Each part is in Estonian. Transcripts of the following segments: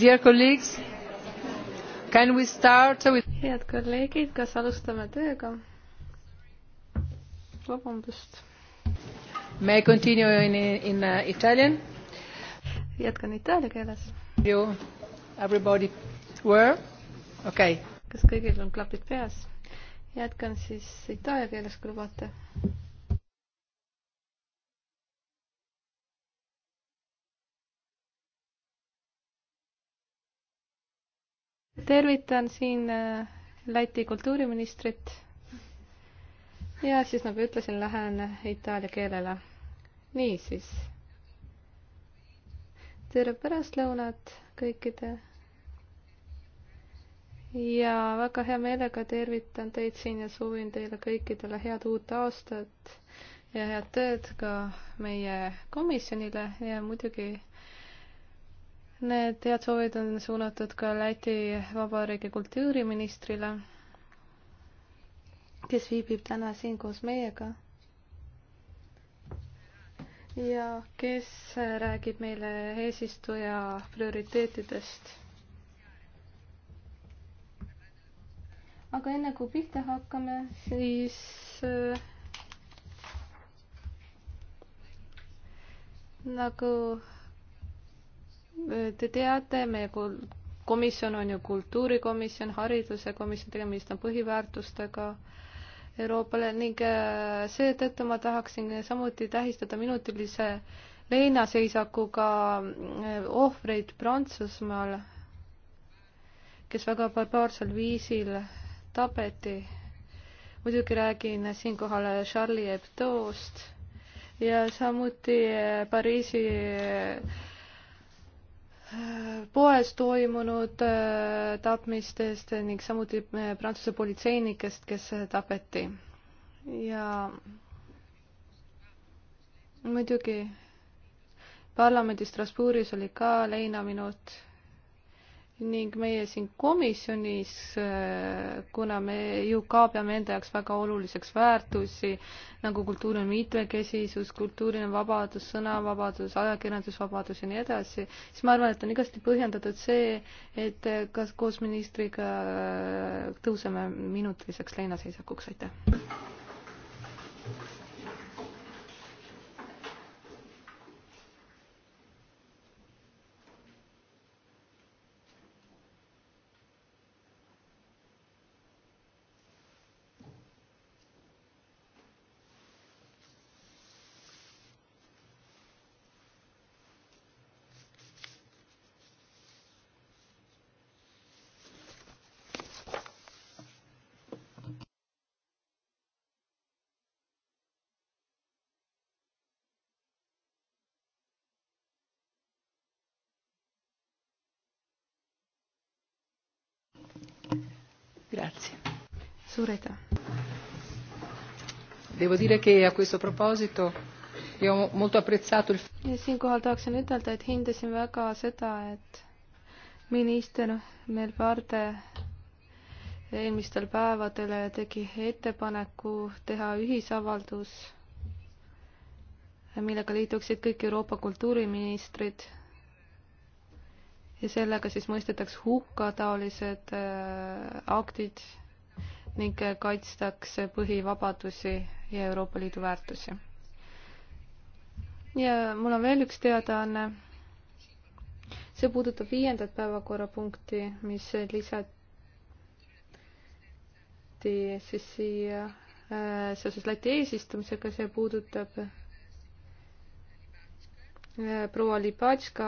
head kolleegid, kas alustame tööga? vabandust. Me continue in, in uh, Italian. jätkan itaalia keeles. You, everybody were? okei okay.. kas kõigil on klapid peas? jätkan siis itaalia keeles, kui lubate tervitan siin äh, Läti kultuuriministrit. ja siis, nagu ütlesin, lähen itaalia keelele. niisiis. tere pärastlõunat kõikide. ja väga hea meelega tervitan teid siin ja soovin teile kõikidele head uut aastat ja head tööd ka meie komisjonile ja muidugi Need head soovid on suunatud ka Läti Vabariigi kultuuriministrile, kes viibib täna siin koos meiega ja kes räägib meile eesistuja prioriteetidest aga enne kui pihta hakkame, siis äh, nagu Te teate, meie komisjon on ju kultuurikomisjon, hariduse komisjon, tegemist on põhiväärtustega Euroopale ning äh, seetõttu ma tahaksin samuti tähistada minutilise leinaseisakuga äh, ohvreid Prantsusmaal, kes väga barbaarsel viisil tapeti. muidugi räägin siinkohal Charlie Hebdo'st ja samuti äh, Pariisi poes toimunud äh, tapmistest ning samuti äh, Prantsuse politseinikest, kes äh, tapeti. ja muidugi parlamendi Strasbourgis oli ka leinaminut ning meie siin komisjonis, äh, kuna me ju ka peame enda jaoks väga oluliseks väärtusi nagu kultuuriline mitmekesisus, kultuuriline vabadus, sõnavabadus, ajakirjandusvabadus ja nii edasi, siis ma arvan, et on igasti põhjendatud see, et äh, kas koos ministriga äh, tõuseme minutiliseks leinaseisakuks, aitäh. grazie. suur aitäh. Devo dire che a questo proposito io ho molto apprezzato il ja siinkohal tahaksin ütelda, et hindasin väga seda, et minister Melbarde eelmistel päevadel tegi ettepaneku teha ühisavaldus, millega liituksid kõik Euroopa kultuuriministrid ja sellega siis mõistetaks hukka taolised äh, aktid ning äh, kaitstakse põhivabadusi ja Euroopa Liidu väärtusi. ja mul on veel üks teadaanne. see puudutab viiendat päevakorrapunkti, mis lisati siis siia äh, seoses Läti eesistumisega, see puudutab proua Libatška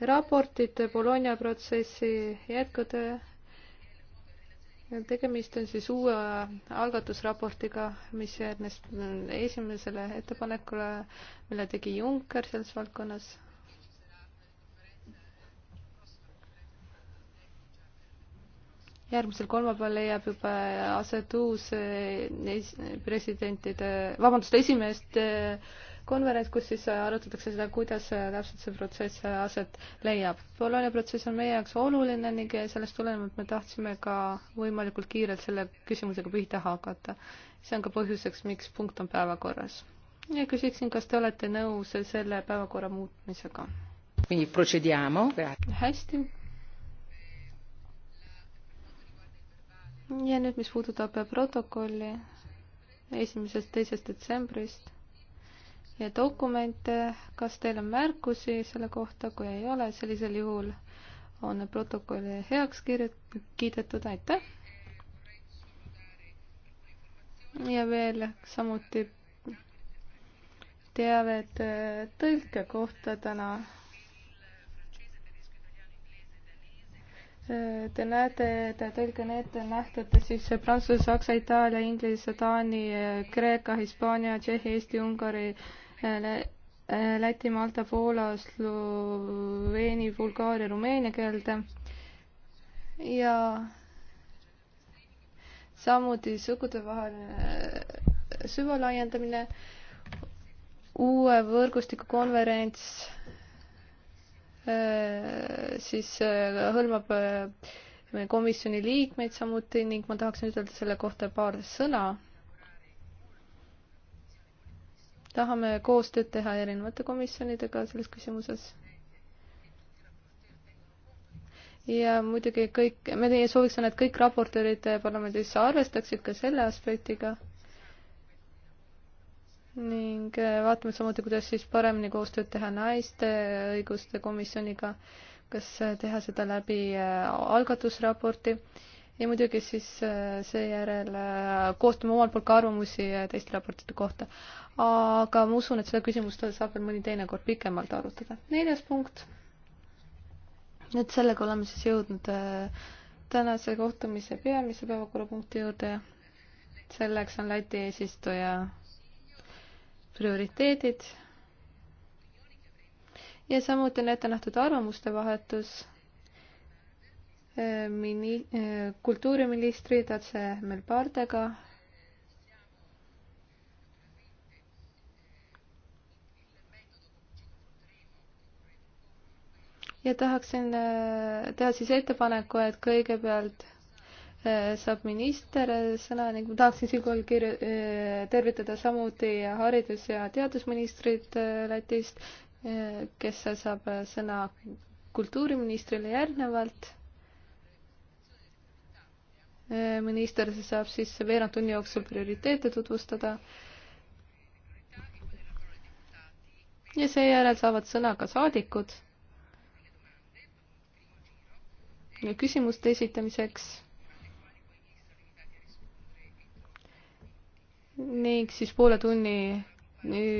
raportit Bologna protsessi jätkude tegemist on siis uue algatusraportiga, mis järgnes esimesele ettepanekule, mille tegi Juncker selles valdkonnas. järgmisel kolmapäeval leiab juba aset uus eh, presidentide, vabandust, esimeeste eh, konverents, kus siis äh, arutatakse seda, kuidas äh, täpselt see protsess äh, aset leiab. Bologna protsess on meie jaoks oluline ning sellest tulenevalt me tahtsime ka võimalikult kiirelt selle küsimusega pihta hakata. see on ka põhjuseks, miks punkt on päevakorras. ja küsiksin, kas te olete nõus selle päevakorra muutmisega? hästi. ja nüüd, mis puudutab protokolli esimesest, teisest detsembrist dokumente, kas teil on märkusi selle kohta, kui ei ole, sellisel juhul on protokoll heaks kirjut-, kiidetud, aitäh! ja veel samuti teavet äh, tõlke kohta täna. Äh, te näete, et tõlge on ette nähtud siis prantsuse, saksa, itaalia, inglise, taani, äh, kreeka, hispaania, tšehhi, eesti, ungari, Äh, läti, malta, poola, sloveeni, bulgaaria, rumeenia keelde ja samuti sugudevaheline äh, süvalaiendamine, uue võrgustiku konverents äh, siis hõlmab komisjoni liikmeid samuti ning ma tahaksin ütelda selle kohta paar sõna. tahame koostööd teha erinevate komisjonidega selles küsimuses. ja muidugi kõik, meie sooviks on, et kõik raportöörid parlamendis arvestaksid ka selle aspektiga ning äh, vaatame samuti, kuidas siis paremini koostööd teha naiste õiguste komisjoniga, kas äh, teha seda läbi äh, algatusraporti ja muidugi siis äh, seejärel äh, koostame omalt poolt ka arvamusi äh, teiste raportite kohta. aga ma usun, et seda küsimust saab veel mõni teinekord pikemalt arutada. neljas punkt. et sellega oleme siis jõudnud tänase kohtumise peamise päevakorrapunkti juurde. selleks on Läti eesistuja prioriteedid. ja samuti on ette nähtud arvamuste vahetus mini-, kultuuriministri Tatse Melbardega ja tahaksin äh, teha siis ettepaneku, et kõigepealt äh, saab minister äh, sõna ning ma tahaksin siinkohal kirju-, tervitada samuti haridus- ja teadusministrit Lätist, kes saab sõna kultuuriministrile järgnevalt minister saab siis veerand tunni jooksul prioriteete tutvustada. ja seejärel saavad sõna ka saadikud küsimuste esitamiseks. ning siis poole tunni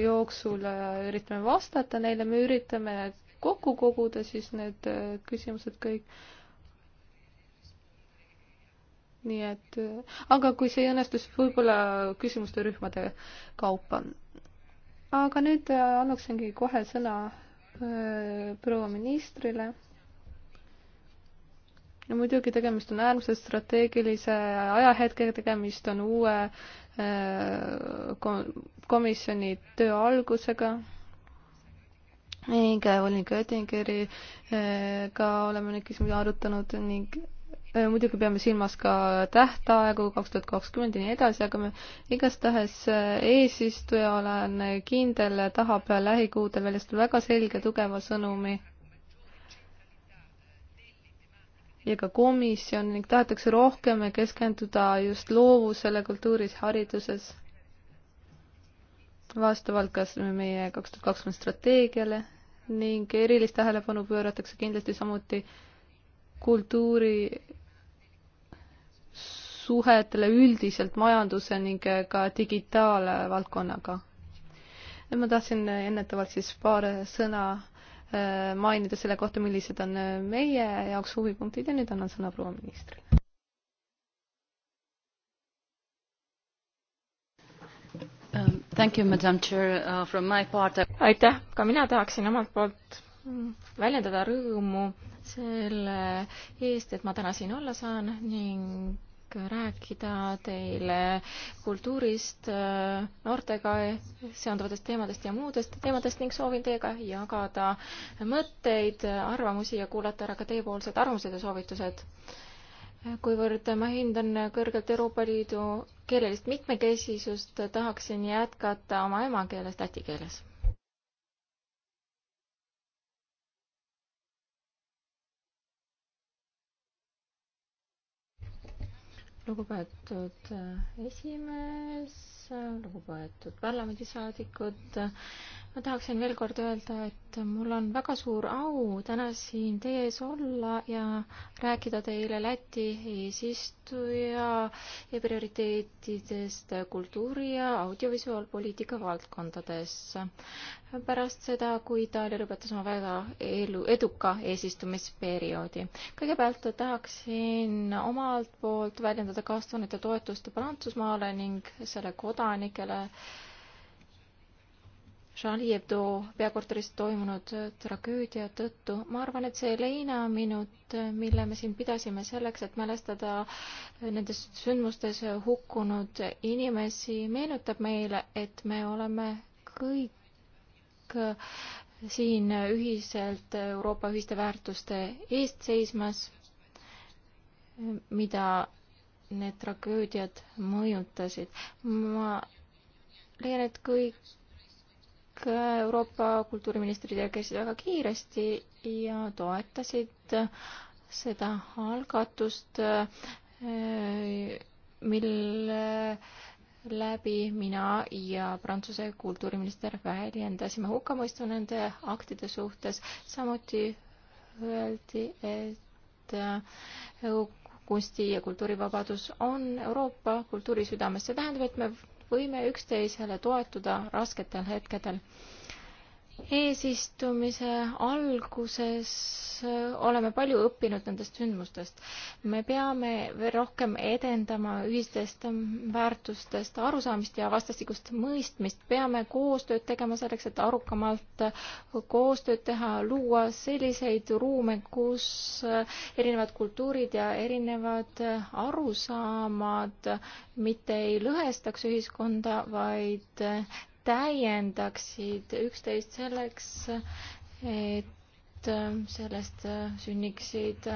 jooksul äh, üritame vastata neile, me üritame kokku koguda siis need äh, küsimused kõik nii et, aga kui see õnnestus, võib-olla küsimuste rühmade kaupa. aga nüüd äh, annaksingi kohe sõna äh, proua ministrile. no muidugi tegemist on äärmiselt strateegilise ajahetkega, tegemist on uue äh, komisjoni töö algusega ning Olin Göttingeriga oleme neid küsimusi arutanud ning Äh, muidugi peame silmas ka tähtaegu kaks tuhat kakskümmend ja nii edasi, aga me igastahes äh, eesistuja olen kindel, tahab lähikuudel väljastada väga selge tugeva sõnumi ja ka komisjon ning tahetakse rohkem keskenduda just loovusele kultuuris, hariduses, vastavalt kas meie kaks tuhat kakskümmend strateegiale ning erilist tähelepanu pööratakse kindlasti samuti kultuuri suhetele üldiselt majanduse ning eh, ka digitaalvaldkonnaga. ma tahtsin eh, ennetavalt siis paar eh, sõna mainida selle kohta, millised on meie jaoks huvipunktid ja nüüd annan sõna proua ministrile. Um, thank you, madam chair uh,, from my part. aitäh, ka mina tahaksin omalt poolt mm, väljendada rõõmu selle eest, et ma täna siin olla saan ning aeg rääkida teile kultuurist, noortega seonduvatest teemadest ja muudest teemadest ning soovin teiega jagada mõtteid, arvamusi ja kuulata ära ka teiepoolsed arvamused ja soovitused kuivõrd ma hindan kõrgelt Euroopa Liidu keelelist mitmekesisust, tahaksin jätkata oma emakeeles, läti keeles lugupeetud äh, esimees, äh, lugupeetud parlamendisaadikud, ma tahaksin veel kord öelda, et mul on väga suur au täna siin teie ees olla ja rääkida teile Läti eesistuja prioriteetidest kultuuri ja audiovisuaalpoliitika valdkondades. pärast seda, kui Itaalia lõpetas oma väga elu, eduka eesistumisperioodi. kõigepealt tahaksin omalt poolt väljendada kaastunnet ja toetust Prantsusmaale ning selle kodanikele Charlie Hebdo peakorteris toimunud tragöödia tõttu. ma arvan, et see leinaminut, mille me siin pidasime selleks, et mälestada nendes sündmustes hukkunud inimesi, meenutab meile, et me oleme kõik siin ühiselt Euroopa ühiste väärtuste eest seismas, mida need tragöödiad mõjutasid. ma leian, et kõik Äh, Euroopa kultuuriministrid reageerisid väga kiiresti ja toetasid äh, seda algatust, äh, mille läbi mina ja Prantsuse kultuuriminister väljendasime hukkamõistu nende aktide suhtes. samuti öeldi, et kunsti- ja kultuurivabadus on Euroopa kultuuri südames. see tähendab, et me võime üksteisele toetuda rasketel hetkedel eesistumise alguses äh, oleme palju õppinud nendest sündmustest. me peame rohkem edendama ühistest väärtustest arusaamist ja vastastikust mõistmist, peame koostööd tegema selleks, et arukamalt koostööd teha, luua selliseid ruume, kus äh, erinevad kultuurid ja erinevad äh, arusaamad mitte ei lõhestaks ühiskonda, vaid täiendaksid üksteist selleks, et sellest sünniksid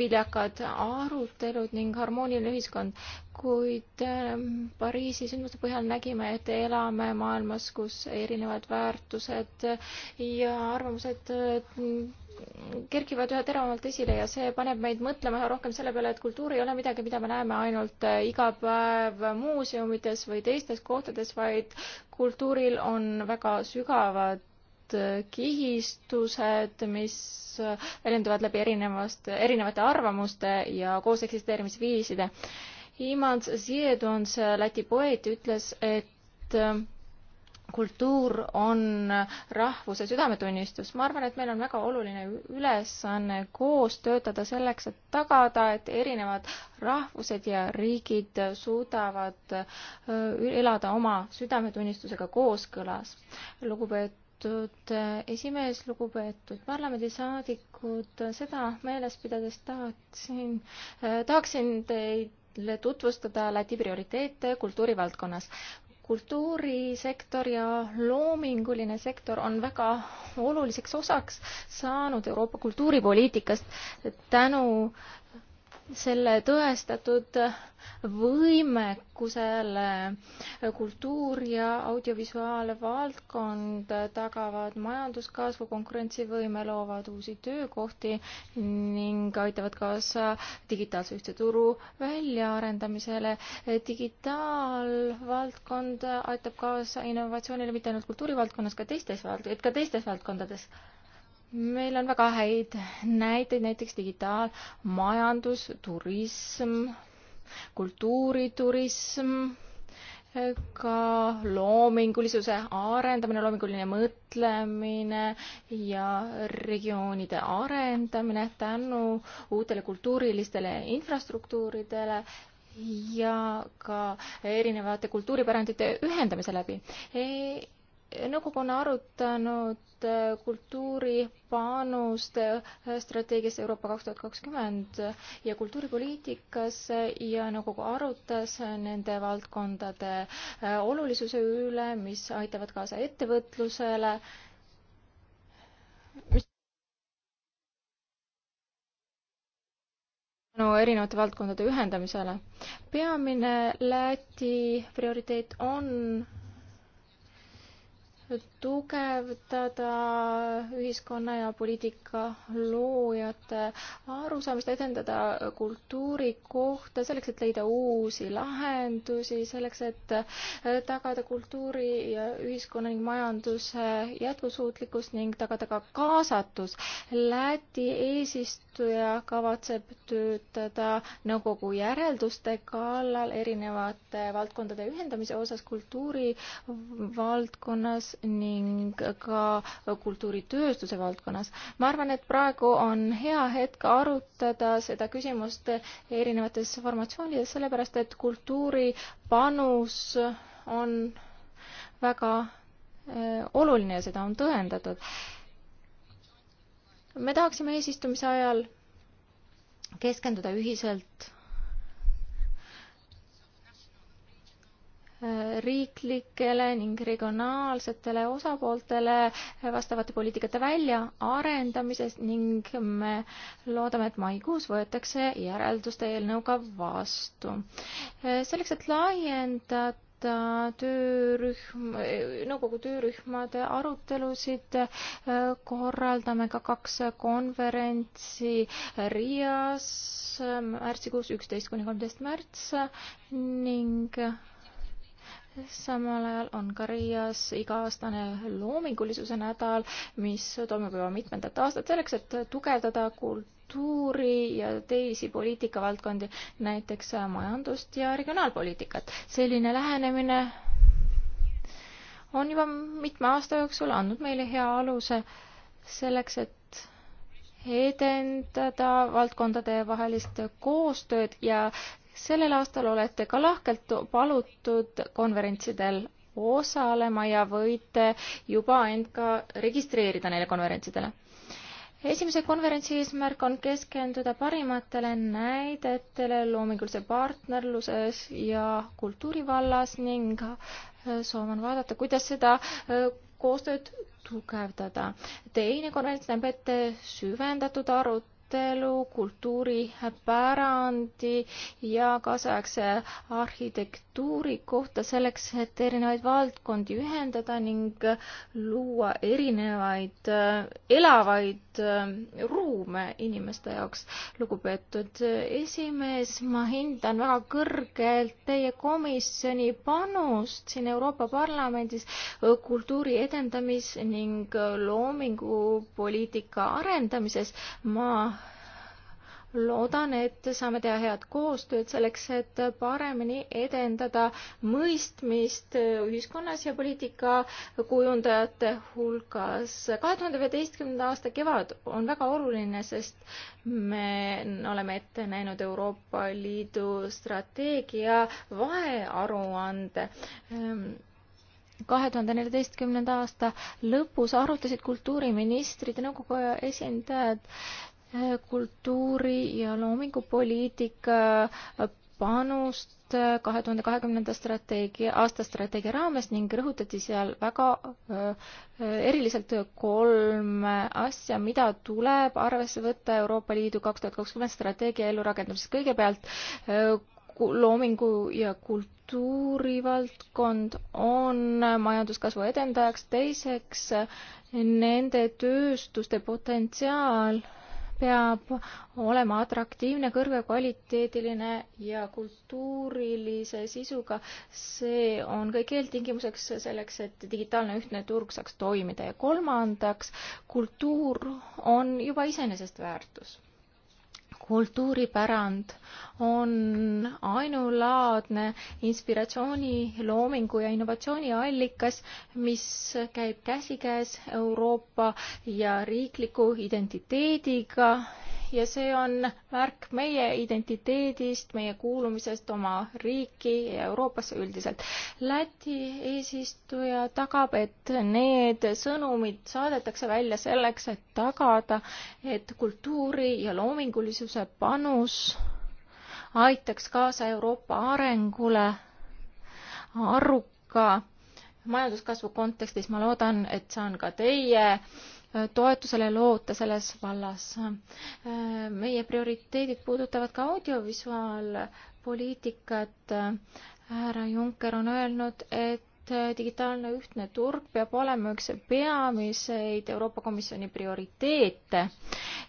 viljakad arutelud ning harmooniline ühiskond. kuid ähm, Pariisi sündmuste põhjal nägime, et elame maailmas, kus erinevad väärtused ja arvamused äh, kerkivad üha teravamalt esile ja see paneb meid mõtlema üha rohkem selle peale, et kultuur ei ole midagi, mida me näeme ainult äh, iga päev muuseumides või teistes kohtades, vaid kultuuril on väga sügavad äh, kihistused, mis äh, väljenduvad läbi erinevast, erinevate arvamuste ja koos eksisteerimisviiside. Imants Zieduns, Läti poeet, ütles, et kultuur on rahvuse südametunnistus. ma arvan, et meil on väga oluline ülesanne koos töötada selleks, et tagada, et erinevad rahvused ja riigid suudavad äh, elada oma südametunnistusega kooskõlas. lugupeetud äh, esimees, lugupeetud parlamendisaadikud, seda meeles pidades tahaksin, äh, tahaksin teid tutvustada Läti prioriteete kultuurivaldkonnas kultuurisektor ja loominguline sektor on väga oluliseks osaks saanud Euroopa kultuuripoliitikast tänu selle tõestatud võimekusele kultuur ja audiovisuaalvaldkond tagavad majanduskasvu, konkurentsivõime, loovad uusi töökohti ning aitavad kaasa digitaalse ühtse turu väljaarendamisele. digitaalvaldkond aitab kaasa innovatsioonile mitte ainult kultuurivaldkonnas, ka teistes vald-, et ka teistes valdkondades meil on väga häid näiteid, näiteks digitaalmajandus, turism, kultuuriturism, ka loomingulisuse arendamine, loominguline mõtlemine ja regioonide arendamine tänu uutele kultuurilistele infrastruktuuridele ja ka erinevate kultuuripärandite ühendamise läbi e nõukogu on arutanud äh, kultuuri panust äh, strateegias Euroopa kaks tuhat kakskümmend ja kultuuripoliitikas äh, ja nõukogu arutas nende valdkondade olulisuse üle, mis aitavad kaasa ettevõtlusele, mis tänu erinevate valdkondade ühendamisele. peamine Läti prioriteet on nüüd tugevdada ühiskonna ja poliitika loojate arusaamist, edendada kultuuri kohta, selleks, et leida uusi lahendusi, selleks, et eh, tagada kultuuri ja ühiskonna ning majanduse jätkusuutlikkus ning tagada ka kaasatus. Läti eesistuja kavatseb töötada nõukogu järelduste kallal erinevate valdkondade ühendamise osas kultuurivaldkonnas ning ning ka kultuuritööstuse valdkonnas. ma arvan, et praegu on hea hetk arutada seda küsimust erinevates formatsioonides, sellepärast et kultuuri panus on väga eh, oluline ja seda on tõendatud. me tahaksime eesistumise ajal keskenduda ühiselt riiklikele ning regionaalsetele osapooltele vastavate poliitikate väljaarendamises ning me loodame, et maikuus võetakse järelduste eelnõuga vastu. selleks, et laiendada töörühm, nõukogu töörühmade arutelusid, korraldame ka kaks konverentsi Riias märtsikuus, üksteist kuni kolmteist märts ning samal ajal on ka Riias iga-aastane loomingulisuse nädal, mis toimub juba mitmendat aastat selleks, et tugevdada kultuuri ja teisi poliitikavaldkondi, näiteks majandust ja regionaalpoliitikat. selline lähenemine on juba mitme aasta jooksul andnud meile hea aluse selleks, et edendada valdkondade vahelist koostööd ja sellel aastal olete ka lahkelt palutud konverentsidel osalema ja võite juba end ka registreerida neile konverentsidele. esimese konverentsi eesmärk on keskenduda parimatele näidetele loomingulise partnerluses ja kultuuri vallas ning äh, soov on vaadata, kuidas seda äh, koostööd tugevdada. teine konverents näeb ette süvendatud arut-, arutelu kultuuripärandi ja kaasaegse arhitektuuri struktuuri kohta selleks, et erinevaid valdkondi ühendada ning luua erinevaid äh, elavaid äh, ruume inimeste jaoks. lugupeetud äh, esimees, ma hindan väga kõrgelt teie komisjoni panust siin Euroopa Parlamendis kultuuri edendamis ning loomingupoliitika arendamises. ma loodan, et saame teha head koostööd selleks, et paremini edendada mõistmist ühiskonnas ja poliitikakujundajate hulgas. kahe tuhande üheteistkümnenda aasta kevad on väga oluline, sest me oleme ette näinud Euroopa Liidu strateegia vahearuande kahe tuhande neljateistkümnenda aasta lõpus arutasid kultuuriministrid ja nõukogu esindajad kultuuri- ja loomingupoliitika panust kahe tuhande kahekümnenda strateegia, aasta strateegia raames ning rõhutati seal väga eriliselt kolme asja, mida tuleb arvesse võtta Euroopa Liidu kaks tuhat kakskümmend strateegia ellurakendamises. kõigepealt loomingu ja kultuurivaldkond on majanduskasvu edendajaks, teiseks nende tööstuste potentsiaal peab olema atraktiivne, kõrgekvaliteediline ja kultuurilise sisuga. see on kõik eeltingimuseks selleks, et digitaalne ühtne turg saaks toimida ja kolmandaks, kultuur on juba iseenesest väärtus kultuuripärand on ainulaadne inspiratsiooni, loomingu ja innovatsiooni allikas, mis käib käsikäes Euroopa ja riikliku identiteediga ja see on märk meie identiteedist, meie kuulumisest oma riiki ja Euroopasse üldiselt. Läti eesistuja tagab, et need sõnumid saadetakse välja selleks, et tagada, et kultuuri ja loomingulisuse panus aitaks kaasa Euroopa arengule aruka majanduskasvu kontekstis. ma loodan, et saan ka teie toetusele loota selles vallas. meie prioriteedid puudutavad ka audiovisuaalpoliitikat. härra Juncker on öelnud, et digitaalne ühtne turg peab olema üks peamiseid Euroopa Komisjoni prioriteete.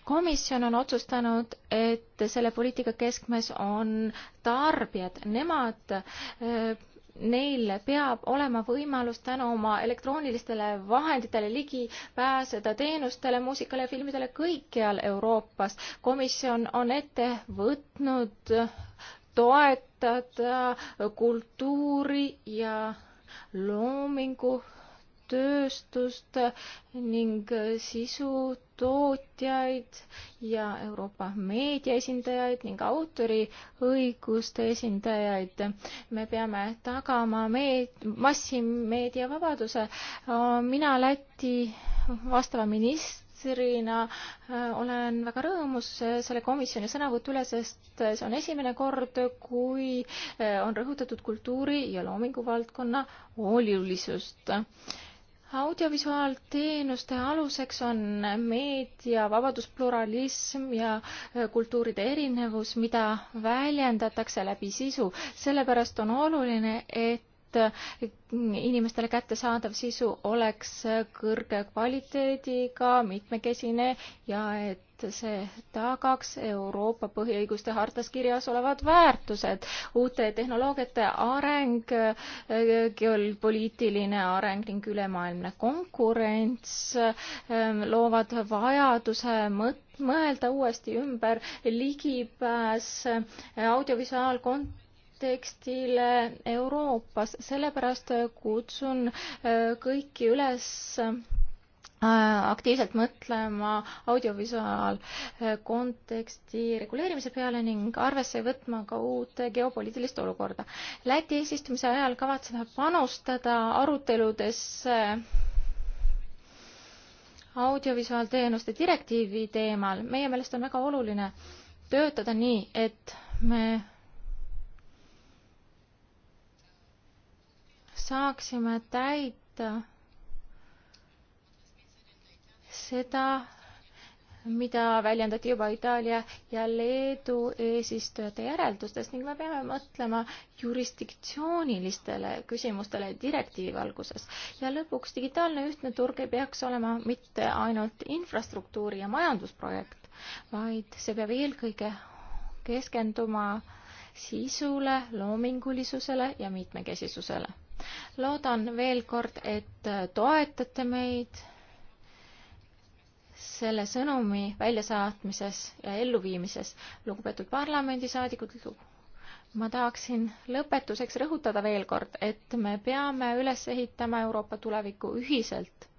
komisjon on otsustanud, et selle poliitika keskmes on tarbijad, nemad neil peab olema võimalus tänu oma elektroonilistele vahenditele ligi pääseda teenustele, muusikale ja filmidele kõikjal Euroopas. komisjon on ette võtnud toetada kultuuri ja loomingu tööstust ning sisutootjaid ja Euroopa meedia esindajaid ning autoriõiguste esindajaid. me peame tagama meed-, massimeediavabaduse. Äh, mina Läti vastava ministri ministrina äh, olen väga rõõmus äh, selle komisjoni sõnavõtu üle, sest see on esimene kord, kui on rõhutatud kultuuri ja loominguvaldkonna hoolilisust audiovisuaalteenuste aluseks on meedia, vabadus, pluralism ja äh, kultuuride erinevus, mida väljendatakse läbi sisu. sellepärast on oluline, et inimestele kättesaadav sisu oleks kõrge kvaliteediga, mitmekesine ja et see tagaks Euroopa põhiõiguste hartas kirjas olevad väärtused, uute tehnoloogiate areng, geopoliitiline areng ning ülemaailmne konkurents ehm, loovad vajaduse mõt-, mõelda uuesti ümber ligipääs audiovisuaalkont-, kontekstile Euroopas, sellepärast kutsun äh, kõiki üles äh, aktiivselt mõtlema audiovisuaalkonteksti äh, reguleerimise peale ning arvesse võtma ka uut geopoliitilist olukorda. Läti eesistumise ajal kavatseme panustada aruteludesse audiovisuaalteenuste direktiivi teemal. meie meelest on väga oluline töötada nii, et me saaksime täita seda, mida väljendati juba Itaalia ja Leedu eesistujate järeldustes ning me peame mõtlema jurisdiktsioonilistele küsimustele direktiivi valguses. ja lõpuks, digitaalne ühtne turg ei peaks olema mitte ainult infrastruktuuri ja majandusprojekt, vaid see peab eelkõige keskenduma sisule, loomingulisusele ja mitmekesisusele loodan veel kord, et toetate meid selle sõnumi väljasaatmises ja elluviimises. lugupeetud parlamendisaadikud, ma tahaksin lõpetuseks rõhutada veel kord, et me peame üles ehitama Euroopa tulevikku ühiselt.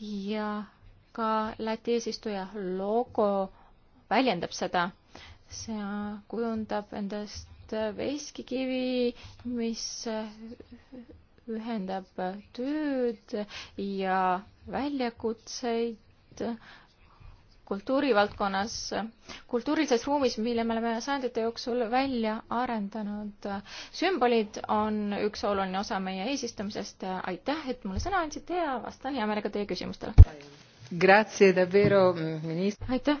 ja ka Läti eesistuja logo väljendab seda. see kujundab endast tuhat äh, veskikivi, mis äh, ühendab äh, tööd ja väljakutseid kultuurivaldkonnas, kultuurilises ruumis, mille me oleme sajandite jooksul välja arendanud. sümbolid on üks oluline osa meie eesistumisest. aitäh, et mulle sõna andsite ja vastan hea meelega teie küsimustele. aitäh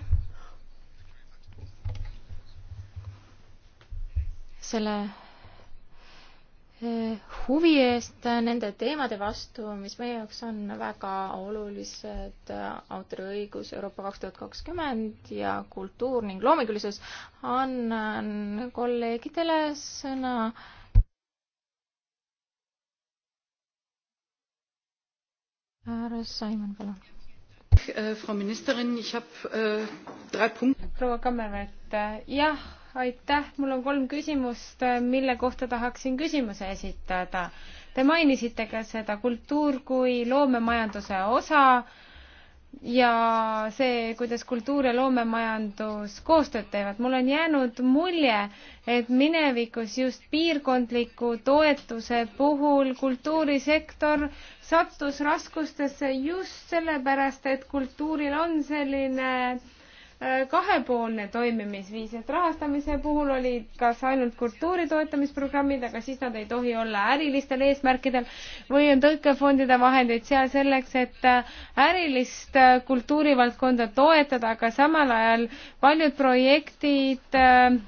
selle eh, huvi eest nende teemade vastu, mis meie jaoks on väga olulised, eh, autoriõigus Euroopa kaks tuhat kakskümmend ja kultuur ning loomingulisus, annan kolleegidele sõna. härra Simon, palun eh, frau ministerin ich habe drei punkte. proua kammerwert jah aitäh, mul on kolm küsimust, mille kohta tahaksin küsimuse esitada. Te mainisite ka seda kultuur kui loomemajanduse osa ja see, kuidas kultuur ja loomemajandus koostööd teevad. mul on jäänud mulje, et minevikus just piirkondliku toetuse puhul kultuurisektor sattus raskustesse just sellepärast, et kultuuril on selline äh, kahepoolne toimimisviis, et rahastamise puhul olid kas ainult kultuuri toetamisprogrammid, aga siis nad ei tohi olla ärilistel eesmärkidel või on tõukefondide vahendeid seal selleks, et äh, ärilist äh, kultuurivaldkonda toetada, aga samal ajal paljud projektid äh,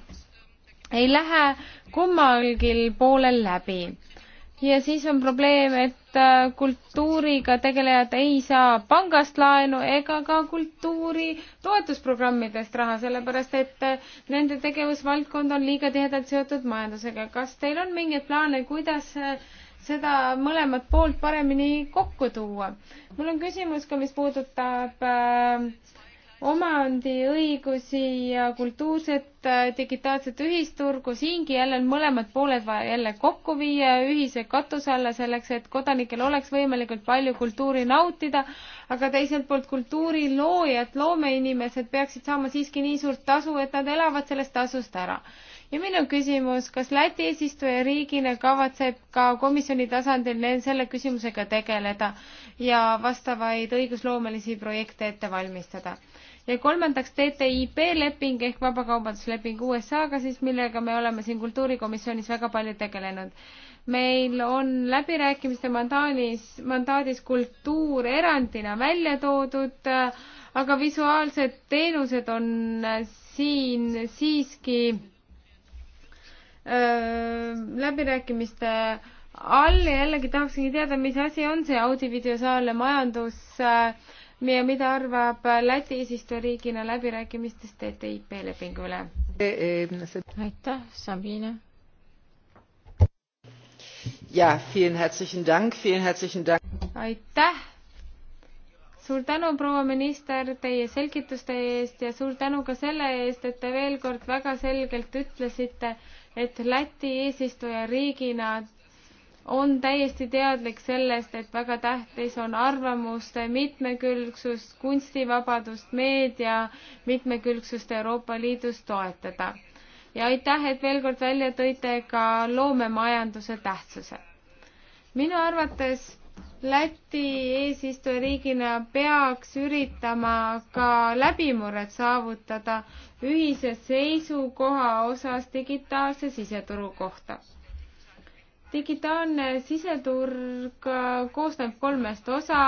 ei lähe kummalgi poolel läbi ja siis on probleem, et äh, kultuuriga tegelejad ei saa pangast laenu ega ka kultuuri toetusprogrammidest raha, sellepärast et äh, nende tegevusvaldkond on liiga tihedalt seotud majandusega. kas teil on mingeid plaane, kuidas äh, seda mõlemat poolt paremini kokku tuua? mul on küsimus ka, mis puudutab äh, omandiõigusi ja kultuurset äh, digitaalset ühisturgu, siingi jälle on mõlemad pooled vaja jälle kokku viia ühise katuse alla, selleks et kodanikel oleks võimalikult palju kultuuri nautida, aga teiselt poolt kultuuriloojad, loomeinimesed peaksid saama siiski nii suurt tasu, et nad elavad sellest tasust ära. ja minu küsimus, kas Läti eesistujariigina kavatseb ka komisjoni tasandil selle küsimusega tegeleda ja vastavaid õigusloomelisi projekte ette valmistada? ja kolmandaks TTIP leping ehk vabakaubandusleping USA-ga siis, millega me oleme siin kultuurikomisjonis väga palju tegelenud. meil on läbirääkimiste mandaadis, mandaadis kultuur erandina välja toodud, aga visuaalsed teenused on siin siiski öö, läbirääkimiste all ja jällegi tahaksingi teada, mis asi on see audiovisuaalne majandus äh, ja mida arvab Läti eesistujariigina läbirääkimistest TTIP lepingu üle? aitäh, Sabine. ja, aitäh. suur tänu, proua minister, teie selgituste eest ja suur tänu ka selle eest, et te veel kord väga selgelt ütlesite, et Läti eesistujariigina on täiesti teadlik sellest, et väga tähtis on arvamuste mitmekülgsust, kunstivabadust, meedia mitmekülgsust Euroopa Liidus toetada. ja aitäh, et veel kord välja tõite ka loomemajanduse tähtsuse. minu arvates Läti eesistujariigina peaks üritama ka läbimurret saavutada ühise seisukoha osas digitaalse siseturu kohta digitaalne siseturg äh, koosneb kolmest osa,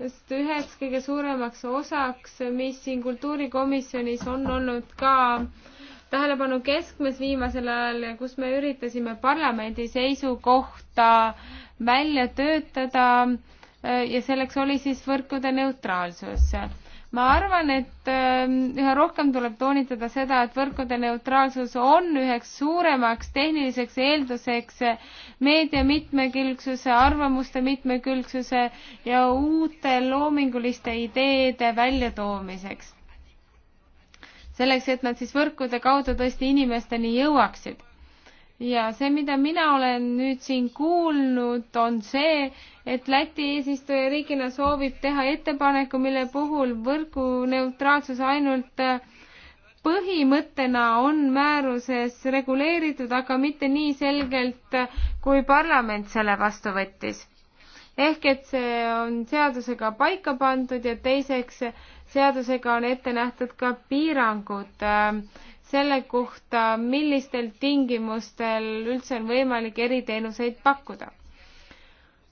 just üheks kõige suuremaks osaks, mis siin kultuurikomisjonis on olnud ka tähelepanu keskmes viimasel ajal ja kus me üritasime parlamendi seisukohta välja töötada äh, ja selleks oli siis võrkude neutraalsus ma arvan, et ähm, üha rohkem tuleb toonitada seda, et võrkude neutraalsus on üheks suuremaks tehniliseks eelduseks meedia mitmekülgsuse, arvamuste mitmekülgsuse ja uute loominguliste ideede väljatoomiseks. selleks, et nad siis võrkude kaudu tõesti inimesteni jõuaksid ja see, mida mina olen nüüd siin kuulnud, on see, et Läti eesistujariigina soovib teha ettepaneku, mille puhul võrguneutraalsus ainult äh, põhimõttena on määruses reguleeritud, aga mitte nii selgelt, äh, kui parlament selle vastu võttis. ehk et see on seadusega paika pandud ja teiseks, äh, seadusega on ette nähtud ka piirangud äh, selle kohta, millistel tingimustel üldse on võimalik eriteenuseid pakkuda.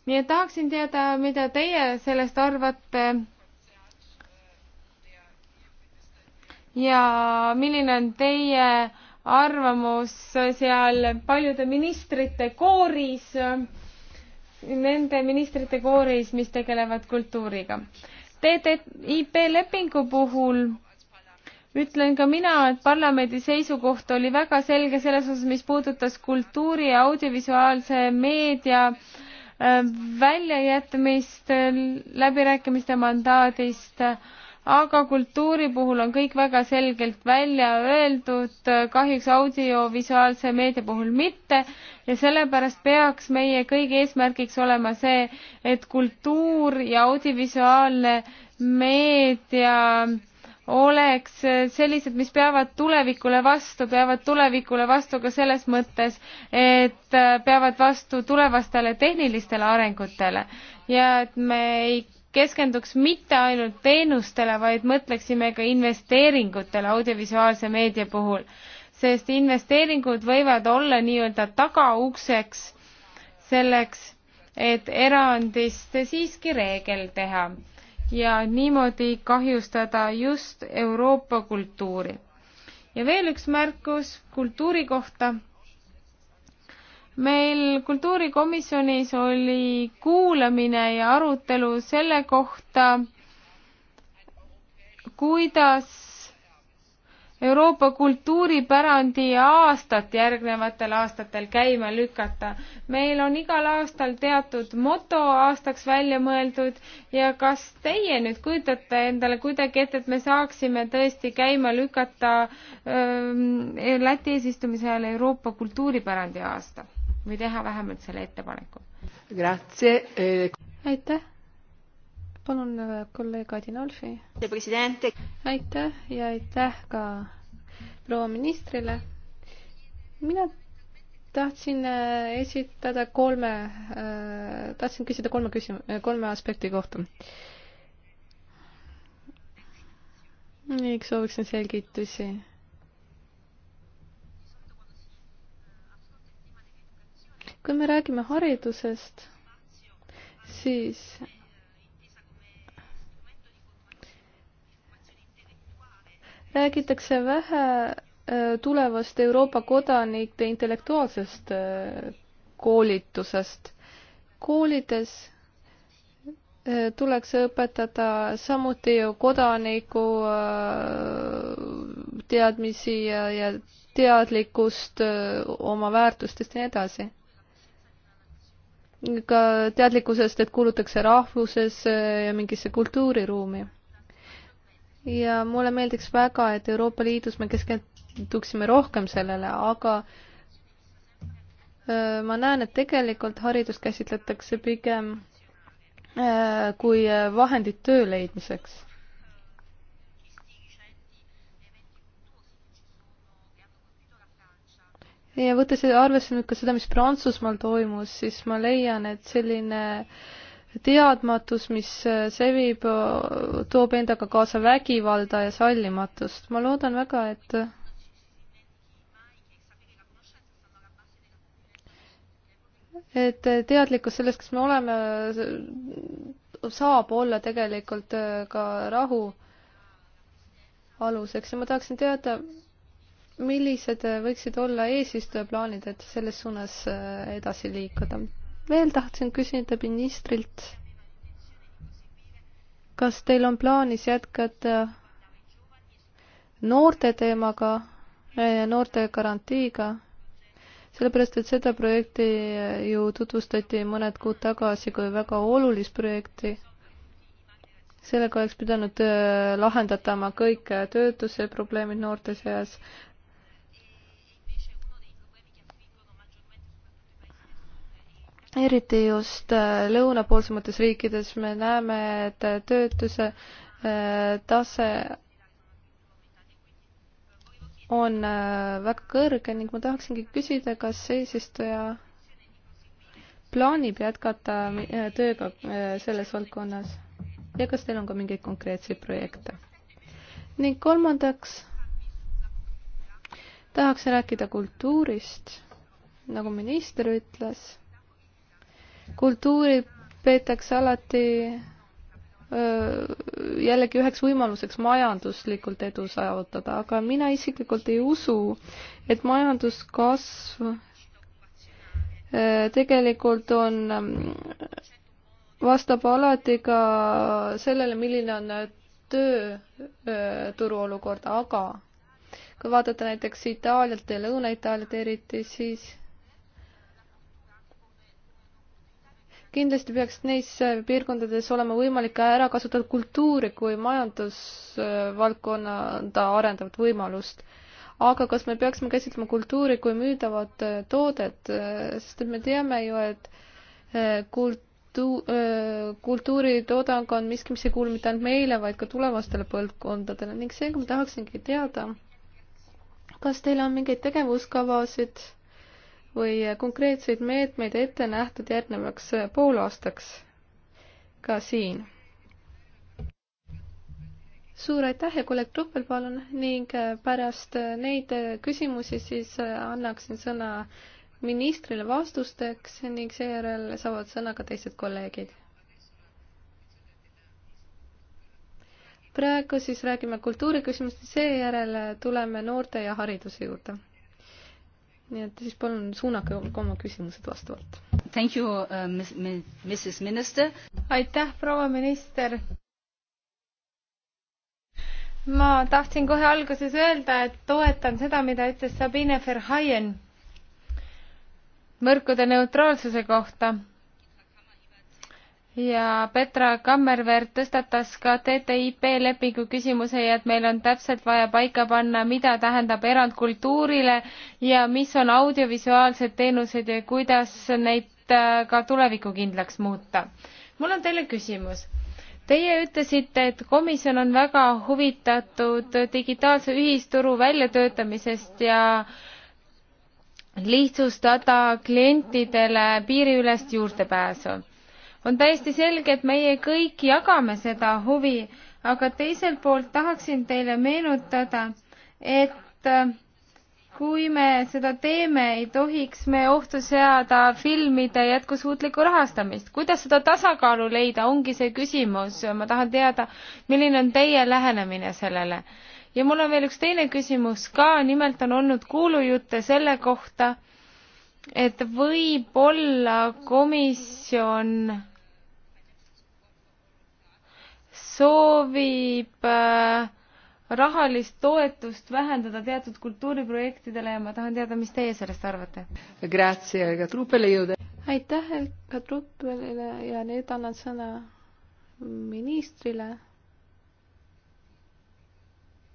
nii et tahaksin teada, mida teie sellest arvate. ja milline on teie arvamus seal paljude ministrite kooris, nende ministrite kooris, mis tegelevad kultuuriga? TTIP lepingu puhul ütlen ka mina, et parlamendi seisukoht oli väga selge selles osas, mis puudutas kultuuri ja audiovisuaalse meedia äh, väljajätmist äh, läbirääkimiste mandaadist, aga kultuuri puhul on kõik väga selgelt välja öeldud, äh, kahjuks audiovisuaalse meedia puhul mitte ja sellepärast peaks meie kõigi eesmärgiks olema see, et kultuur ja audiovisuaalne meedia äh, oleks sellised, mis peavad tulevikule vastu, peavad tulevikule vastu ka selles mõttes, et peavad vastu tulevastele tehnilistele arengutele ja et me ei keskenduks mitte ainult teenustele, vaid mõtleksime ka investeeringutele audiovisuaalse meedia puhul, sest investeeringud võivad olla nii-öelda tagaukseks selleks, et erandist siiski reegel teha ja niimoodi kahjustada just Euroopa kultuuri. ja veel üks märkus kultuuri kohta. meil kultuurikomisjonis oli kuulamine ja arutelu selle kohta, kuidas Euroopa kultuuripärandi aastat järgnevatel aastatel käima lükata. meil on igal aastal teatud moto aastaks välja mõeldud ja kas teie nüüd kujutate endale kuidagi ette, et me saaksime tõesti käima lükata öö, ähm, Läti eesistumise ajal Euroopa kultuuripärandi aasta või teha vähemalt selle ettepaneku? Eh. aitäh palun äh, kolleeg Adinolfi. aitäh ja aitäh ka proua ministrile. mina tahtsin äh, esitada kolme, äh, tahtsin küsida kolme küsim-, kolme aspekti kohta. nii, sooviksin selgitusi. kui me räägime haridusest, siis räägitakse vähe äh, tulevast Euroopa kodanike intellektuaalsest äh, koolitusest. koolides äh, tuleks õpetada samuti kodaniku teadmisi ja, ja teadlikkust oma väärtustest ja nii edasi. ka teadlikkusest, et kuulutakse rahvuses ja mingisse kultuuriruumi ja mulle meeldiks väga, et Euroopa Liidus me keskenduksime rohkem sellele, aga äh, ma näen, et tegelikult haridust käsitletakse pigem äh, kui vahendid töö leidmiseks. ja võttes arvesse nüüd ka seda, mis Prantsusmaal toimus, siis ma leian, et selline äh, teadmatus, mis äh, sevib, äh, toob endaga kaasa vägivalda ja sallimatust. ma loodan väga, et et teadlikkus sellest, kes me oleme, saab olla tegelikult äh, ka rahu aluseks ja ma tahaksin teada, millised võiksid olla eesistuja plaanid, et selles suunas edasi liikuda veel tahtsin küsida ministrilt, kas teil on plaanis jätkata noorte teemaga ja eh, noorte garantiiga? sellepärast, et seda projekti ju tutvustati mõned kuud tagasi kui väga olulist projekti. sellega oleks pidanud eh, lahendatama kõik eh, töötuse probleemid noorte seas, eriti just äh, lõunapoolsemates riikides me näeme, et äh, töötuse äh, tase on väga kõrge ning ma tahaksingi küsida, kas eesistuja plaanib jätkata tööga selles valdkonnas ja kas teil on ka mingeid konkreetseid projekte? ning kolmandaks tahaks rääkida kultuurist, nagu minister ütles kultuuri peetakse alati jällegi üheks võimaluseks majanduslikult edu saavutada, aga mina isiklikult ei usu, et majanduskasv tegelikult on, vastab alati ka sellele, milline on tööturu olukord, aga kui vaadata näiteks Itaaliat ja Lõuna-Itaaliat eriti, siis kindlasti peaks neis piirkondades olema võimalik ära kasutada kultuuri kui majandusvaldkonda arendavat võimalust. aga kas me peaksime käsitlema kultuuri kui müüdavat äh, toodet, äh, sest et me teame ju, et äh, kultu-, kultuuritoodang on miski, mis ei kuulu mitte ainult meile, vaid ka tulevastele põlvkondadele ning seega ma tahaksingi teada, kas teil on mingeid tegevuskavasid või konkreetseid meetmeid ette nähtud järgnevaks poolaastaks ka siin. suur aitäh ja kolleeg Truppel, palun, ning pärast neid küsimusi siis annaksin sõna ministrile vastusteks ning seejärel saavad sõna ka teised kolleegid. praegu siis räägime kultuuriküsimustest, seejärel tuleme noorte ja hariduse juurde nii et siis palun suunake oma küsimused vastavalt. Thank you uh,, Mrs Minister. aitäh, proua minister. ma tahtsin kohe alguses öelda, et toetan seda, mida ütles Sabine Verhaien võrkude neutraalsuse kohta ja Petra Kammerver tõstatas ka TTIP lepingu küsimuse ja et meil on täpselt vaja paika panna, mida tähendab erand kultuurile ja mis on audiovisuaalsed teenused ja kuidas neid äh, ka tulevikukindlaks muuta. mul on teile küsimus. Teie ütlesite, et komisjon on väga huvitatud digitaalse ühisturu väljatöötamisest ja lihtsustada klientidele piiriülest juurdepääsu on täiesti selge, et meie kõik jagame seda huvi, aga teiselt poolt tahaksin teile meenutada, et äh, kui me seda teeme, ei tohiks me ohtu seada filmide jätkusuutlikku rahastamist. kuidas seda tasakaalu leida, ongi see küsimus. ma tahan teada, milline on teie lähenemine sellele. ja mul on veel üks teine küsimus ka, nimelt on olnud kuulujutte selle kohta, et võib-olla komisjon soovib äh, rahalist toetust vähendada teatud kultuuriprojektidele ja ma tahan teada, mis teie sellest arvate? aitäh Helga Truppelile ja nüüd annan sõna ministrile.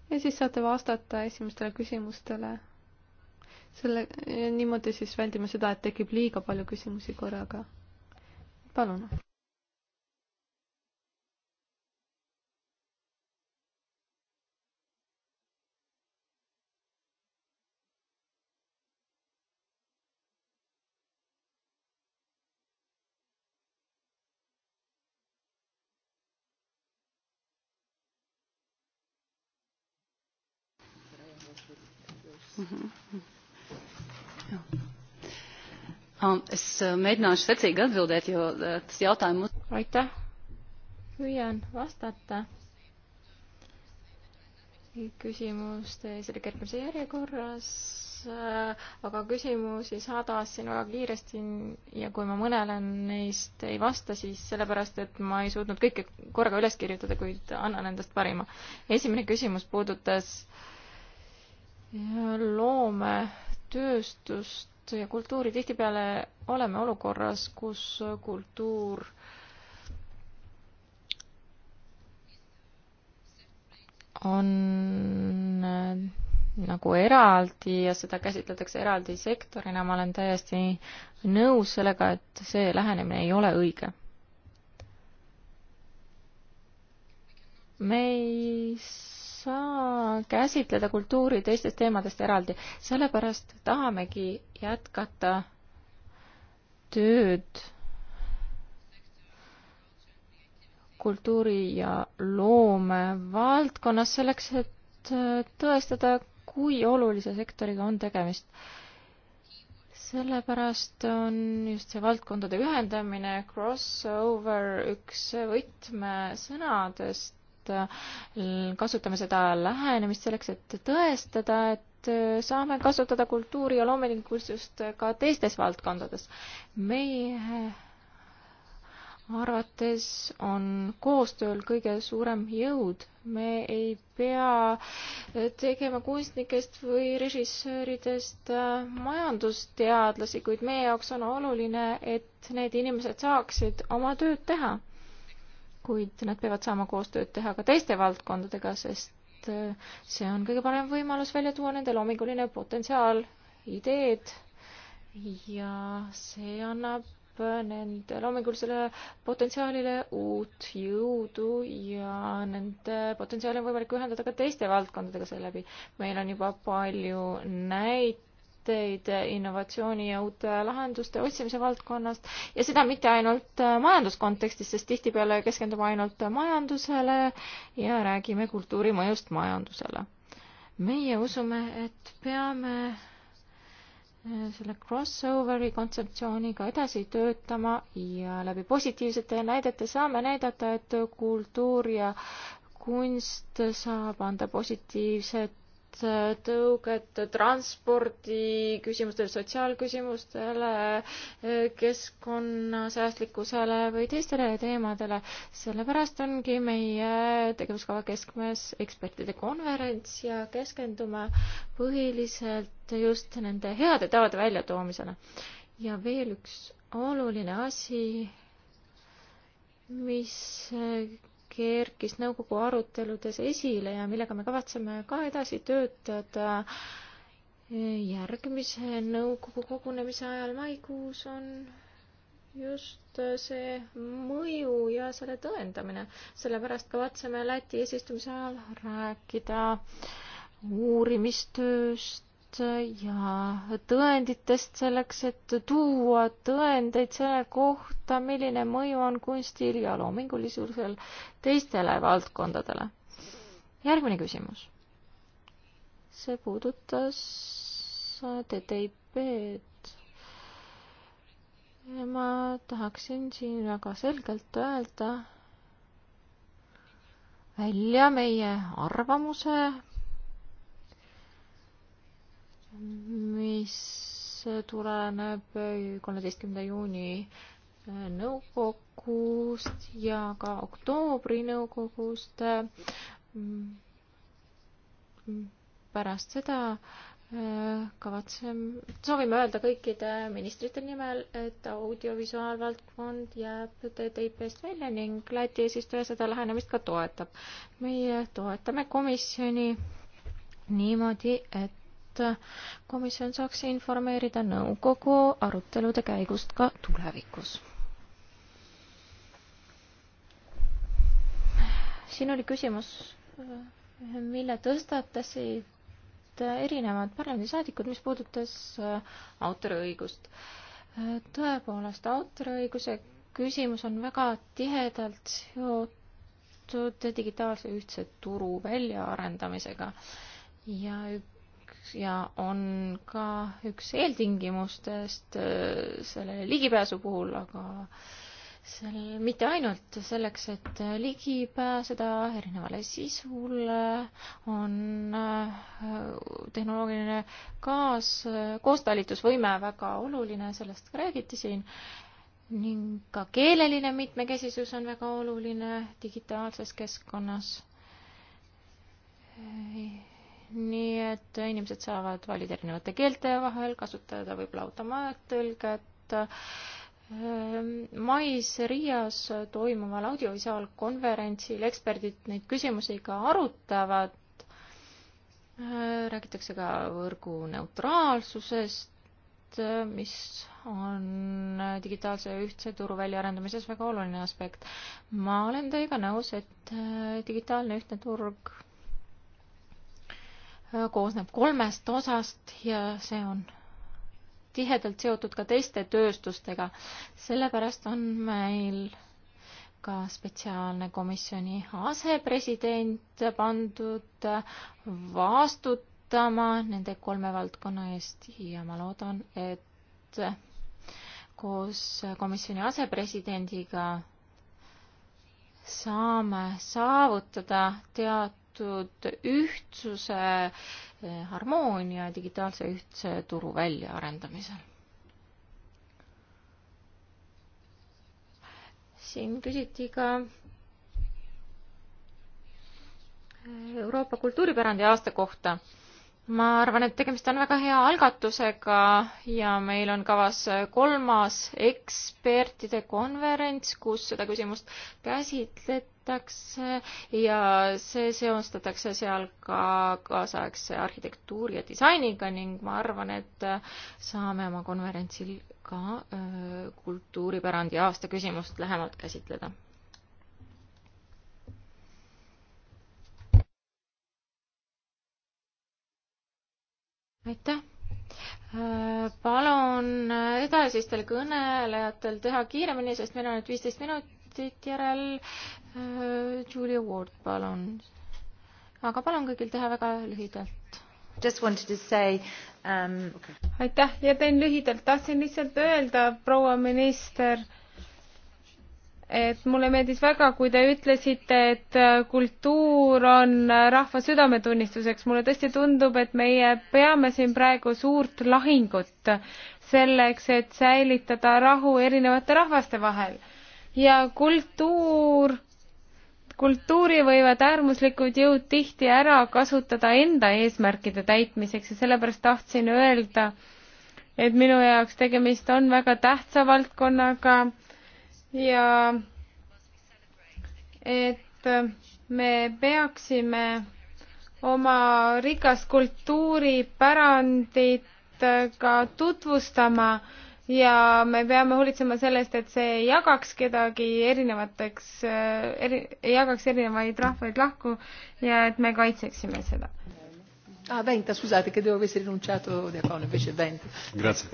ja siis saate vastata esimestele küsimustele. selle, niimoodi siis väldime seda, et tekib liiga palju küsimusi korraga. palun. Um, es uh, mēģināšu secīgi atbildēt, jo uh, tas jautājums. Aitäh! Püüan vastata küsimustes oli kärpmise järjekorras, äh, aga küsimusi sadas siin väga kiiresti ja kui ma mõnele neist ei vasta, siis sellepärast, et ma ei suutnud kõike korraga üles kirjutada, kuid annan endast parima. esimene küsimus puudutas äh, loometööstust ja kultuuri, tihtipeale oleme olukorras, kus kultuur on äh, nagu eraldi ja seda käsitletakse eraldi sektorina, ma olen täiesti nõus sellega, et see lähenemine ei ole õige. me ei saa käsitleda kultuuri teistest teemadest eraldi, sellepärast tahamegi jätkata tööd kultuuri ja loome valdkonnas selleks, et äh, tõestada, kui olulise sektoriga on tegemist. sellepärast on just see valdkondade ühendamine, crossover, üks võtmesõnadest et äh, kasutame seda lähenemist selleks, et tõestada, et äh, saame kasutada kultuuri ja loomingulisust ka teistes valdkondades. meie arvates on koostööl kõige suurem jõud. me ei pea äh, tegema kunstnikest või režissööridest majandusteadlasi, kuid meie jaoks on oluline, et need inimesed saaksid oma tööd teha kuid nad peavad saama koostööd teha ka teiste valdkondadega, sest äh, see on kõige parem võimalus välja tuua nende loominguline potentsiaal, ideed ja see annab äh, nende loomingulisele potentsiaalile uut jõudu ja nende potentsiaali on võimalik ühendada ka teiste valdkondadega seeläbi. meil on juba palju näiteid mõtteid innovatsiooni ja uute lahenduste otsimise valdkonnast ja seda mitte ainult majanduskontekstis, sest tihtipeale keskendume ainult majandusele ja räägime kultuuri mõjust majandusele. meie usume, et peame eh, selle crossoveri kontseptsiooniga edasi töötama ja läbi positiivsete näidete saame näidata, et kultuur ja kunst saab anda positiivset tõuget transpordi küsimustele, sotsiaalküsimustele, keskkonnasäästlikkusele või teistele teemadele. sellepärast ongi meie tegevuskava keskmes ekspertide konverents ja keskendume põhiliselt just nende heade tavade väljatoomisele. ja veel üks oluline asi, mis kerkis nõukogu aruteludes esile ja millega me kavatseme ka edasi töötada. järgmise nõukogu kogunemise ajal maikuus on just see mõju ja selle tõendamine, sellepärast kavatseme Läti eesistumise ajal rääkida uurimistööst, ja tõenditest selleks, et tuua tõendeid selle kohta, milline mõju on kunstil ja loomingulisusel teistele valdkondadele. järgmine küsimus. see puudutas TTIP-d. ma tahaksin siin väga selgelt öelda välja meie arvamuse mis tuleneb kolmeteistkümnenda juuni nõukogust ja ka oktoobri nõukogust. pärast seda äh, kavatseme, soovime öelda kõikide ministrite nimel, et audiovisuaalvaldkond jääb TTIP-st välja ning Läti eesistuja seda lähenemist ka toetab. meie toetame komisjoni niimoodi, et et komisjon saaks informeerida nõukogu arutelude käigust ka tulevikus. siin oli küsimus, mille tõstatasid erinevad parlamendisaadikud, mis puudutas äh, autoriõigust. Äh, tõepoolest, autoriõiguse küsimus on väga tihedalt seotud seotud digitaalse ühtse turu väljaarendamisega ja ja on ka üks eeltingimustest äh, selle ligipääsu puhul, aga seal mitte ainult selleks, et ligi pääseda erinevale sisule, on äh, tehnoloogiline kaas, koostalitusvõime väga oluline, sellest ka räägiti siin, ning ka keeleline mitmekesisus on väga oluline digitaalses keskkonnas Ei nii et inimesed saavad valida erinevate keelte vahel, kasutada võib-olla automaattõlget. Ehm, mais Riias toimuval audiovisuaalkonverentsil eksperdid neid küsimusi ka arutavad. Ehm, räägitakse ka võrgu neutraalsusest, mis on digitaalse ühtse turu väljaarendamises väga oluline aspekt. ma olen teiega nõus, et ehm, digitaalne ühtne turg Äh, koosneb kolmest osast ja see on tihedalt seotud ka teiste tööstustega. sellepärast on meil ka spetsiaalne komisjoni asepresident pandud vastutama nende kolme valdkonna eest ja ma loodan, et koos komisjoni asepresidendiga saame saavutada tead-, seotud ühtsuse, eh, harmoonia digitaalse ühtse turu väljaarendamisel. siin küsiti ka eh, Euroopa kultuuripärandi aasta kohta. ma arvan, et tegemist on väga hea algatusega ja meil on kavas kolmas ekspertide konverents, kus seda küsimust käsitleti arvestatakse ja see seostatakse seal ka kaasaegse arhitektuuri ja disainiga ning ma arvan, et saame oma konverentsil ka äh, kultuuripärandi aasta küsimust lähemalt käsitleda. aitäh! Äh, palun edasistel kõnelejatel teha kiiremini, sest meil on nüüd viisteist minutit järel. Äh, Julia Ward, palun. aga palun kõigil teha väga lühidalt. Say, um... aitäh ja teen lühidalt, tahtsin lihtsalt öelda, proua minister et mulle meeldis väga, kui te ütlesite, et kultuur on rahva südametunnistuseks. mulle tõesti tundub, et meie peame siin praegu suurt lahingut selleks, et säilitada rahu erinevate rahvaste vahel. ja kultuur, kultuuri võivad äärmuslikud jõud tihti ära kasutada enda eesmärkide täitmiseks ja sellepärast tahtsin öelda, et minu jaoks tegemist on väga tähtsa valdkonnaga ja et me peaksime oma rikast kultuuripärandit ka tutvustama ja me peame hoolitsema selle eest, et see ei jagaks kedagi erinevateks, eri, ei jagaks erinevaid rahvaid lahku ja et me kaitseksime seda. Ah, 20, scusate che devo avessi rinunciato di Acone, invece 20. Grazie.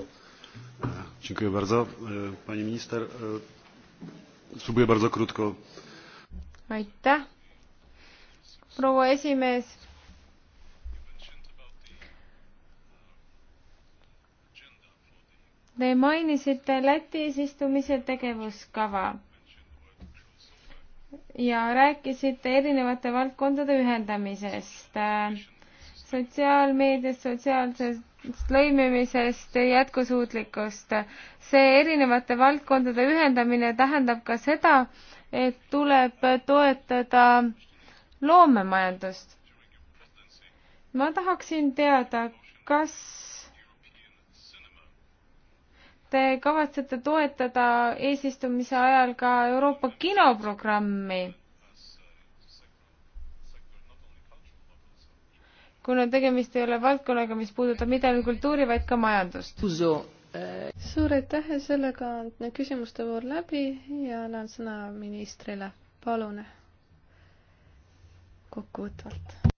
Dziękuję bardzo. E, pani minister, e, aitäh, proua esimees. Te mainisite Läti eesistumise tegevuskava ja rääkisite erinevate valdkondade ühendamisest sotsiaalmeediast, sotsiaalsest lõimimisest, jätkusuutlikkust. see erinevate valdkondade ühendamine tähendab ka seda, et tuleb toetada loomemajandust. ma tahaksin teada, kas te kavatsete toetada eesistumise ajal ka Euroopa kinoprogrammi? kuna tegemist ei ole valdkonnaga, mis puudutab mitte ainult kultuuri, vaid ka majandust. Äh, suur aitäh ja sellega on küsimuste voor läbi ja annan sõna ministrile, palun kokkuvõtvalt.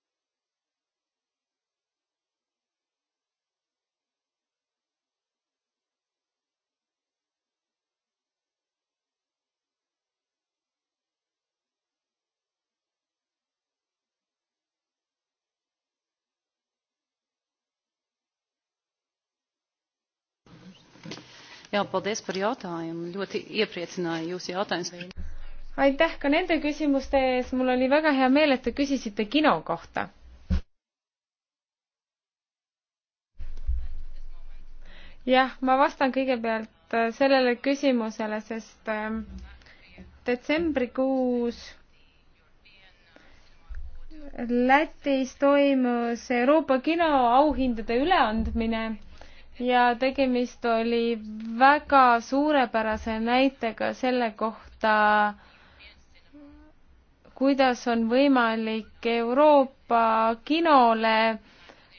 Jā, paldies par jautājumu. Ļoti iepriecināja jūsu jautājums. Aitäh ka nende küsimuste ees. Mul oli väga hea meel, et te küsisite kino kohta. Jah, ma vastan kõigepealt äh, sellele küsimusele, sest ähm, detsembrikuus Lätis toimus Euroopa kino auhindade üleandmine ja tegemist oli väga suurepärase näitega selle kohta, kuidas on võimalik Euroopa kinole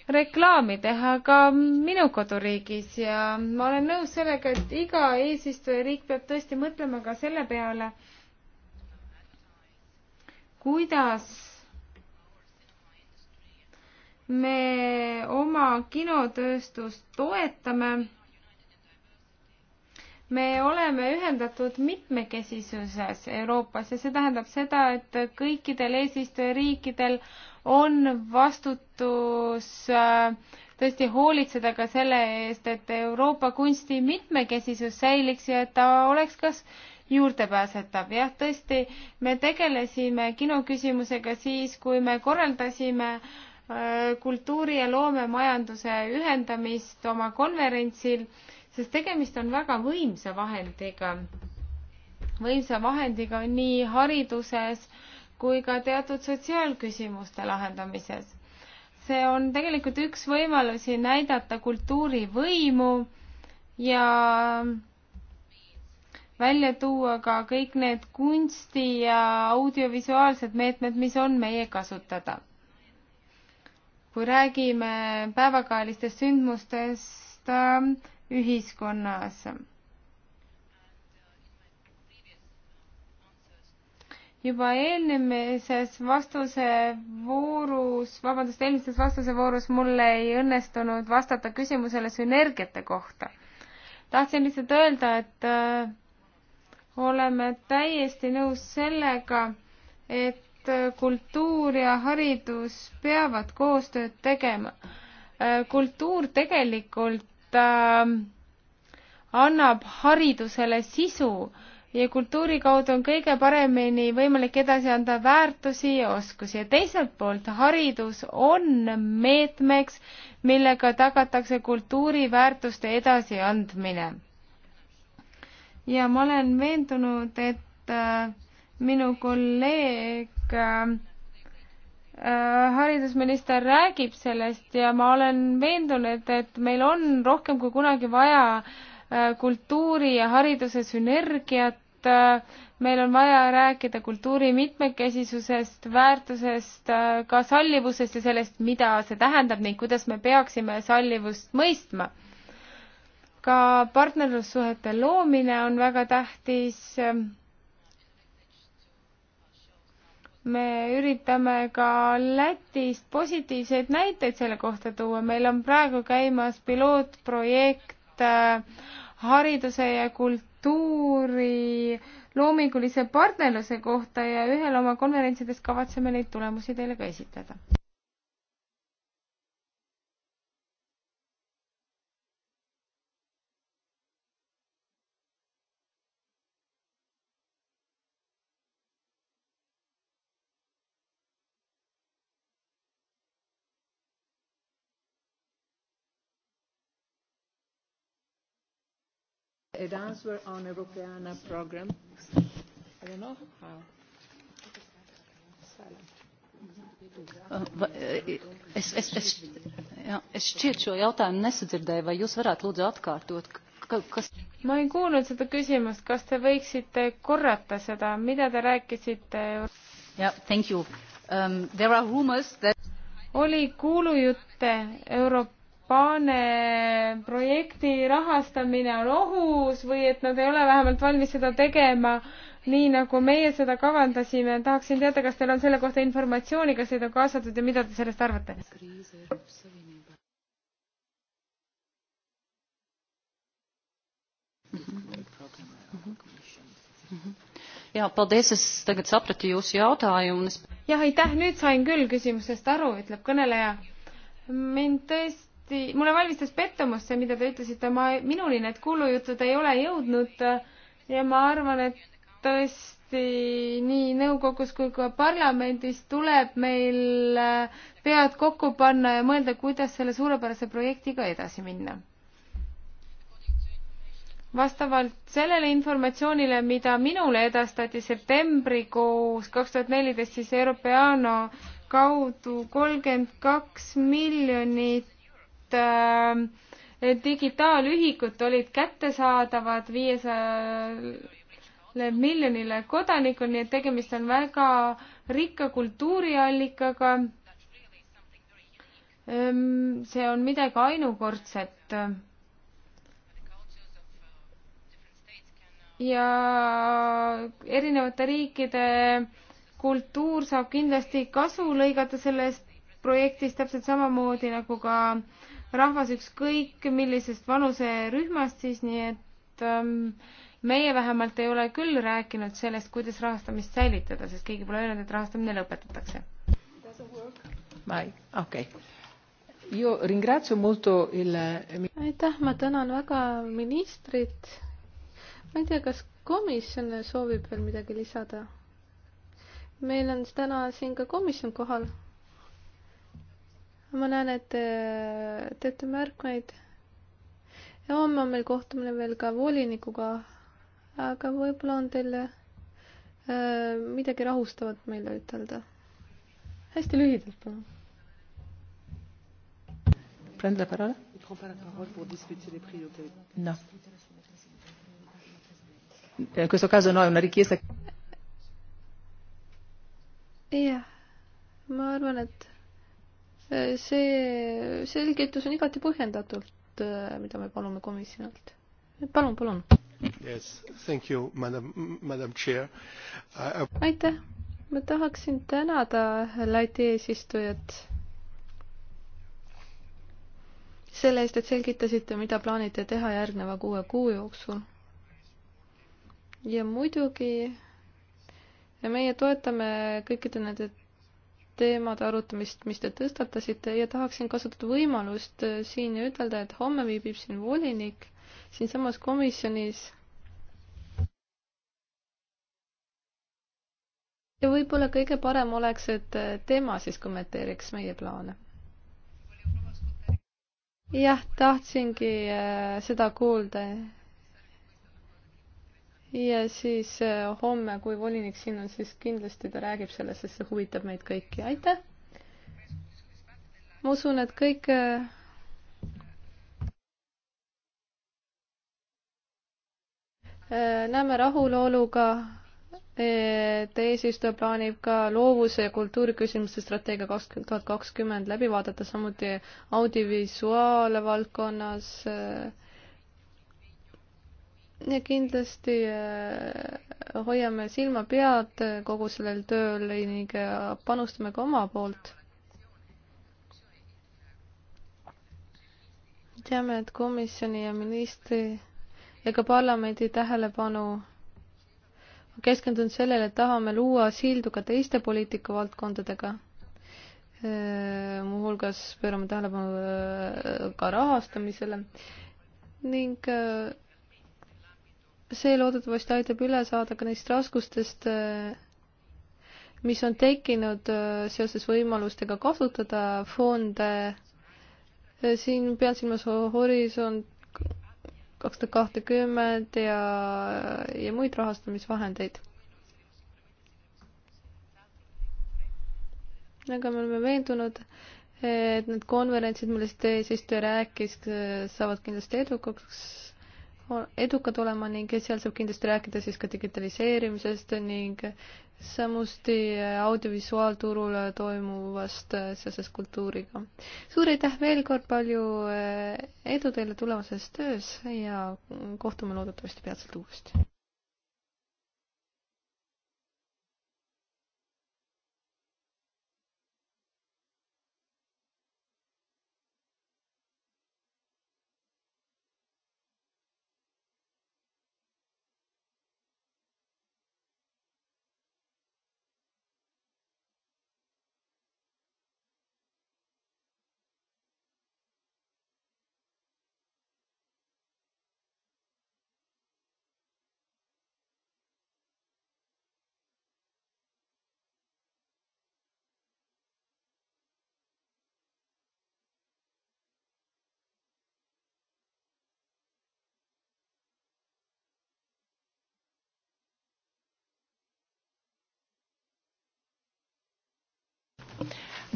reklaami teha ka minu koduriigis ja ma olen nõus sellega, et iga eesistujariik peab tõesti mõtlema ka selle peale, kuidas me oma kinotööstust toetame. me oleme ühendatud mitmekesisuses Euroopas ja see tähendab seda, et kõikidel eesistujariikidel on vastutus äh, tõesti hoolitseda ka selle eest, et Euroopa kunsti mitmekesisus säiliks ja et ta oleks kas juurdepääsetav. jah, tõesti, me tegelesime kinoküsimusega siis, kui me korraldasime äh, Äh, kultuuri ja loomemajanduse ühendamist oma konverentsil, sest tegemist on väga võimsa vahendiga. võimsa vahendiga nii hariduses kui ka teatud sotsiaalküsimuste lahendamises. see on tegelikult üks võimalusi näidata kultuuri võimu ja välja tuua ka kõik need kunsti ja audiovisuaalsed meetmed, mis on meie kasutada kui räägime päevakajalistest sündmustest äh, ühiskonnas. juba eelmises vastuse voorus, vabandust, eelmises vastuse voorus mulle ei õnnestunud vastata küsimusele sünergiate kohta. tahtsin lihtsalt öelda, et äh, oleme täiesti nõus sellega, et et äh, kultuur ja haridus peavad koostööd tegema. Äh, kultuur tegelikult äh, annab haridusele sisu ja kultuuri kaudu on kõige paremini võimalik edasi anda väärtusi ja oskusi ja teiselt poolt haridus on meetmeks, millega tagatakse kultuuriväärtuste edasiandmine. ja ma olen veendunud, et äh, minu kolleeg Äh, äh, haridusminister räägib sellest ja ma olen veendunud, et meil on rohkem kui kunagi vaja äh, kultuuri ja hariduse sünergiat, meil on vaja rääkida kultuuri mitmekesisusest, väärtusest, ka sallivusest ja sellest, mida see tähendab ning kuidas me peaksime sallivust mõistma. ka partnerlussuhete loomine on väga tähtis me üritame ka Lätist positiivseid näiteid selle kohta tuua, meil on praegu käimas pilootprojekt äh, hariduse ja kultuuri loomingulise partnerluse kohta ja ühel oma konverentsidest kavatseme neid tulemusi teile ka esitleda. an answer on Europeana program. I don't know how. Uh, uh, es, es, es, jā, es šķiet šo jautājumu nesadzirdēju, vai jūs varētu lūdzu atkārtot, kas. ma ei kuulnud seda küsimust, kas te võiksite korrata seda, mida te rääkisite? Yeah, thank you. Um, there are rumors that oli kuulujutte Euroopa Kobane projekti rahastamine on ohus või et nad ei ole vähemalt valmis seda tegema nii, nagu meie seda kavandasime. tahaksin teada, kas teil on selle kohta informatsiooni, kas teid on kaasatud ja mida te sellest arvate? jaa, paldies, es tagad sapratu jūsu jautājumu. jah, aitäh, nüüd sain küll küsimusest aru, ütleb kõneleja. mind tõesti tõesti, mulle valmistas pettumust see, mida te ütlesite, ma, minuni need kuulujutud ei ole jõudnud ja ma arvan, et tõesti nii nõukogus kui ka parlamendis tuleb meil pead kokku panna ja mõelda, kuidas selle suurepärase projektiga edasi minna vastavalt sellele informatsioonile, mida minule edastati septembrikuus kaks tuhat neliteist, siis Europeano kaudu kolmkümmend kaks miljonit Äh, digitaalühikud olid kättesaadavad viiesajale miljonile kodanikule, nii et tegemist on väga rikka kultuuriallikaga. Ehm, see on midagi ainukordset. ja erinevate riikide kultuur saab kindlasti kasu lõigata sellest projektist täpselt samamoodi nagu ka äh, rahvas ükskõik millisest vanuserühmast siis, nii et ähm, meie vähemalt ei ole küll rääkinud sellest, kuidas rahastamist säilitada, sest keegi pole öelnud, et rahastamine lõpetatakse. okei. aitäh, ma tänan väga ministrit. ma ei tea, kas komisjon soovib veel midagi lisada? meil on täna siin ka komisjon kohal ma näen, et te äh, teete märkmeid. ja homme on meil kohtumine veel ka volinikuga. aga võib-olla on teil äh, midagi rahustavat meile ütelda. hästi lühidalt, palun. Prendre la parole No. In questo caso no, è una richiesta. Jah, ma arvan, et see selgitus on igati põhjendatult, äh, mida me palume komisjonilt. palun, palun. Yes, thank you, madam, madam chair uh,. aitäh, ma tahaksin tänada Läti eesistujat selle eest, et selgitasite, mida plaanite teha järgneva kuue kuu jooksul. ja muidugi ja meie toetame kõikide nende teemade arutamist, mis te tõstatasite ja tahaksin kasutada võimalust äh, siin ja ütelda, et homme viibib siin volinik siinsamas komisjonis. ja võib-olla kõige parem oleks, et äh, tema siis kommenteeriks meie plaane. jah, tahtsingi äh, seda kuulda ja siis äh, homme, kui volinik siin on, siis kindlasti ta räägib sellest, sest see huvitab meid kõiki, aitäh! ma usun, et kõik äh, äh, näeme rahuloluga, et eesistuja plaanib ka loovuse ja kultuuriküsimuste strateegia kakskümmend tuhat kakskümmend läbi vaadata, samuti audiovisuaalvaldkonnas äh, kindlasti äh, hoiame silma pead äh, kogu sellel tööl ning äh, panustame ka oma poolt. teame, et komisjoni ja ministri ja ka parlamendi tähelepanu keskendunud sellele, et tahame luua sildu ka teiste poliitikavaldkondadega. muuhulgas pöörame tähelepanu ka rahastamisele ning see loodetavasti aitab üle saada ka neist raskustest, äh, mis on tekkinud äh, seoses võimalustega kasutada fonde. Äh, siin pean silmas Horisont kaks tuhat kahtekümmend ja, ja muid rahastamisvahendeid. aga me oleme veendunud, et need konverentsid, millest eesistuja rääkis, saavad kindlasti edukaks edukad olema ning seal saab kindlasti rääkida siis ka digitaliseerimisest ning samuti audiovisuaalturul toimuvast seoses kultuuriga. suur aitäh veel kord, palju eh, edu teile tulevases töös ja kohtume loodetavasti peatselt uuesti!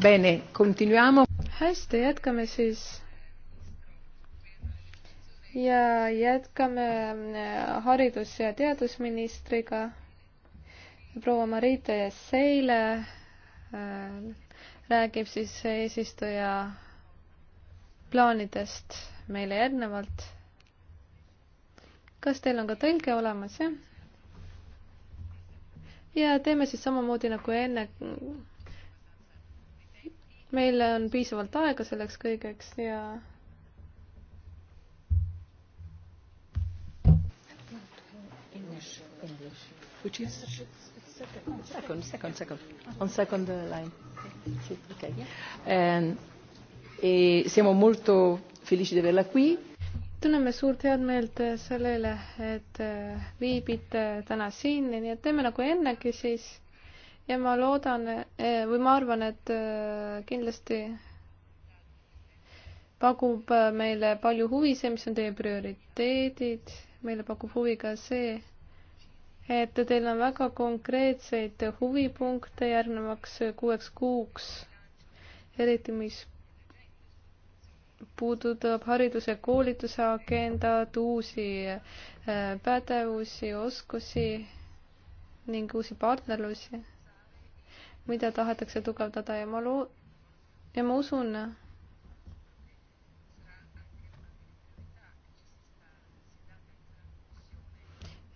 Bene, continuiamo. hästi, jätkame siis. ja jätkame äh, haridus- ja teadusministriga proua Marita Jesseile äh, räägib siis eesistuja plaanidest meile järgnevalt. kas teil on ka tõlge olemas, jah? ja teeme siis samamoodi nagu enne meil on piisavalt aega selleks kõigeks ja English, English, which is second, second, second, on second line. Sì, ok. Um, e siamo molto felici di averla qui. tunneme suurt heameelt eh, selle üle, et eh, viibite täna siin, nii et teeme nagu ennegi siis ja ma loodan e, või ma arvan, et e, kindlasti pakub e, meile palju huvi see, mis on teie prioriteedid, meile pakub huvi ka see, et teil on väga konkreetseid huvipunkte järgnevaks kuueks kuuks, eriti mis puudutab hariduse koolituse agendat, uusi pädevusi, oskusi ning uusi partnerlusi mida tahetakse tugevdada ja ma loo- ja ma usun,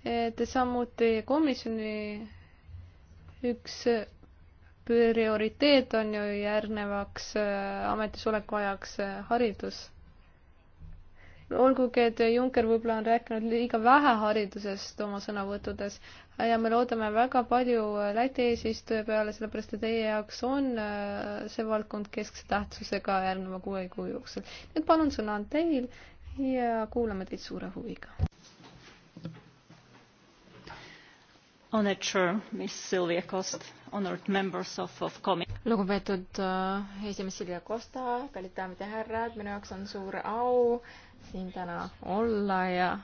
et samuti komisjoni üks prioriteet on ju järgnevaks äh, ametisoleku ajaks äh, haridus olgugi, et Juncker võib-olla on rääkinud liiga vähe haridusest oma sõnavõttudes ja me loodame väga palju Läti eesistuja peale, sellepärast et teie jaoks on äh, see valdkond keskse tähtsusega järgneva kuue kuu jooksul. nii et palun, sõna on teil ja kuulame teid suure huviga. Honored Chair, Miss Silvia Kost, honored members of, of committee lugupeetud äh, esimees Silvia Kosta, kallid daamid ja härrad, minu jaoks on suur au äh, siin täna olla ja äh,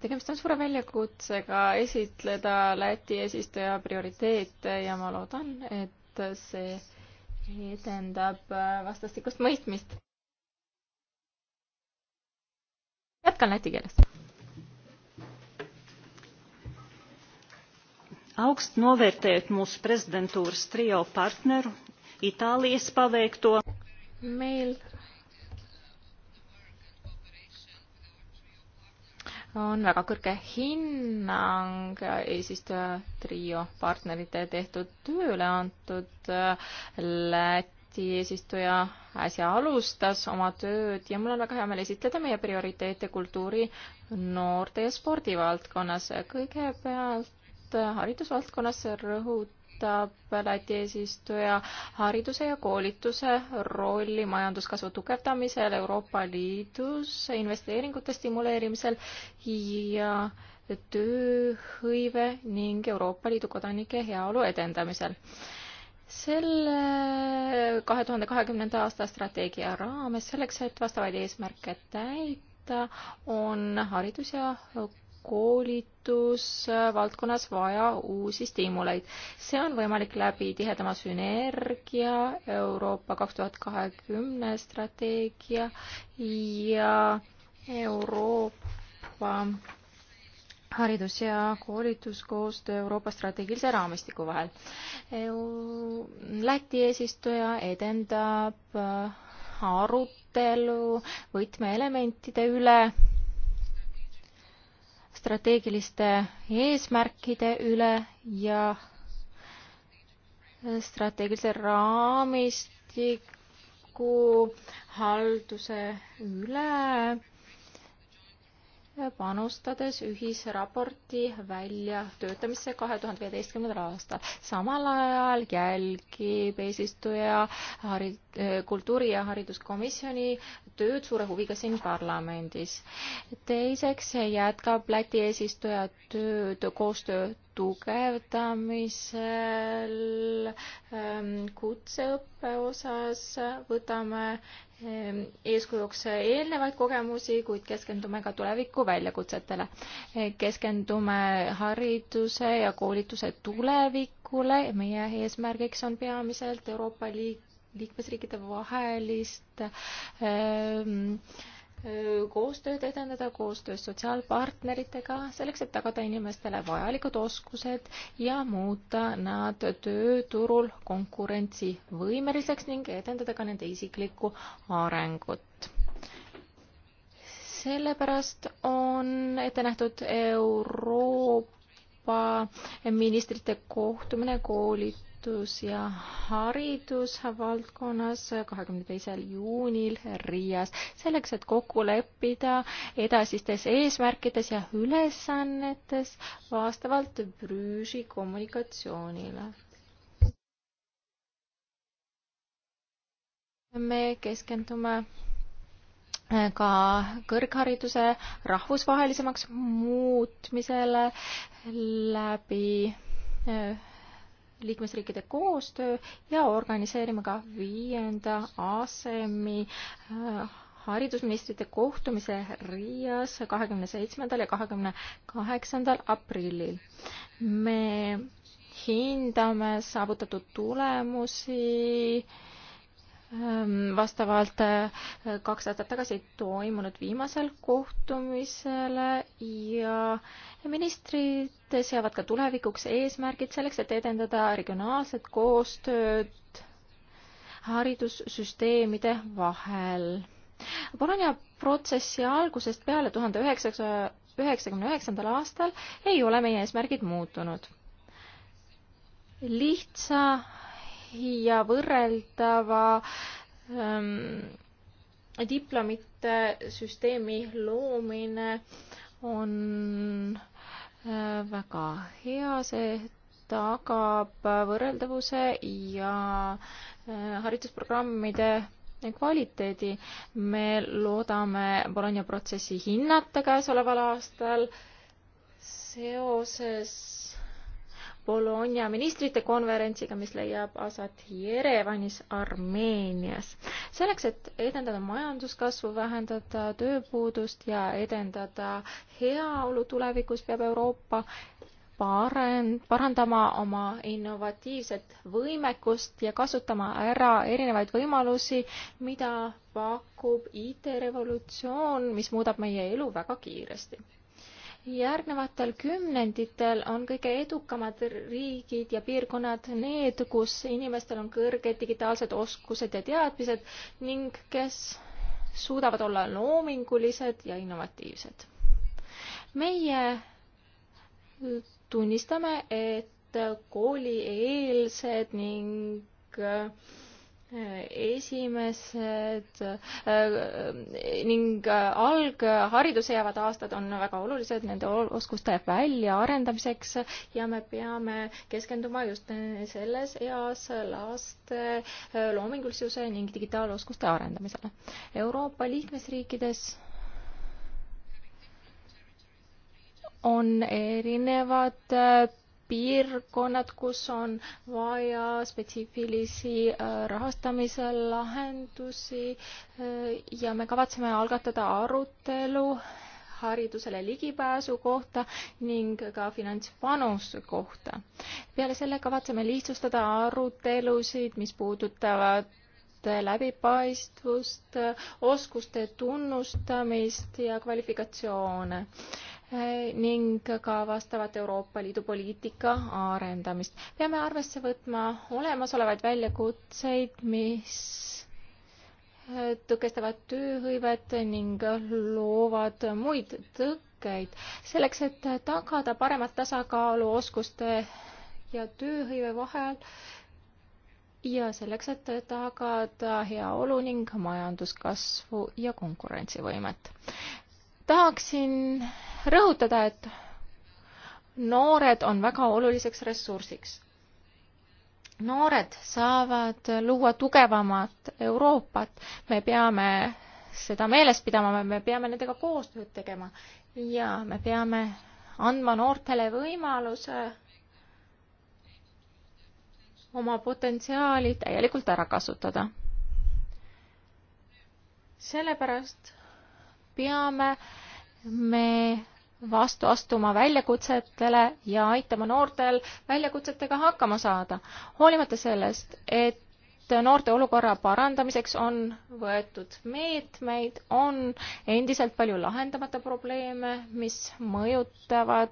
tegemist on suure väljakutsega esitleda Läti eesistuja prioriteete ja ma loodan, et see edendab äh, vastastikust mõistmist. jätkan läti keeles. augstu novērtējot mūsu prezidentūras trio partneru Itālijas paveikto. meil on väga kõrge hinnang eesistuja trio partnerite tehtud tööle antud. Läti eesistuja äsja alustas oma tööd ja mul on väga hea meel esitleda meie prioriteete kultuuri, noorte ja spordivaldkonnas. kõigepealt haridusvaldkonnas rõhut-, rõhutab Läti eesistuja hariduse ja koolituse rolli majanduskasvu tugevdamisel Euroopa Liidus, investeeringute stimuleerimisel ja tööhõive ning Euroopa Liidu kodanike heaolu edendamisel selle kahe tuhande kahekümnenda aasta strateegia raames selleks, et vastavaid eesmärke täita, on haridus ja koolitusvaldkonnas äh, vaja uusi stiimuleid. see on võimalik läbi tihedama sünergia Euroopa kaks tuhat kahekümne strateegia ja Euroopa haridus- ja koolituskoostöö Euroopa strateegilise raamistiku vahel. Läti eesistuja edendab äh, arutelu võtmeelementide üle strateegiliste eesmärkide üle ja strateegilise raamistiku halduse üle panustades ühisraporti väljatöötamisse kahe tuhande viieteistkümnendal aastal. samal ajal jälgib eesistuja hari-, kultuuri- ja hariduskomisjoni tööd suure huviga siin parlamendis. teiseks jätkab Läti eesistuja tööd koostöö tugevdamisel ähm, kutseõppe osas võtame Ehm, eeskujuks eelnevaid kogemusi, kuid keskendume ka tuleviku väljakutsetele. Eh, keskendume hariduse ja koolituse tulevikule ja meie eesmärgiks on peamiselt Euroopa Liit liikmesriikide vahelist ähm, koostööd edendada koostöös sotsiaalpartneritega, selleks et tagada inimestele vajalikud oskused ja muuta nad tööturul konkurentsivõimeliseks ning edendada ka nende isiklikku arengut sellepärast on ette nähtud Euroopa ministrite kohtumine koolid teadus- ja haridusvaldkonnas kahekümne teisel juunil Riias, selleks et kokku leppida edasistes eesmärkides ja ülesannetes vastavalt Brüži kommunikatsioonile. me keskendume ka kõrghariduse rahvusvahelisemaks muutmisele läbi eh, liikmesriikide koostöö ja organiseerime ka viienda asemi äh, haridusministrite kohtumise Riias kahekümne seitsmendal ja kahekümne kaheksandal aprillil. me hindame saavutatud tulemusi Ehm, vastavalt eh, kaks aastat tagasi toimunud viimasel kohtumisele ja ministrid seavad ka tulevikuks eesmärgid selleks, et edendada regionaalset koostööd haridussüsteemide vahel. Bologna protsessi algusest peale tuhande üheksasaja üheksakümne üheksandal aastal ei ole meie eesmärgid muutunud. lihtsa ja võrreldava ähm, diplomite süsteemi loomine on äh, väga hea, see tagab võrreldavuse ja äh, haridusprogrammide kvaliteedi. me loodame Bologna protsessi hinnata käesoleval aastal seoses Bologna ministrite konverentsiga, mis leiab aset Jerevanis, Armeenias. selleks, et edendada majanduskasvu, vähendada tööpuudust ja edendada heaolu tulevikus, peab Euroopa paren-, parandama oma innovatiivset võimekust ja kasutama ära erinevaid võimalusi, mida pakub IT-revolutsioon, mis muudab meie elu väga kiiresti järgnevatel kümnenditel on kõige edukamad riigid ja piirkonnad need, kus inimestel on kõrged digitaalsed oskused ja teadmised ning kes suudavad olla loomingulised ja innovatiivsed. meie tunnistame, et koolieelsed ning esimesed äh, ning äh, algharidusse jäävad aastad on väga olulised nende oskuste väljaarendamiseks ja me peame keskenduma just selles eas laste äh, loomingulisuse ning digitaaloskuste arendamisele. Euroopa liikmesriikides on erinevad piirkonnad, kus on vaja spetsiifilisi äh, rahastamise lahendusi äh, ja me kavatseme algatada arutelu haridusele ligipääsu kohta ning ka finantspanuse kohta. peale selle kavatseme lihtsustada arutelusid, mis puudutavad läbipaistvust, oskuste tunnustamist ja kvalifikatsioone ning ka vastavat Euroopa Liidu poliitika arendamist. peame arvesse võtma olemasolevaid väljakutseid, mis äh, tõkestavad tööhõivet ning loovad muid tõkkeid. selleks, et tagada paremat tasakaalu oskuste ja tööhõive vahel ja selleks, et tagada heaolu ning majanduskasvu ja konkurentsivõimet tahaksin rõhutada, et noored on väga oluliseks ressursiks. noored saavad luua tugevamat Euroopat, me peame seda meeles pidama, me peame nendega koostööd tegema ja me peame andma noortele võimaluse oma potentsiaali täielikult ära kasutada. sellepärast peame me vastu astuma väljakutsetele ja aitama noortel väljakutsetega hakkama saada. hoolimata sellest, et noorte olukorra parandamiseks on võetud meetmeid, on endiselt palju lahendamata probleeme, mis mõjutavad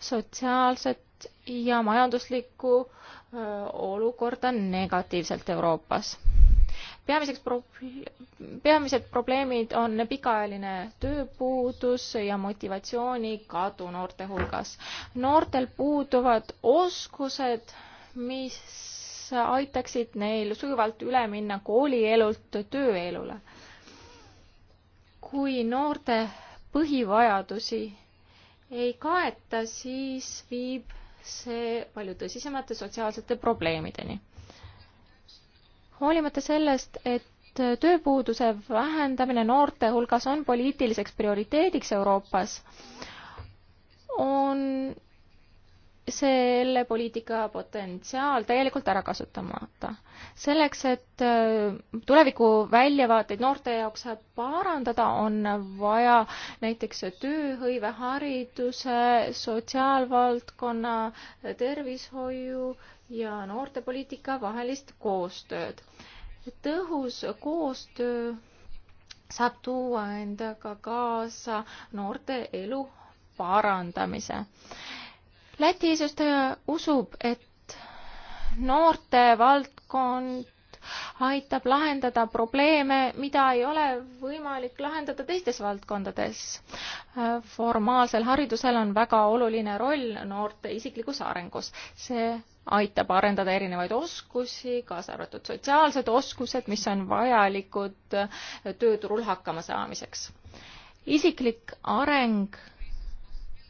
sotsiaalset ja majanduslikku olukorda negatiivselt Euroopas peamiseks pro-, peamised probleemid on pikaajaline tööpuudus ja motivatsiooni kadu noorte hulgas. noortel puuduvad oskused, mis aitaksid neil sujuvalt üle minna koolielult tööelule. kui noorte põhivajadusi ei kaeta, siis viib see palju tõsisemate sotsiaalsete probleemideni hoolimata sellest, et tööpuuduse vähendamine noorte hulgas on poliitiliseks prioriteediks Euroopas, on selle poliitika potentsiaal täielikult ära kasutamata. selleks, et äh, tuleviku väljavaateid noorte jaoks parandada, on vaja näiteks tööhõive, hariduse, sotsiaalvaldkonna, tervishoiu ja noortepoliitika vahelist koostööd. tõhus koostöö saab tuua endaga kaasa noorte elu parandamise. Läti eesistuja usub, et noorte valdkond aitab lahendada probleeme, mida ei ole võimalik lahendada teistes valdkondades. formaalsel haridusel on väga oluline roll noorte isiklikus arengus. see aitab arendada erinevaid oskusi, kaasa arvatud sotsiaalsed oskused, mis on vajalikud äh, tööturul hakkama saamiseks. isiklik areng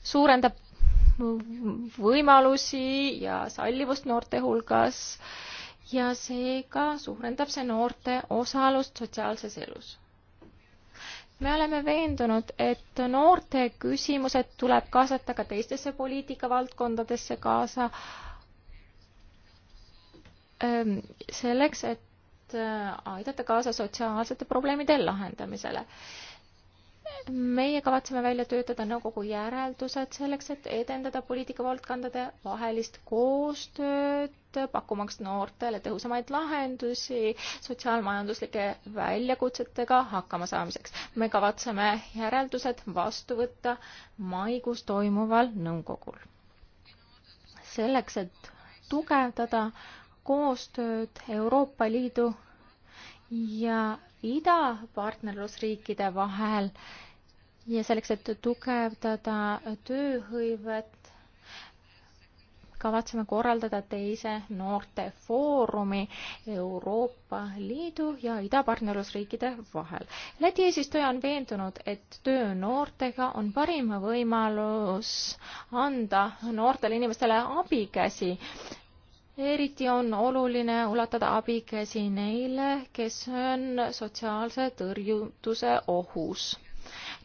suurendab võimalusi ja sallivust noorte hulgas ja seega suurendab see noorte osalust sotsiaalses elus. me oleme veendunud, et noorte küsimused tuleb kaasata ka teistesse poliitikavaldkondadesse kaasa selleks, et äh, aidata kaasa sotsiaalsete probleemide lahendamisele. meie kavatseme välja töötada nõukogu järeldused selleks, et edendada poliitikavaldkondade vahelist koostööd, pakkumaks noortele tõhusamaid lahendusi sotsiaalmajanduslike väljakutsetega hakkamasaamiseks. me kavatseme järeldused vastu võtta maikuus toimuval nõukogul. selleks, et tugevdada äh, koostööd Euroopa Liidu ja idapartnerlusriikide vahel ja selleks, et tugevdada tööhõivet, kavatseme korraldada teise noortefoorumi Euroopa Liidu ja idapartnerlusriikide vahel. Läti eesistuja on veendunud, et töö noortega on parim võimalus anda noortele inimestele abikäsi eriti on oluline ulatada abikäsi neile, kes on sotsiaalse tõrjutuse ohus.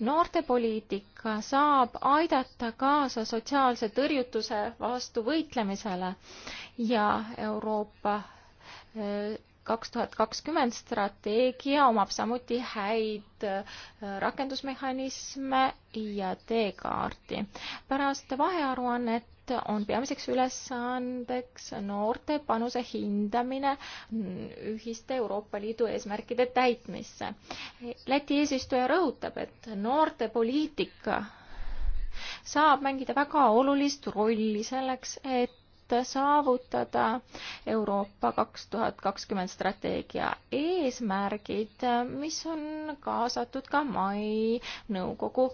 noortepoliitika saab aidata kaasa sotsiaalse tõrjutuse vastu võitlemisele ja Euroopa eh, kaks tuhat kakskümmend strateegia omab samuti häid äh, rakendusmehhanisme ja teekaarti. pärast vahearuannet on peamiseks ülesandeks noorte panuse hindamine ühiste Euroopa Liidu eesmärkide täitmisse. Läti eesistuja rõhutab, et noortepoliitika saab mängida väga olulist rolli selleks, et saavutada Euroopa kaks tuhat kakskümmend strateegia eesmärgid, mis on kaasatud ka mai nõukogu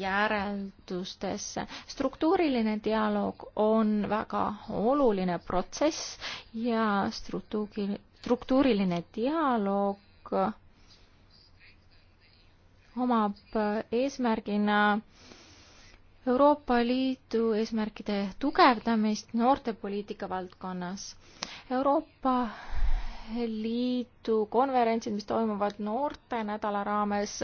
järeldustesse. struktuuriline dialoog on väga oluline protsess ja struktuuri, struktuuriline dialoog omab eesmärgina Euroopa Liidu eesmärkide tugevdamist noortepoliitika valdkonnas. Euroopa Liidu konverentsid, mis toimuvad noortenädala raames,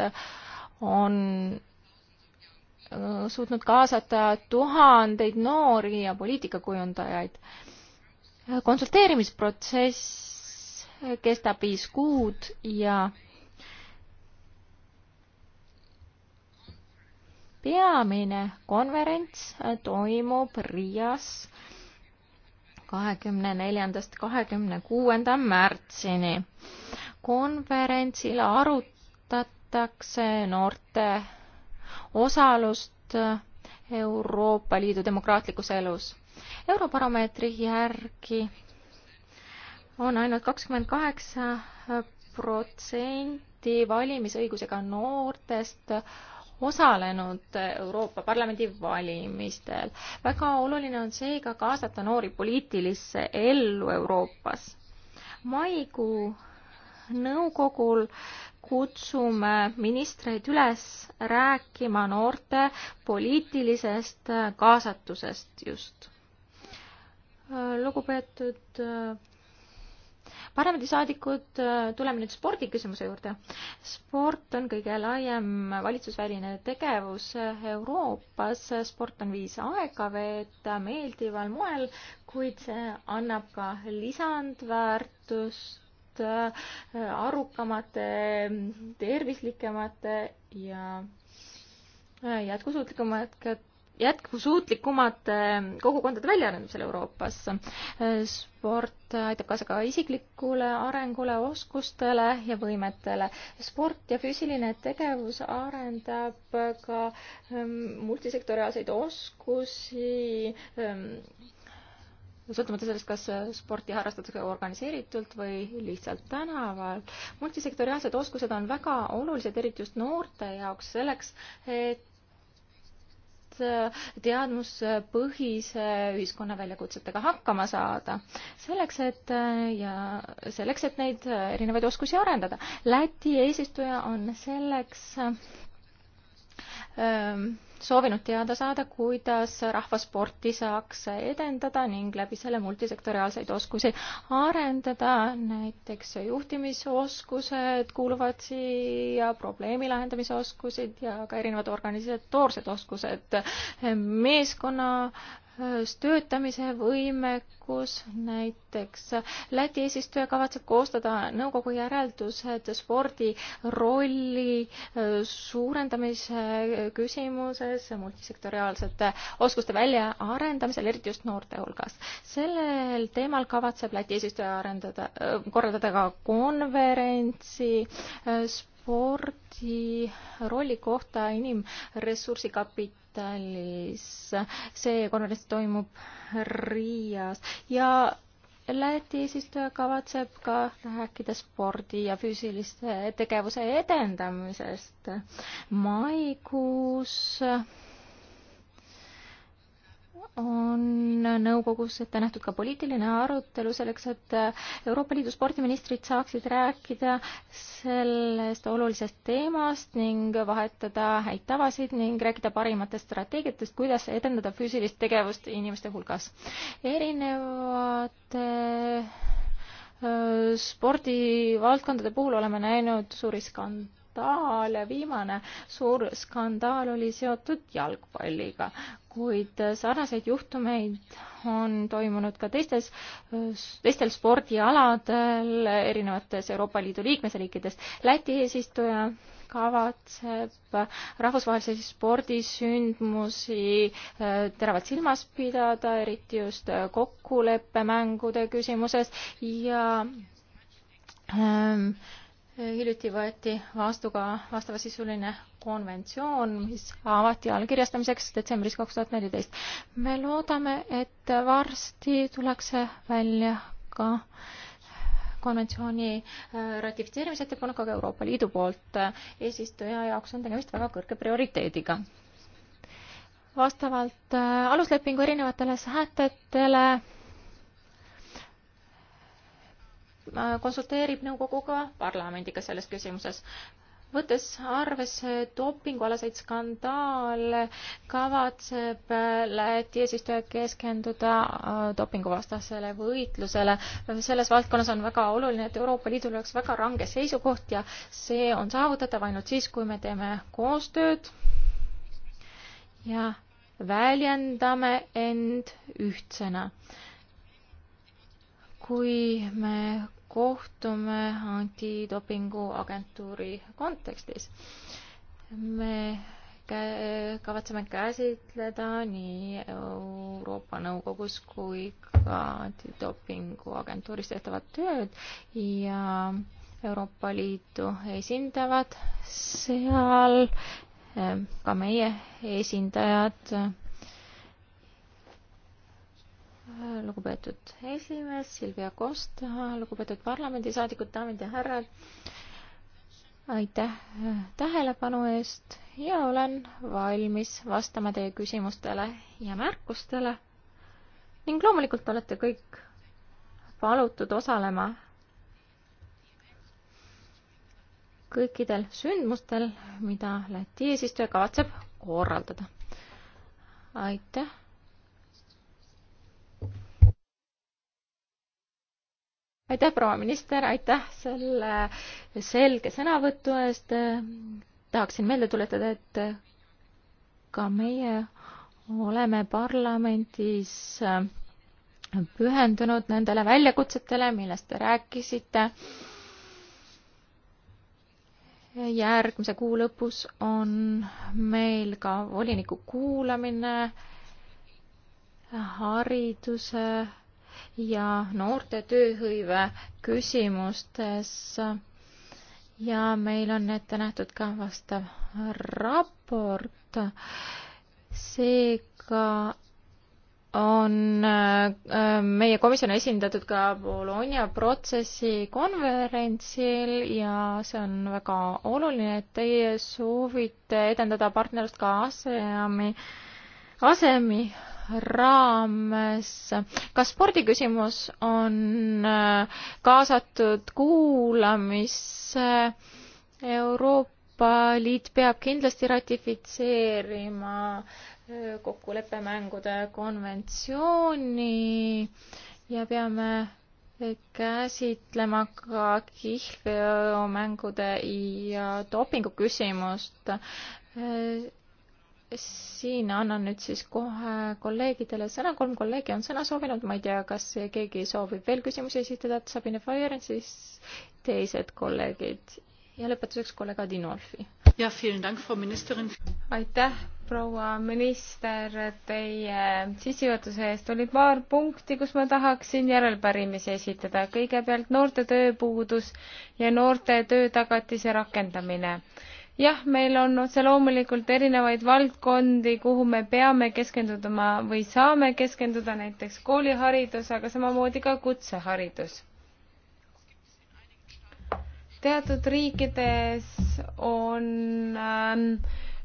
on äh, suutnud kaasata tuhandeid noori ja poliitikakujundajaid. konsulteerimisprotsess kestab viis kuud ja peamine konverents toimub Riias kahekümne neljandast kahekümne kuuenda märtsini. konverentsil arutatakse noorte osalust Euroopa Liidu demokraatlikus elus. Eurobaromeetri järgi on ainult kakskümmend kaheksa protsenti valimisõigusega noortest osalenud Euroopa Parlamendi valimistel. väga oluline on seega kaasata noori poliitilisse ellu Euroopas. maikuu nõukogul kutsume ministreid üles rääkima noorte poliitilisest kaasatusest just. lugupeetud parlamendisaadikud, äh, tuleme nüüd spordiküsimuse juurde. sport on kõige laiem valitsusväline tegevus Euroopas, sport on viis aega veeta meeldival moel, kuid see annab ka lisandväärtust äh, arukamate, tervislikemate ja äh, jätkusuutlikumate jätkusuutlikumate äh, kogukondade väljaarendamisel Euroopas. Äh, sport aitab kaasa ka isiklikule arengule, oskustele ja võimetele. sport ja füüsiline tegevus arendab ka ähm, multisektoriaalseid oskusi ähm, sõltumata sellest, kas äh, sporti harrastatakse organiseeritult või lihtsalt tänaval. multisektoriaalsed oskused on väga olulised, eriti just noorte jaoks, selleks, et Äh, teadmuspõhise ühiskonna väljakutsetega hakkama saada. selleks, et äh, ja selleks, et neid äh, erinevaid oskusi arendada. Läti eesistuja on selleks Ähm, soovinud teada saada, kuidas rahvasporti saaks edendada ning läbi selle multisektoriaalseid oskusi arendada, näiteks juhtimisoskused kuuluvad siia, probleemi lahendamise oskused ja ka erinevad organisatoorsed oskused, meeskonna töötamise võimekus, näiteks Läti eesistuja kavatseb koostada nõukogu järeldused spordi rolli suurendamise küsimuses multisektoriaalsete oskuste väljaarendamisel, eriti just noorte hulgas. sellel teemal kavatseb Läti eesistuja arendada, korraldada ka konverentsi spordi rolli kohta inimressursikapitali Tallis. see konverents toimub Riias ja Läti eesistuja kavatseb ka rääkida spordi ja füüsilise tegevuse edendamisest. maikuus on nõukogus ette nähtud ka poliitiline arutelu selleks, et Euroopa Liidu spordiministrid saaksid rääkida sellest olulisest teemast ning vahetada häid tavasid ning rääkida parimatest strateegiatest, kuidas edendada füüsilist tegevust inimeste hulgas. erinevate äh, spordivaldkondade puhul oleme näinud suuri skandaale skandaal, viimane suur skandaal oli seotud jalgpalliga, kuid sarnaseid juhtumeid on toimunud ka teistes, teistel spordialadel erinevates Euroopa Liidu liikmesriikides. Läti eesistuja kavatseb rahvusvahelisi spordisündmusi eh, teravalt silmas pidada, eriti just kokkuleppemängude küsimuses ja ähm, hiljuti võeti vastu ka vastavasisuline konventsioon, mis avati allkirjastamiseks detsembris kaks tuhat neliteist. me loodame, et varsti tullakse välja ka konventsiooni äh, ratifitseerimise ettepanekuga Euroopa Liidu poolt. eesistuja jaoks on tegemist väga kõrge prioriteediga. vastavalt äh, aluslepingu erinevatele sätetele Äh, konsulteerib nõukoguga parlamendiga selles küsimuses võttes arvesse dopingualaseid skandaale, kavatseb äh, Läti eesistuja keskenduda äh, dopinguvastasele võitlusele. selles valdkonnas on väga oluline, et Euroopa Liidul oleks väga range seisukoht ja see on saavutatav ainult siis, kui me teeme koostööd ja väljendame end ühtsena kui me kohtume antidopingu agentuuri kontekstis. me kavatseme käsitleda nii Euroopa Nõukogus kui ka antidopingu agentuuris tehtavat tööd ja Euroopa Liitu esindavad seal eh, ka meie esindajad lugupeetud esimees Silvia Kosta, lugupeetud parlamendisaadikud, daamid ja härrad. aitäh tähelepanu eest ja olen valmis vastama teie küsimustele ja märkustele. ning loomulikult olete kõik palutud osalema kõikidel sündmustel, mida Läti eesistuja kavatseb korraldada. aitäh aitäh, proua minister, aitäh selle selge sõnavõtu eest. tahaksin meelde tuletada, et ka meie oleme parlamendis pühendunud nendele väljakutsetele, millest te rääkisite. järgmise kuu lõpus on meil ka voliniku kuulamine hariduse ja noorte tööhõive küsimustes. ja meil on ette nähtud ka vastav raport. seega on äh, meie komisjon esindatud ka Bologna protsessi konverentsil ja see on väga oluline, et teie soovite edendada partnerlust ka ASEAM-i, ASEM-i raames. ka spordiküsimus on äh, kaasatud kuulamisse. Euroopa Liit peab kindlasti ratifitseerima äh, kokkuleppemängude konventsiooni ja peame äh, käsitlema ka kihlveomängude ja dopingu küsimust siin annan nüüd siis kohe kolleegidele sõna, kolm kolleegi on sõna soovinud, ma ei tea, kas keegi soovib veel küsimusi esitada, et Sabine Fire, siis teised kolleegid ja lõpetuseks kolleeg Adinolfi. aitäh, proua minister, teie sissejuhatuse eest oli paar punkti, kus ma tahaksin järelpärimisi esitada. kõigepealt noorte tööpuudus ja noorte töötagatise rakendamine jah, meil on otse loomulikult erinevaid valdkondi, kuhu me peame keskenduma või saame keskenduda, näiteks kooliharidus, aga samamoodi ka kutseharidus. teatud riikides on ähm,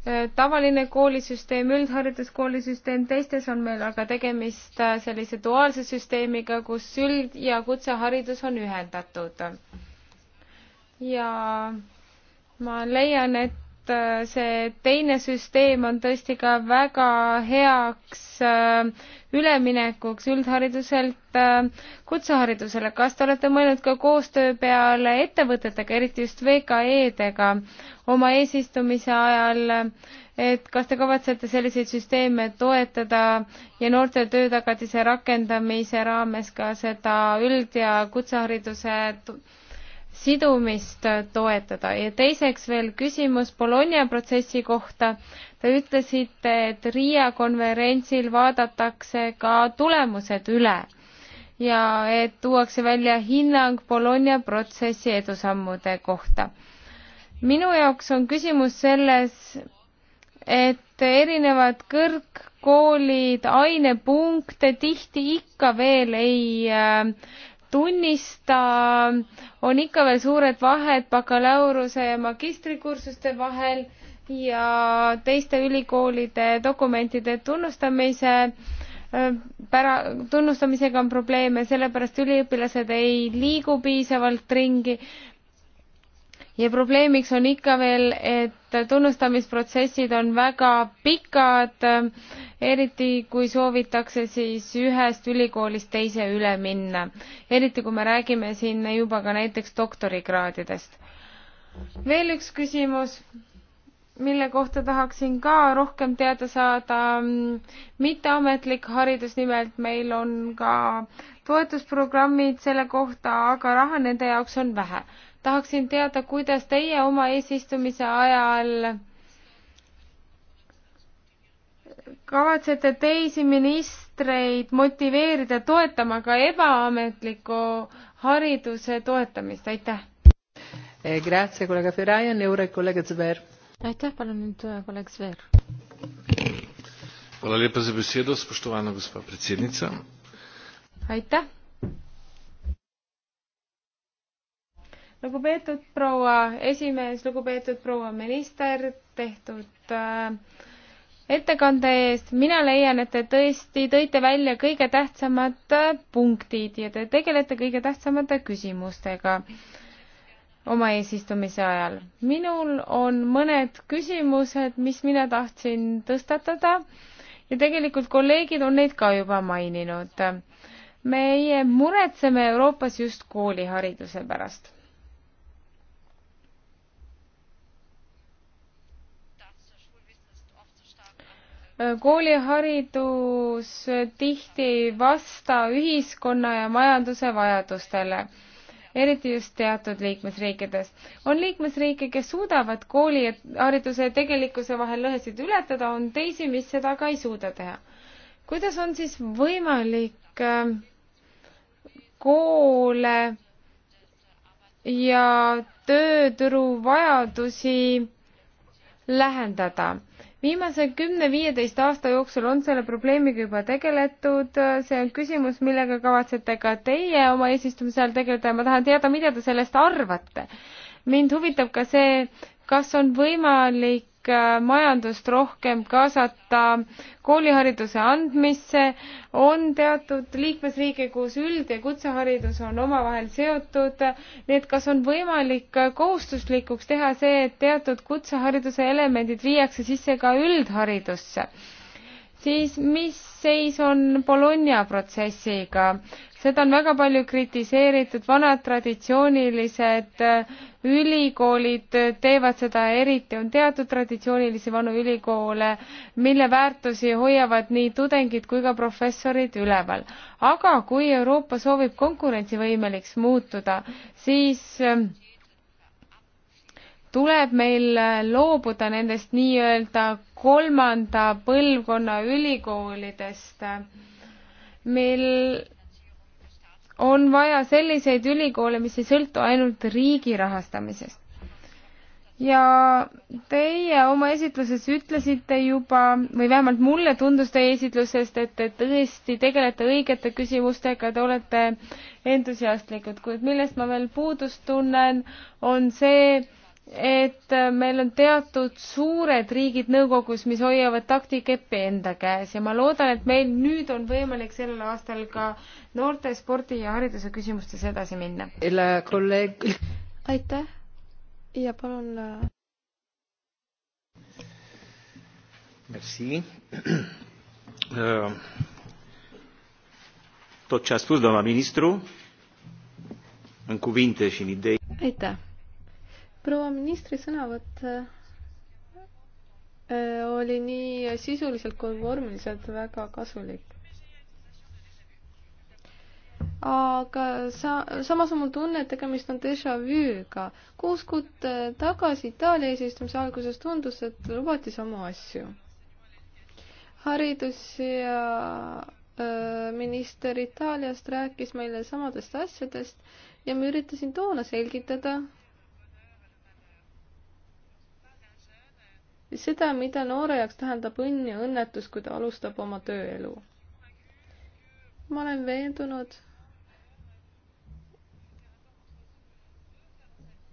äh, tavaline koolisüsteem, üldhariduskoolisüsteem, teistes on meil aga tegemist äh, sellise duaalse süsteemiga, kus üld- ja kutseharidus on ühendatud. ja ma leian, et äh, see teine süsteem on tõesti ka väga heaks äh, üleminekuks üldhariduselt äh, kutseharidusele. kas te olete mõelnud ka koostöö peale ettevõtetega, eriti just VKE-dega oma eesistumise ajal, et kas te kavatsete selliseid süsteeme toetada ja noorte töötagatise rakendamise raames ka seda üld- ja kutsehariduse sidumist äh, toetada ja teiseks veel küsimus Bologna protsessi kohta. Te ütlesite, et Riia konverentsil vaadatakse ka tulemused üle ja et tuuakse välja hinnang Bologna protsessi edusammude kohta. minu jaoks on küsimus selles, et erinevad kõrgkoolid ainepunkte tihti ikka veel ei äh, tunnista, on ikka veel suured vahed bakalaureuse ja magistrikursuste vahel ja teiste ülikoolide dokumentide tunnustamise pära-, tunnustamisega on probleeme, sellepärast üliõpilased ei liigu piisavalt ringi ja probleemiks on ikka veel, et tunnustamisprotsessid on väga pikad, eriti kui soovitakse siis ühest ülikoolist teise üle minna. eriti kui me räägime siin juba ka näiteks doktorikraadidest. veel üks küsimus mille kohta tahaksin ka rohkem teada saada. mitteametlik haridus, nimelt meil on ka toetusprogrammid selle kohta, aga raha nende jaoks on vähe. tahaksin teada, kuidas teie oma eesistumise ajal kavatsete teisi ministreid motiveerida toetama ka ebaametliku hariduse toetamist, aitäh! Eh, grazie, kolleeg Ferrajan, Eurek, kolleeg Zver aitäh, palun nüüd äh, kolleeg Sveer. Hvala lepa za besedo, spoštovana gospa predsednica. Aitäh. lugupeetud proua esimees, lugupeetud proua minister, tehtud äh, ettekande eest. mina leian, et te tõesti tõite välja kõige tähtsamad äh, punktid ja te tegelete kõige tähtsamate küsimustega äh, oma eesistumise ajal. minul on mõned küsimused, mis mina tahtsin tõstatada ja tegelikult kolleegid on neid ka juba maininud. meie muretseme Euroopas just koolihariduse pärast. kooliharidus tihti ei vasta ühiskonna ja majanduse vajadustele eriti just teatud liikmesriikides. on liikmesriike, kes suudavad koolihariduse ja tegelikkuse vahel lõhesid ületada, on teisi, mis seda ka ei suuda teha. kuidas on siis võimalik ähm, koole ja tööturu vajadusi lähendada? viimase kümne-viieteist aasta jooksul on selle probleemiga juba tegeletud, see on küsimus, millega kavatsete ka teie oma eesistumise ajal tegeleda ja ma tahan teada, mida te sellest arvate. mind huvitab ka see, kas on võimalik Äh, majandust rohkem kaasata koolihariduse andmisse. on teatud liikmesriike, kus üld- ja kutseharidus on omavahel seotud. nii et kas on võimalik äh, kohustuslikuks teha see, et teatud kutsehariduse elemendid viiakse sisse ka üldharidusse? siis mis seis on Bologna protsessiga? seda on väga palju kritiseeritud, vanad traditsioonilised äh, ülikoolid teevad seda eriti, on teatud traditsioonilisi vanu ülikoole, mille väärtusi hoiavad nii tudengid kui ka professorid üleval. aga kui Euroopa soovib konkurentsivõimeliks muutuda, siis äh, tuleb meil äh, loobuda nendest nii-öelda kolmanda põlvkonna ülikoolidest, mil on vaja selliseid ülikoole, mis ei sõltu ainult riigi rahastamisest. ja teie oma esitluses ütlesite juba või vähemalt mulle tundus teie esitlusest, et te tõesti tegelete õigete küsimustega, te olete entusiastlikud, kuid millest ma veel puudust tunnen, on see, et meil on teatud suured riigid nõukogus, mis hoiavad taktikepi enda käes ja ma loodan, et meil nüüd on võimalik sellel aastal ka noorte spordi ja hariduse küsimustes edasi minna. aitäh ja palun. Äh, Mersi. Äh, tot ce a spus doamna ministru, în cuvinte și în idei. Aitäh. proua ministri sõnavõtt äh, oli nii sisuliselt kui vormiliselt väga kasulik aga sa-, samas on mul tunne, et tegemist on déjà vu'ga. kuus kuud äh, tagasi Itaalia eesistumise alguses tundus, et lubati samu asju. haridus ja öö, äh, minister Itaaliast rääkis meile samadest asjadest ja ma üritasin toona selgitada seda, mida noore jaoks tähendab õnn ja õnnetus, kui ta alustab oma tööelu. ma olen veendunud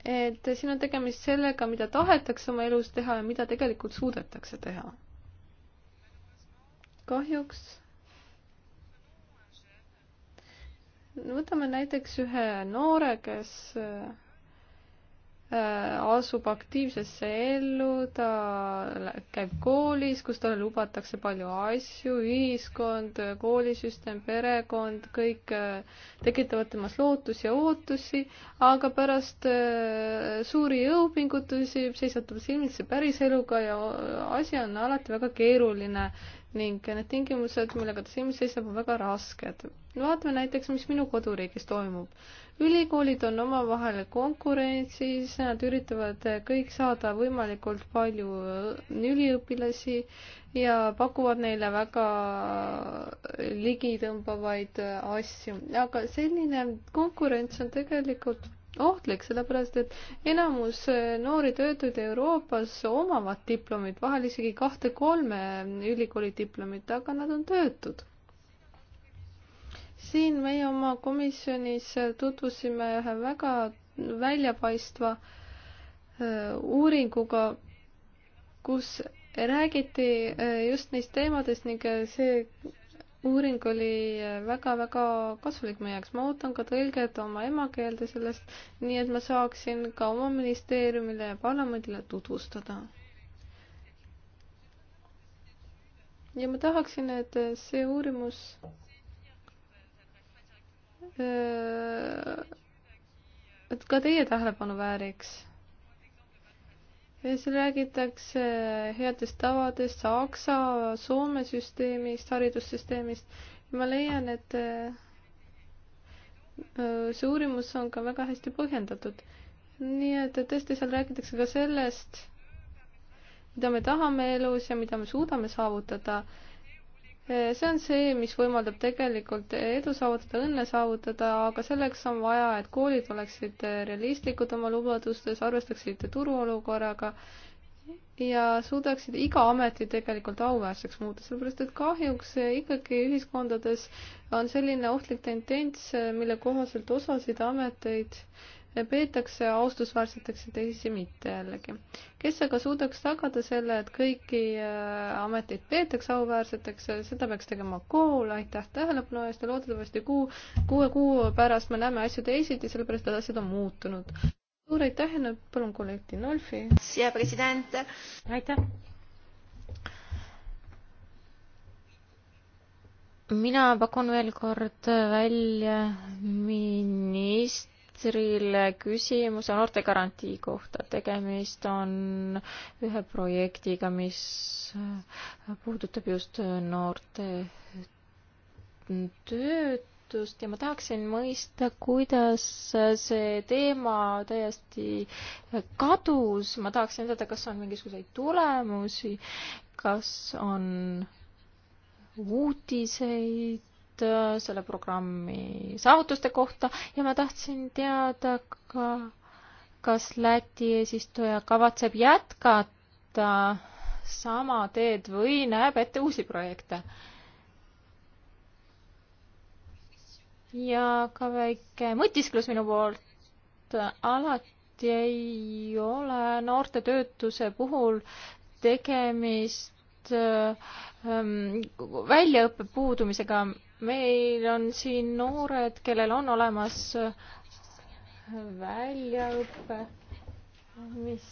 et siin on tegemist sellega, mida tahetakse oma elus teha ja mida tegelikult suudetakse teha. kahjuks võtame näiteks ühe noore, kes Äh, asub aktiivsesse ellu, ta käib koolis, kus talle lubatakse palju asju, ühiskond, koolisüsteem, perekond, kõik äh, tekitavad temas lootusi ja ootusi, aga pärast äh, suuri jõupingutusi seisab ta silmitsi päris eluga ja asi on alati väga keeruline ning need tingimused, millega ta silmis seisab, on väga rasked. vaatame näiteks, mis minu koduriigis toimub. ülikoolid on omavahel konkurentsis, nad üritavad kõik saada võimalikult palju üliõpilasi ja pakuvad neile väga ligitõmbavaid asju, aga selline konkurents on tegelikult ohtlik, sellepärast et enamus äh, noori töötuid Euroopas omavad diplomit, vahel isegi kahte-kolme ülikooli diplomit, aga nad on töötud. siin meie oma komisjonis tutvusime ühe väga väljapaistva äh, uuringuga, kus räägiti äh, just neist teemadest ning see uuring oli väga-väga äh, kasulik meie jaoks, ma ootan ka tõlget oma emakeelde sellest, nii et ma saaksin ka oma ministeeriumile ja parlamendile tutvustada. ja ma tahaksin, et äh, see uurimus äh, et ka teie tähelepanu vääriks seal räägitakse headest tavadest, Saksa, Soome süsteemist, haridussüsteemist. ma leian, et äh, see uurimus on ka väga hästi põhjendatud. nii et tõesti seal räägitakse ka sellest, mida me tahame elus ja mida me suudame saavutada Eh, see on see, mis võimaldab tegelikult edu saavutada, õnne saavutada, aga selleks on vaja, et koolid oleksid eh, realistlikud oma lubadustes, arvestaksid turuolukorraga ja suudaksid iga ameti tegelikult auväärseks muuta, sellepärast et kahjuks eh, ikkagi ühiskondades on selline ohtlik tendents, mille kohaselt osasid ameteid peetakse austusväärseteks ja teisi mitte jällegi. kes aga suudaks tagada selle, et kõiki äh, ameteid peetakse auväärseteks, seda peaks tegema kool, aitäh tähelepanu eest ja loodetavasti kuu, kuue kuu pärast me näeme asju teisiti, sellepärast et asjad on muutunud. suur aitäh ja nüüd palun kolleeg Dinolfi. siia president. aitäh. mina pakun veel kord välja minist-, ministrile küsimuse noortegarantii kohta. tegemist on ühe projektiga, mis puudutab just noorte töötust ja ma tahaksin mõista, kuidas see teema täiesti kadus. ma tahaksin teada, kas on mingisuguseid tulemusi, kas on uudiseid Äh, selle programmi saavutuste kohta ja ma tahtsin teada ka, kas Läti eesistuja kavatseb jätkata sama teed või näeb ette uusi projekte? ja ka väike mõtisklus minu poolt, alati ei ole noorte töötuse puhul tegemist ähm, väljaõppe puudumisega, meil on siin noored, kellel on olemas väljaõpe, mis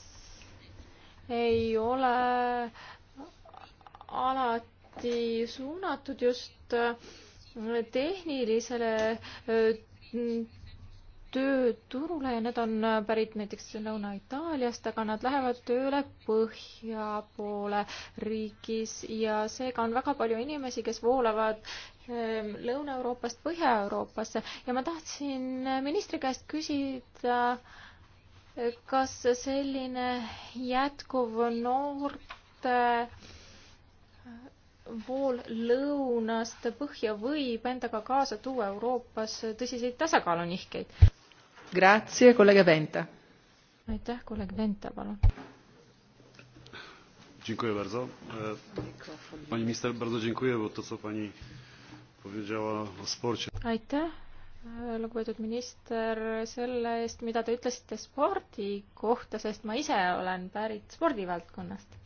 ei ole alati suunatud just tehnilisele tööturule ja need on pärit näiteks Lõuna-Itaaliast, aga nad lähevad tööle põhja poole riigis ja seega on väga palju inimesi, kes voolavad Ähm, Lõuna-Euroopast Põhja-Euroopasse ja ma tahtsin äh, ministri käest küsida, äh, kas selline jätkuv noorte äh, vool lõunast põhja võib endaga kaasa tuua Euroopas tõsiseid tasakaalunihkeid? Grazie, kolleeg Venta. aitäh, kolleeg Venta, palun. Dziękuję bardzo. E, pani minister, bardzo dziękuję, bo to, co pani aitäh, lugupeetud minister, selle eest, mida te ütlesite spordi kohta, sest ma ise olen pärit spordivaldkonnast.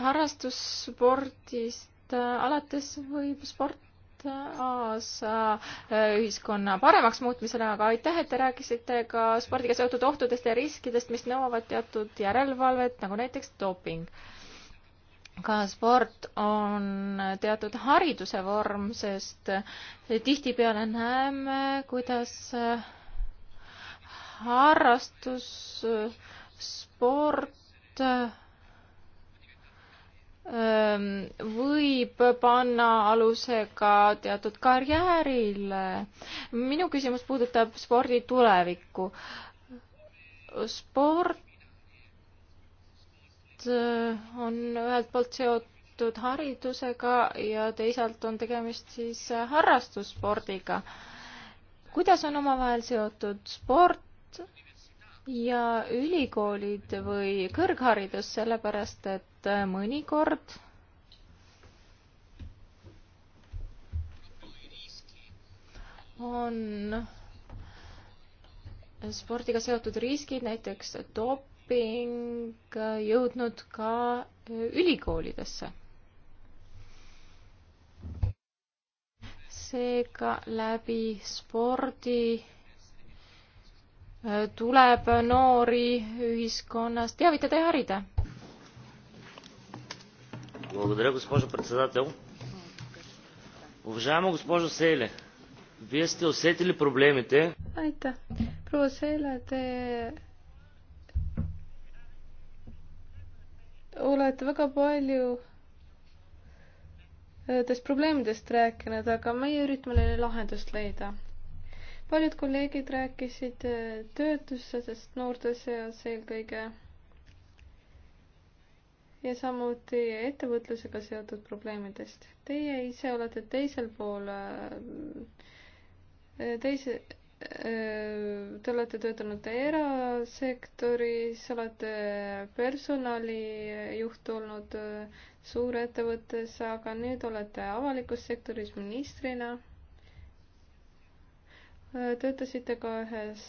harrastusspordist äh, alates võib sport kaasa äh, äh, ühiskonna paremaks muutmisele, aga aitäh, et te rääkisite ka spordiga seotud ohtudest ja riskidest, mis nõuavad teatud järelevalvet, nagu näiteks doping ka sport on teatud hariduse vorm, sest tihtipeale näeme, kuidas harrastussport ähm, võib panna aluse ka teatud karjäärile. minu küsimus puudutab spordi tulevikku. sport Äh, on ühelt poolt seotud haridusega ja teisalt on tegemist siis äh, harrastusspordiga. kuidas on omavahel seotud sport ja ülikoolid või kõrgharidus, sellepärast et äh, mõnikord on spordiga seotud riskid, näiteks top-, doping äh, jõudnud ka äh, ülikoolidesse. seega läbi spordi äh, tuleb noori ühiskonnas teavitada ja harida. Благодаря, госпожо председател. Уважаема госпожо Сейле, вие сте усетили проблемите. Aitäh. Proua Seele, te olete väga palju nendest äh, probleemidest rääkinud, aga meie üritame neile lahendust leida. paljud kolleegid rääkisid äh, töötusest noorte seas eelkõige ja samuti ettevõtlusega seotud probleemidest. Teie ise olete teisel pool, äh, teise, Te olete töötanud erasektoris, olete personalijuht olnud suurettevõttes, aga nüüd olete avalikus sektoris ministrina. töötasite ka ühes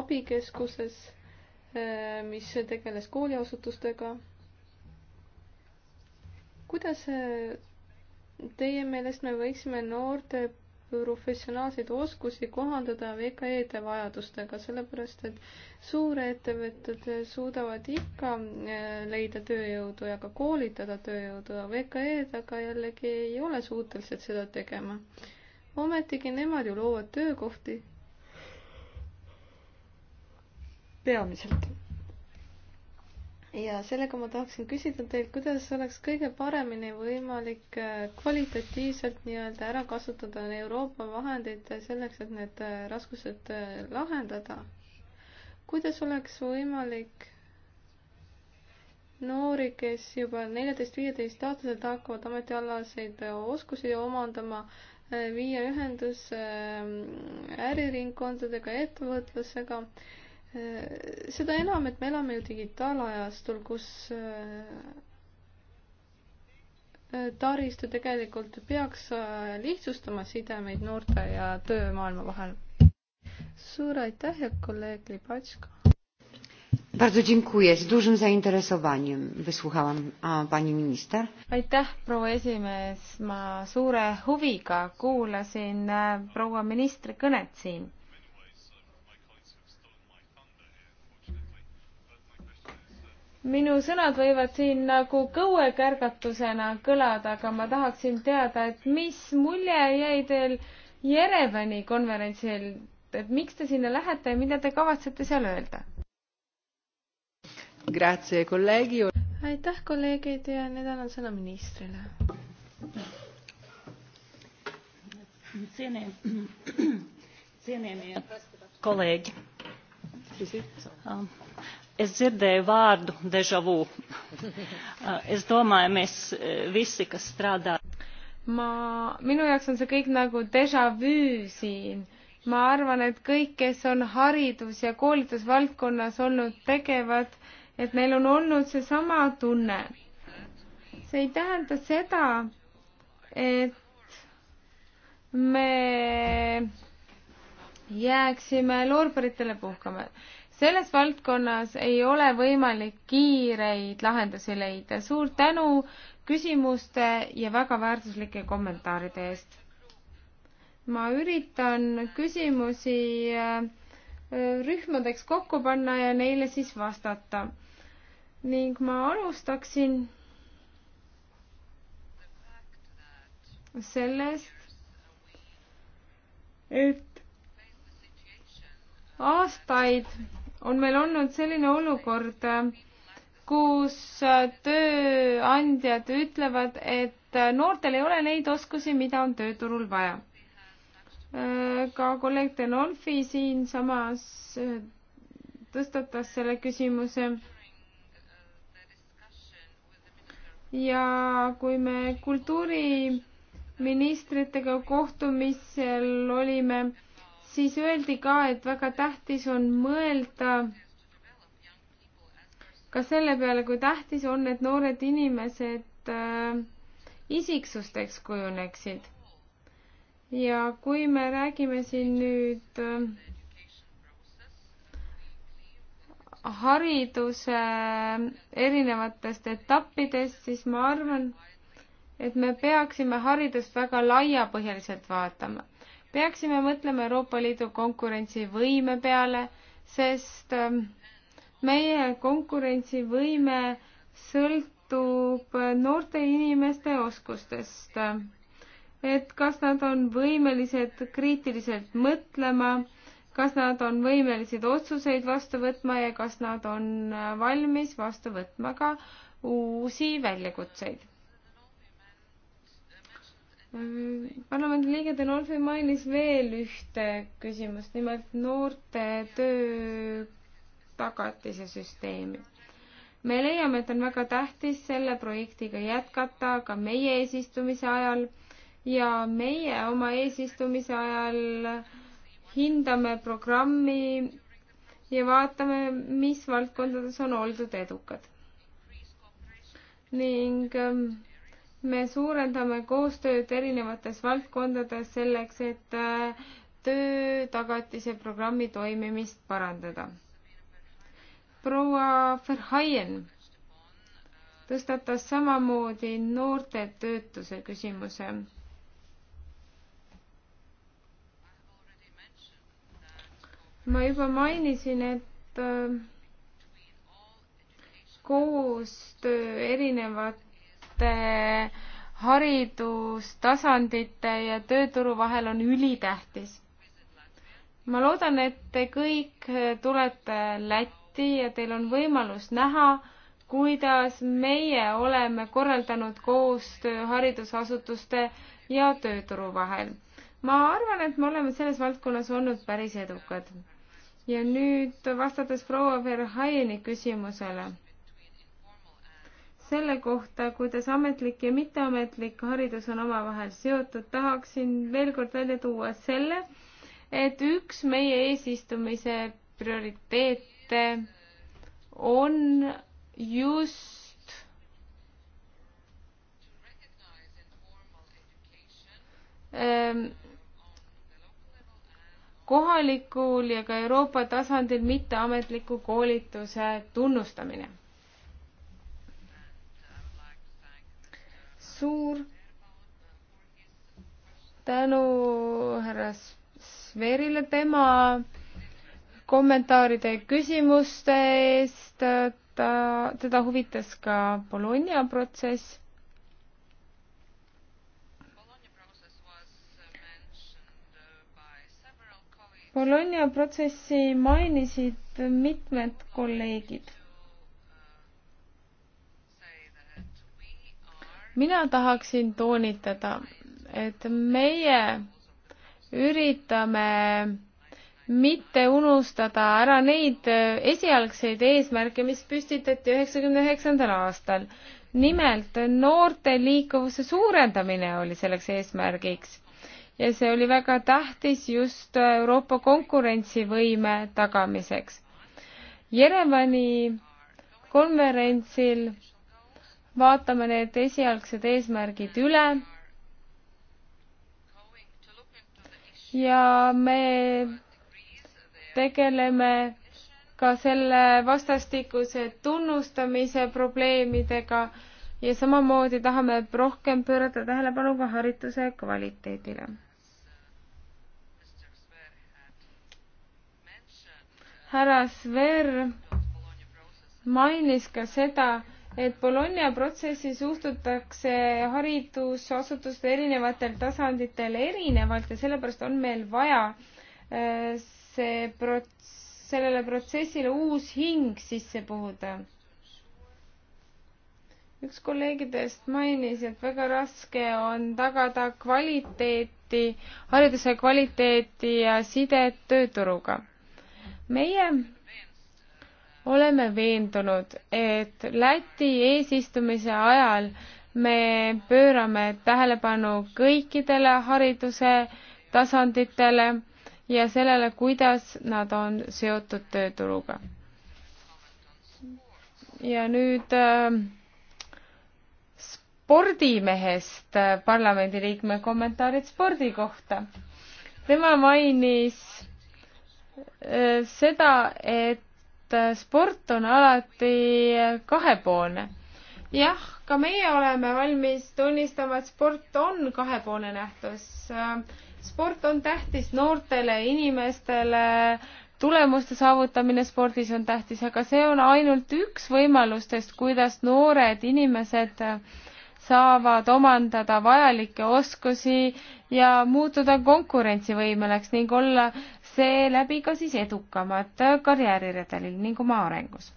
abikeskuses, mis tegeles kooliasutustega. kuidas teie meelest me võiksime noorte professionaalseid oskusi kohandada VKE-de vajadustega, sellepärast et suurettevõtted suudavad ikka eh, leida tööjõudu ja ka koolitada tööjõudu, aga VKE-d aga jällegi ei ole suutelised seda tegema. ometigi nemad ju loovad töökohti. peamiselt ja sellega ma tahaksin küsida teilt, kuidas oleks kõige paremini võimalik äh, kvalitatiivselt nii-öelda ära kasutada Euroopa vahendeid selleks, et need äh, raskused äh, lahendada? kuidas oleks võimalik noori, kes juba neljateist-viieteist aastaselt hakkavad ametialaseid oskusi omandama, viia ühendusse äriringkondadega, ettevõtlusega Äh, seda enam, et me elame ju digitaalajastul, kus äh, äh, taristu tegelikult peaks lihtsustama sidemeid noorte ja töömaailma vahel. suur aitäh, hea kolleeg Libatška. Bardzo dziękuję. Z dużym zainteresowaniem wysłuchałam a, pani minister. Aitäh, proua esimees. Ma suure huviga kuulasin proua ministri kõnet siin. minu sõnad võivad siin nagu kõuekärgatusena kõlada, aga ma tahaksin teada, et mis mulje jäi teil Jerevani konverentsil, et miks te sinna lähete ja mida te kavatsete seal öelda? aitäh, kolleegid ja nüüd annan sõna ministrile. kolleeg. Um, es dzirdēju vārdu dežavu. Eh, es domāju, mēs eh, visi, kas strādā. ma, minu jaoks on see kõik nagu deja vu siin. ma arvan, et kõik, kes on haridus- ja koolitusvaldkonnas olnud tegevad, et neil on olnud seesama tunne. see ei tähenda seda, et me jääksime loorberitele puhkama selles valdkonnas ei ole võimalik kiireid lahendusi leida. suur tänu küsimuste ja väga väärtuslike kommentaaride eest. ma üritan küsimusi äh, rühmadeks kokku panna ja neile siis vastata. ning ma alustaksin sellest, et aastaid on meil olnud selline olukord, kus tööandjad ütlevad, et noortel ei ole neid oskusi, mida on tööturul vaja. ka kolleeg Denolfi siinsamas tõstatas selle küsimuse. ja kui me kultuuriministritega kohtumisel olime, siis öeldi ka, et väga tähtis on mõelda ka selle peale, kui tähtis on, et noored inimesed äh, isiksusteks kujuneksid. ja kui me räägime siin nüüd äh, hariduse äh, erinevatest etappidest, siis ma arvan, et me peaksime haridust väga laiapõhjaliselt vaatama peaksime mõtlema Euroopa Liidu konkurentsivõime peale, sest ähm, meie konkurentsivõime sõltub noorte inimeste oskustest. et kas nad on võimelised kriitiliselt mõtlema, kas nad on võimelised otsuseid vastu võtma ja kas nad on valmis vastu võtma ka uusi väljakutseid parlamendi liige Denolfi mainis veel ühte küsimust, nimelt noorte töötagatise süsteemi. me leiame, et on väga tähtis selle projektiga jätkata ka meie eesistumise ajal ja meie oma eesistumise ajal hindame programmi ja vaatame, mis valdkondades on oldud edukad. ning ähm, me suurendame koostööd erinevates valdkondades selleks, et äh, töötagatise programmi toimimist parandada. proua Verhaien tõstatas samamoodi noorte töötuse küsimuse. ma juba mainisin, et äh, koostöö erinevate erinevate haridustasandite ja tööturu vahel on ülitähtis. ma loodan, et te kõik tulete Lätti ja teil on võimalus näha, kuidas meie oleme korraldanud koostöö haridusasutuste ja tööturu vahel. ma arvan, et me oleme selles valdkonnas olnud päris edukad. ja nüüd vastates proua Verhaieni küsimusele selle kohta, kuidas ametlik ja mitteametlik haridus on omavahel seotud, tahaksin veel kord välja tuua selle, et üks meie eesistumise prioriteete on just ähm, kohalikul ja ka Euroopa tasandil mitteametliku koolituse tunnustamine suur tänu härra Sverile tema kommentaaride ja küsimuste eest. ta, teda huvitas ka Bologna protsess. Bologna protsessi mainisid mitmed kolleegid. mina tahaksin toonitada, et meie üritame mitte unustada ära neid esialgseid eesmärke, mis püstitati üheksakümne üheksandal aastal. nimelt noorte liikuvuse suurendamine oli selleks eesmärgiks ja see oli väga tähtis just Euroopa konkurentsivõime tagamiseks. Jerevani konverentsil vaatame need esialgsed eesmärgid üle ja me tegeleme ka selle vastastikuse tunnustamise probleemidega ja samamoodi tahame rohkem pöörata tähelepanu ka harituse kvaliteedile. härra Sver mainis ka seda, et Bologna protsessi suhtutakse haridusasutuste erinevatel tasanditel erinevalt ja sellepärast on meil vaja äh, see prots-, sellele protsessile uus hing sisse puhuda. üks kolleegidest mainis, et väga raske on tagada kvaliteeti, hariduse kvaliteeti ja sidet tööturuga. meie oleme veendunud, et Läti eesistumise ajal me pöörame tähelepanu kõikidele hariduse tasanditele ja sellele, kuidas nad on seotud tööturuga. ja nüüd äh, spordimehest parlamendiliikme kommentaarid spordi kohta. tema mainis äh, seda, et sport on alati kahepoolne. jah, ka meie oleme valmis tunnistama, et sport on kahepoolne nähtus. sport on tähtis noortele inimestele, tulemuste saavutamine spordis on tähtis, aga see on ainult üks võimalustest, kuidas noored inimesed saavad omandada vajalikke oskusi ja muutuda konkurentsivõimeleks ning olla seeläbi ka siis edukamad karjääriredelil ning oma arengus.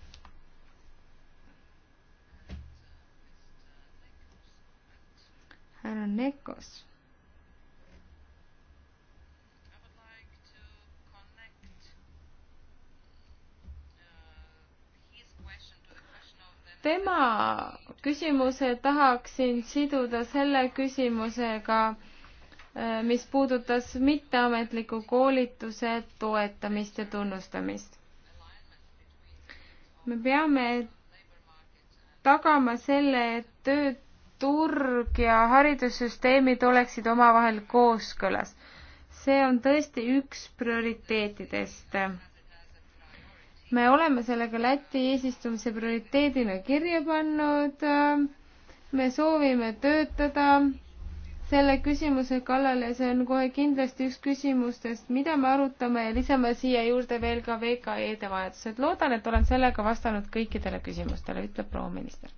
härra Nekos. tema küsimuse tahaksin siduda selle küsimusega Äh, mis puudutas mitteametliku koolituse toetamist ja tunnustamist. me peame tagama selle, et tööturg ja haridussüsteemid oleksid omavahel kooskõlas. see on tõesti üks prioriteetidest. me oleme sellega Läti eesistumise prioriteedina kirja pannud. me soovime töötada selle küsimuse kallale, see on kohe kindlasti üks küsimustest, mida me arutame ja lisame siia juurde veel ka VKE-de vajadused. loodan, et olen sellega vastanud kõikidele küsimustele, ütleb proua minister.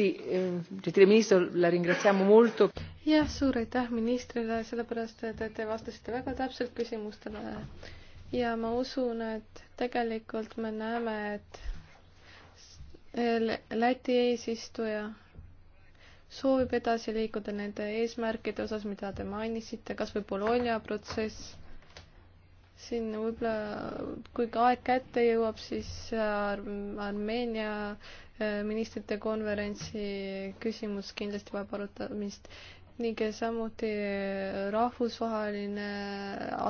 Eh, jah, suur aitäh ministrile, sellepärast et te vastasite väga täpselt küsimustele ja ma usun, et tegelikult me näeme, et Läti eesistuja soovib edasi liikuda nende eesmärkide osas, mida te mainisite, kas või Bologna protsess, siin võib-olla, kui aeg kätte jõuab, siis äh, Ar Armeenia äh, ministrite konverentsi küsimus kindlasti vajab arutamist ning samuti äh, rahvusvaheline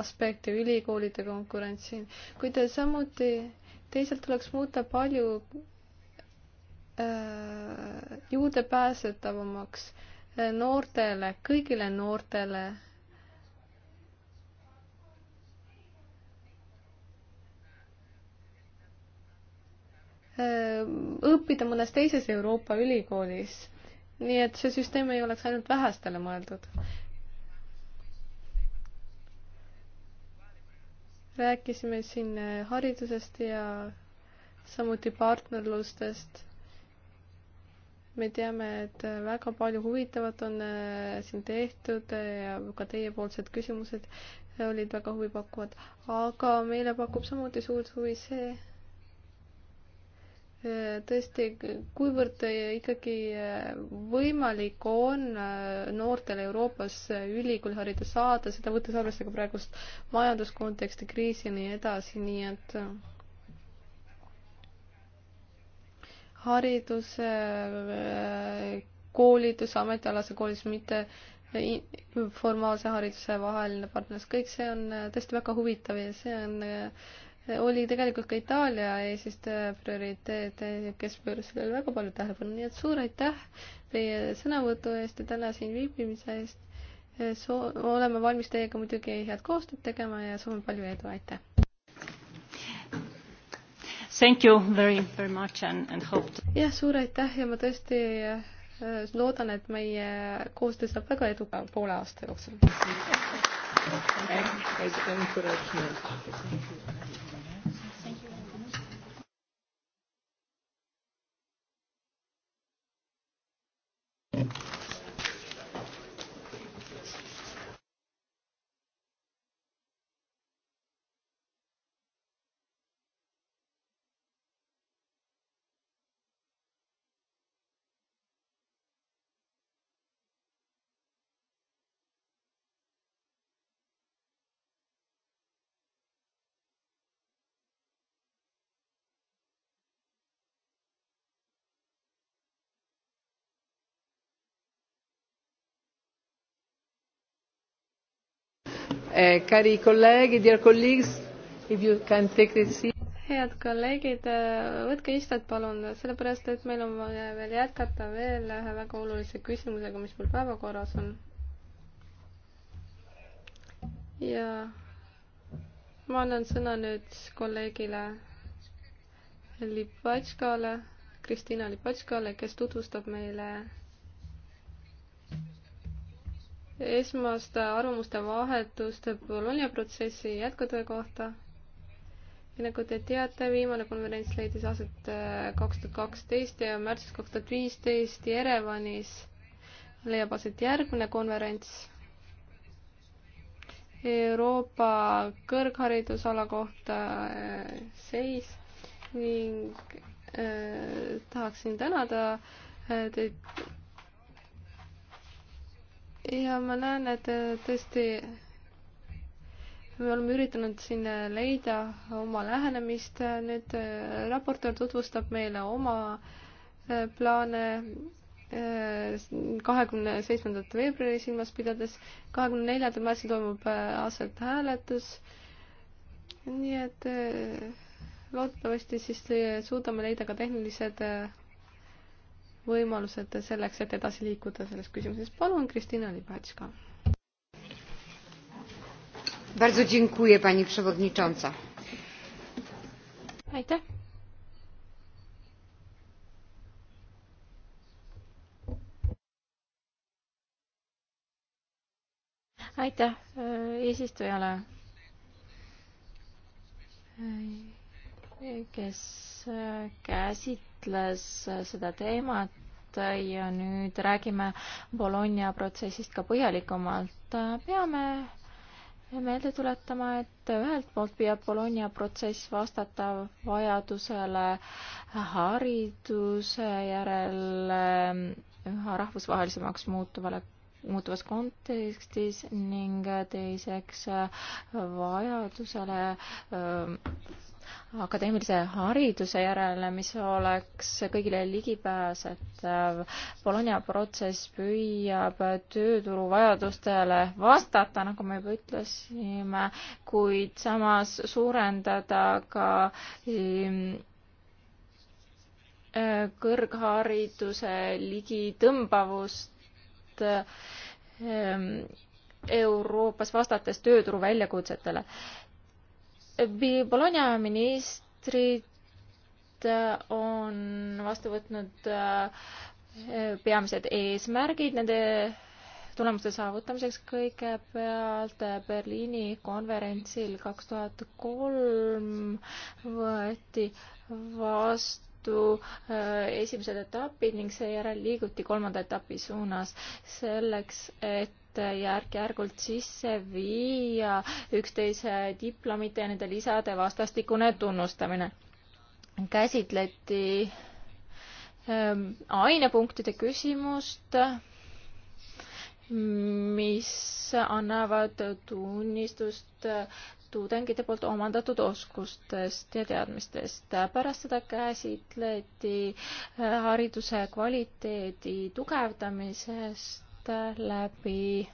aspekt ja ülikoolide konkurents siin, kuid samuti teisalt tuleks muuta palju Äh, juurdepääsetavamaks äh, noortele, kõigile noortele. Äh, õppida mõnes teises Euroopa ülikoolis. nii et see süsteem ei oleks ainult vähestele mõeldud. rääkisime siin haridusest ja samuti partnerlustest me teame, et äh, väga palju huvitavat on äh, siin tehtud äh, ja ka teiepoolsed küsimused olid väga huvipakkuvad, aga meile pakub samuti suurt huvi see, tõesti, kuivõrd ikkagi võimalik on noortel Euroopas ülikooliharidus saada, seda võttes arvesse ka praegust majanduskonteksti, kriisi ja nii edasi, nii et hariduse, koolituse, ametialase koolituse, mitte formaalse hariduse vaheline partnerlus, kõik see on äh, tõesti väga huvitav ja see on, äh, oli tegelikult ka Itaalia eesistuja prioriteet, kes pööras sellele väga palju tähelepanu, nii et suur aitäh teie sõnavõtu eest ja täna siin viibimise eest. Äh, soo-, oleme valmis teiega muidugi head koostööd tegema ja soovin palju edu, aitäh! Thank you very, very much and, and hope to... jah, suur aitäh ja ma tõesti äh, loodan, et meie koostöö saab väga eduka poole aasta jooksul. Eh, cari colleghi, dear colleagues, if you can take the seat. head kolleegid, eh, võtke istet palun, sellepärast et meil on vaja veel jätkata veel ühe väga olulise küsimusega, mis mul päevakorras on. ja ma annan sõna nüüd kolleegile Lipatškale, Kristina Lipatškale, kes tutvustab meile esmast arvamuste vahetust Bologna protsessi jätkutöö kohta. ja nagu te teate, viimane konverents leidis aset äh, kaks tuhat kaksteist ja märtsis kaks tuhat viisteist Jerevanis leiab aset järgmine konverents Euroopa kõrgharidusala kohta äh, seis ning äh, tahaksin tänada äh, teid ja ma näen, et äh, tõesti me oleme üritanud siin äh, leida oma lähenemist, nüüd äh, raportöör tutvustab meile oma plaane kahekümne seitsmendat veebruari silmas pidades, kahekümne neljandal märtsil toimub aset hääletus, nii et loodetavasti siis suudame leida ka tehnilised võimalused selleks, et edasi liikuda selles küsimuses. palun, Kristina Libatška. aitäh. aitäh äh, eesistujale, äh, kes äh, käsit-, käsitles äh, seda teemat äh, ja nüüd räägime Bologna protsessist ka põhjalikumalt. Äh, peame meelde tuletama, et ühelt poolt püüab Bologna protsess vastata vajadusele hariduse järel ähm, üha rahvusvahelisemaks muutuvale muutuvas kontekstis ning teiseks vajadusele ähm, akadeemilise hariduse järele, mis oleks kõigile ligipääsetav. Bologna protsess püüab tööturu vajadustele vastata, nagu me juba ütlesime, kuid samas suurendada ka ehm, äh, kõrghariduse ligitõmbavust ehm, Euroopas vastates tööturu väljakutsetele. Bologna ministrid äh, on vastu võtnud äh, peamised eesmärgid nende tulemuste saavutamiseks kõigepealt äh, Berliini konverentsil kaks tuhat kolm võeti vastu esimesed etapid ning seejärel liiguti kolmanda etapi suunas selleks, et ja järk-järgult sisse viia üksteise diplomite ja nende lisade vastastikune tunnustamine. käsitleti ähm, ainepunktide küsimust, mis annavad tunnistust äh, tudengite poolt omandatud oskustest ja teadmistest. pärast seda käsitleti äh, hariduse kvaliteedi tugevdamisest läbi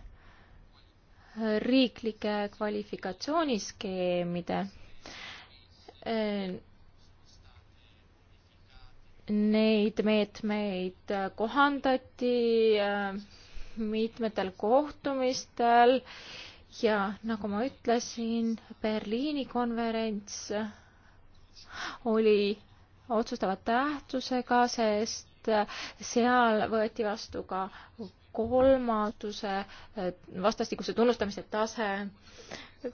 riiklike kvalifikatsiooniskeemide. Neid meetmeid kohandati äh, mitmetel kohtumistel ja nagu ma ütlesin, Berliini konverents oli otsustava tähtsusega, sest seal võeti vastu ka kolmanduse eh, vastastikuse tunnustamise tase.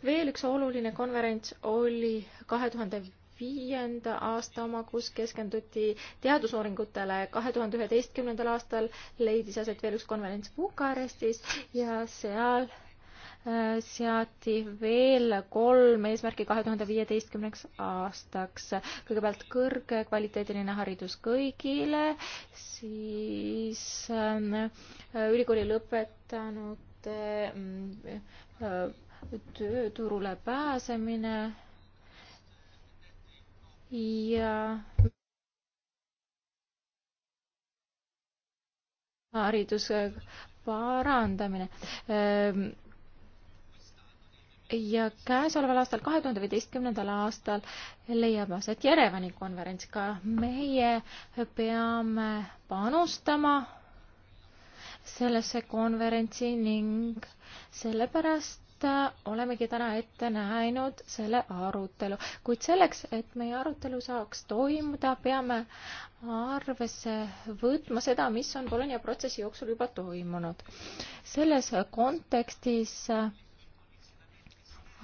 veel üks oluline konverents oli kahe tuhande viienda aasta oma, kus keskenduti teadusuuringutele. kahe tuhande üheteistkümnendal aastal leidis aset veel üks konverents Bukarestis ja seal seati veel kolm eesmärki kahe tuhande viieteistkümneks aastaks. kõigepealt kõrgekvaliteediline haridus kõigile, siis ähm, ülikooli lõpetanute mm, äh, tööturule pääsemine ja hariduse parandamine ähm, ja käesoleval aastal, kahe tuhande viieteistkümnendal aastal leiab aset Jerevani konverents ka. meie peame panustama sellesse konverentsi ning sellepärast olemegi täna ette näinud selle arutelu, kuid selleks, et meie arutelu saaks toimuda, peame arvesse võtma seda, mis on Bologna protsessi jooksul juba toimunud. selles kontekstis äh,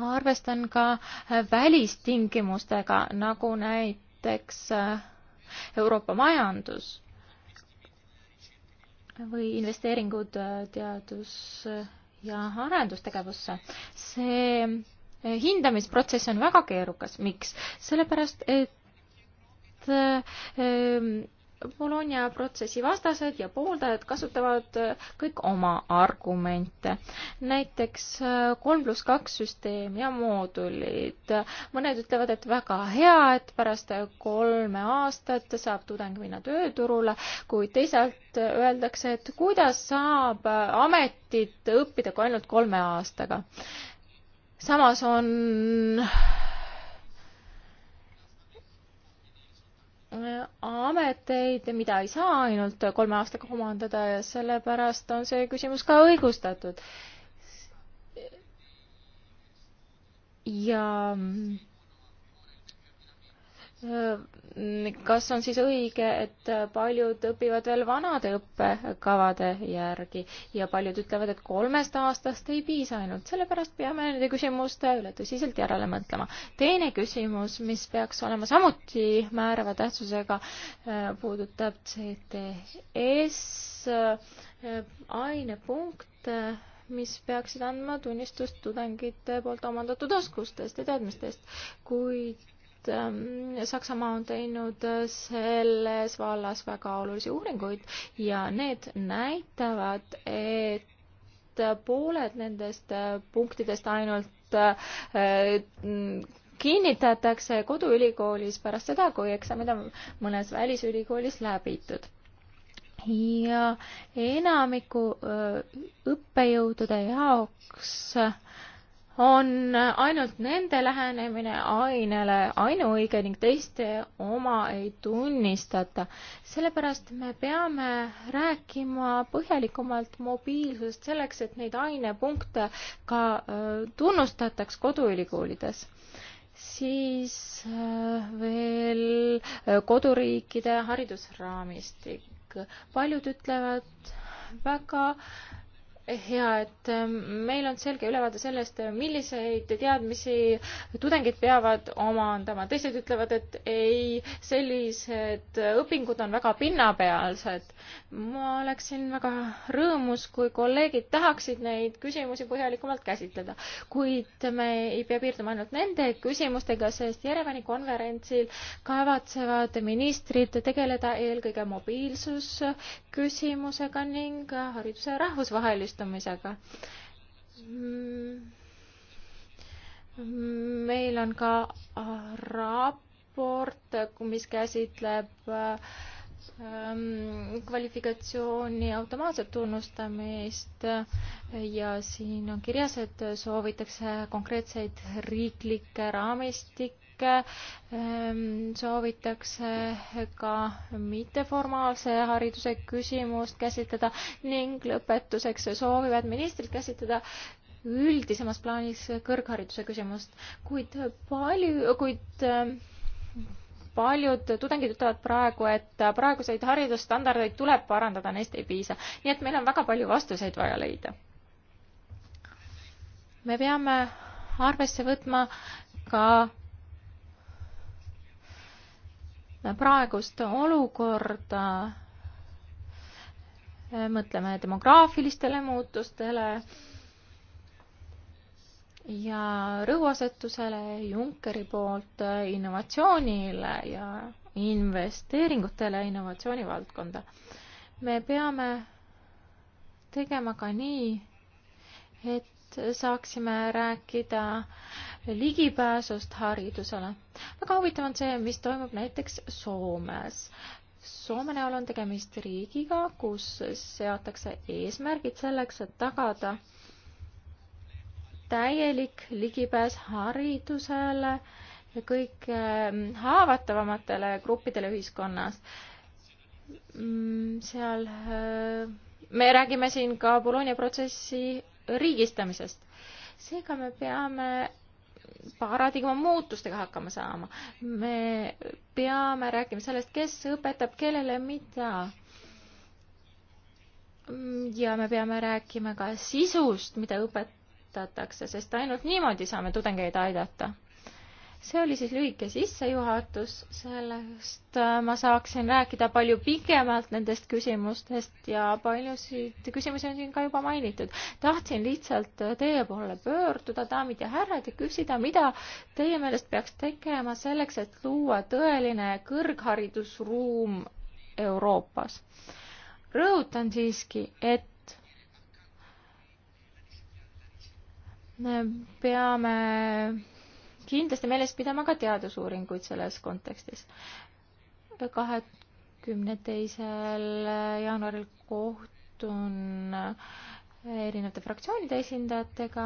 arvestan ka äh, välistingimustega, nagu näiteks äh, Euroopa majandus või investeeringud äh, teadus- ja arendustegevusse. see hindamisprotsess on väga keerukas, miks? sellepärast, et Bologna protsessi vastased ja pooldajad kasutavad äh, kõik oma argumente. näiteks äh, kolm pluss kaks süsteem ja moodulid. mõned ütlevad, et väga hea, et pärast kolme aastat saab tudeng minna tööturule, kuid teisalt äh, öeldakse, et kuidas saab ametit õppida kui ainult kolme aastaga. samas on ameteid, mida ei saa ainult kolme aastaga omandada ja sellepärast on see küsimus ka õigustatud. ja kas on siis õige, et paljud õpivad veel vanade õppekavade järgi ja paljud ütlevad, et kolmest aastast ei piisa ainult, sellepärast peame nende küsimuste üle tõsiselt järele mõtlema. teine küsimus, mis peaks olema samuti määrava tähtsusega, puudutab CTS ainepunkte mis peaksid andma tunnistust tudengite poolt omandatud oskustest ja teadmistest, kuid sest ähm, Saksamaa on teinud äh, selles vallas väga olulisi uuringuid ja need näitavad, et pooled nendest äh, punktidest ainult äh, kinnitatakse koduülikoolis pärast seda, kui eksamid on mõnes välisülikoolis läbitud. ja enamiku õppejõudude jaoks äh, on ainult nende lähenemine ainele ainuõige ning teiste oma ei tunnistata. sellepärast me peame rääkima põhjalikumalt mobiilsusest selleks, et neid ainepunkte ka äh, tunnustataks koduülikoolides siis äh, veel äh, koduriikide haridusraamistik. paljud ütlevad väga äh, hea, et ähm, meil on selge ülevaade sellest, milliseid teadmisi tudengid peavad omandama. teised ütlevad, et ei, sellised õpingud on väga pinnapealsed. ma oleksin väga rõõmus, kui kolleegid tahaksid neid küsimusi põhjalikumalt käsitleda, kuid me ei pea piirduma ainult nende küsimustega, sest Jerevani konverentsil kavatsevad ministrid tegeleda eelkõige mobiilsusküsimusega ning hariduse rahvusvahelist suhtumisega. meil on ka raport, mis käsitleb ähm, kvalifikatsiooni automaatset tunnustamist ja siin on kirjas, et soovitakse konkreetseid riiklikke raamistikke, Ehm, soovitakse ka mitteformaalse hariduse küsimust käsitleda ning lõpetuseks soovivad ministrid käsitleda üldisemas plaanis kõrghariduse küsimust, kuid palju, kuid ehm, paljud tudengid ütlevad praegu, et praeguseid haridusstandardeid tuleb parandada, neist ei piisa. nii et meil on väga palju vastuseid vaja leida. me peame arvesse võtma ka praegust olukorda, mõtleme demograafilistele muutustele ja rõhuasetusele Junckeri poolt innovatsioonile ja investeeringutele innovatsiooni valdkonda. me peame tegema ka nii, et saaksime rääkida äh, ligipääsust haridusele. väga huvitav on see, mis toimub näiteks Soomes. Soome näol on tegemist riigiga, kus seatakse eesmärgid selleks, et tagada täielik ligipääs haridusele kõige ähm, haavatavamatele gruppidele ühiskonnas. Mm, seal äh, me räägime siin ka Bologna protsessi riigistamisest. seega me peame paradigma muutustega hakkama saama. me peame rääkima sellest, kes õpetab kellele mida. ja me peame rääkima ka sisust, mida õpetatakse, sest ainult niimoodi saame tudengeid aidata see oli siis lühike sissejuhatus, sellest äh, ma saaksin rääkida palju pikemalt nendest küsimustest ja paljusid küsimusi on siin ka juba mainitud. tahtsin lihtsalt äh, teie poole pöörduda, daamid ja härrad, ja küsida, mida teie meelest peaks tegema selleks, et luua tõeline kõrgharidusruum Euroopas. rõhutan siiski, et me peame kindlasti meeles pidama ka teadusuuringuid selles kontekstis. kahekümne teisel jaanuaril kohtun erinevate fraktsioonide esindajatega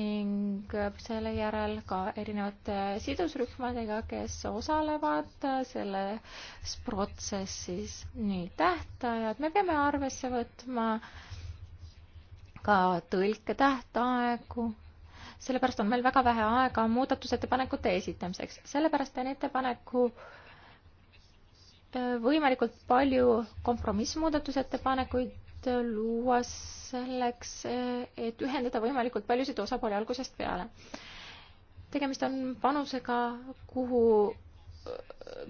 ning selle järel ka erinevate sidusrühmadega, kes osalevad selles protsessis. nii, tähtajad, me peame arvesse võtma ka tõlketähtaegu sellepärast on meil väga vähe aega muudatusettepanekute esitamiseks. sellepärast teen ettepaneku äh, võimalikult palju kompromissmuudatusettepanekuid luua selleks, äh, et ühendada võimalikult paljusid osapooli algusest peale. tegemist on panusega, kuhu äh,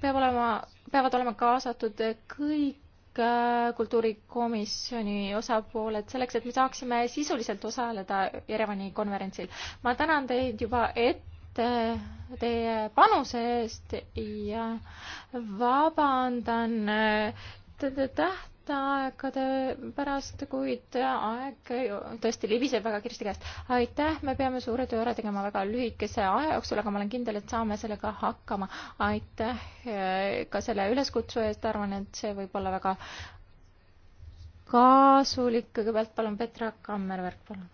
peab olema, peavad olema kaasatud kõik kõik kultuurikomisjoni osapooled selleks, et me saaksime sisuliselt osaleda Jerevani konverentsil. ma tänan teid juba ette teie panuse eest ja vabandan täht-, tähtaegade pärast, kuid aeg tõesti libiseb väga kiiresti käest. aitäh, me peame suure töö ära tegema väga lühikese aja jooksul, aga ma olen kindel, et saame sellega hakkama. aitäh eh, ka selle üleskutsu eest, arvan, et see võib olla väga kasulik. kõigepealt palun Petra Kammervärk, palun.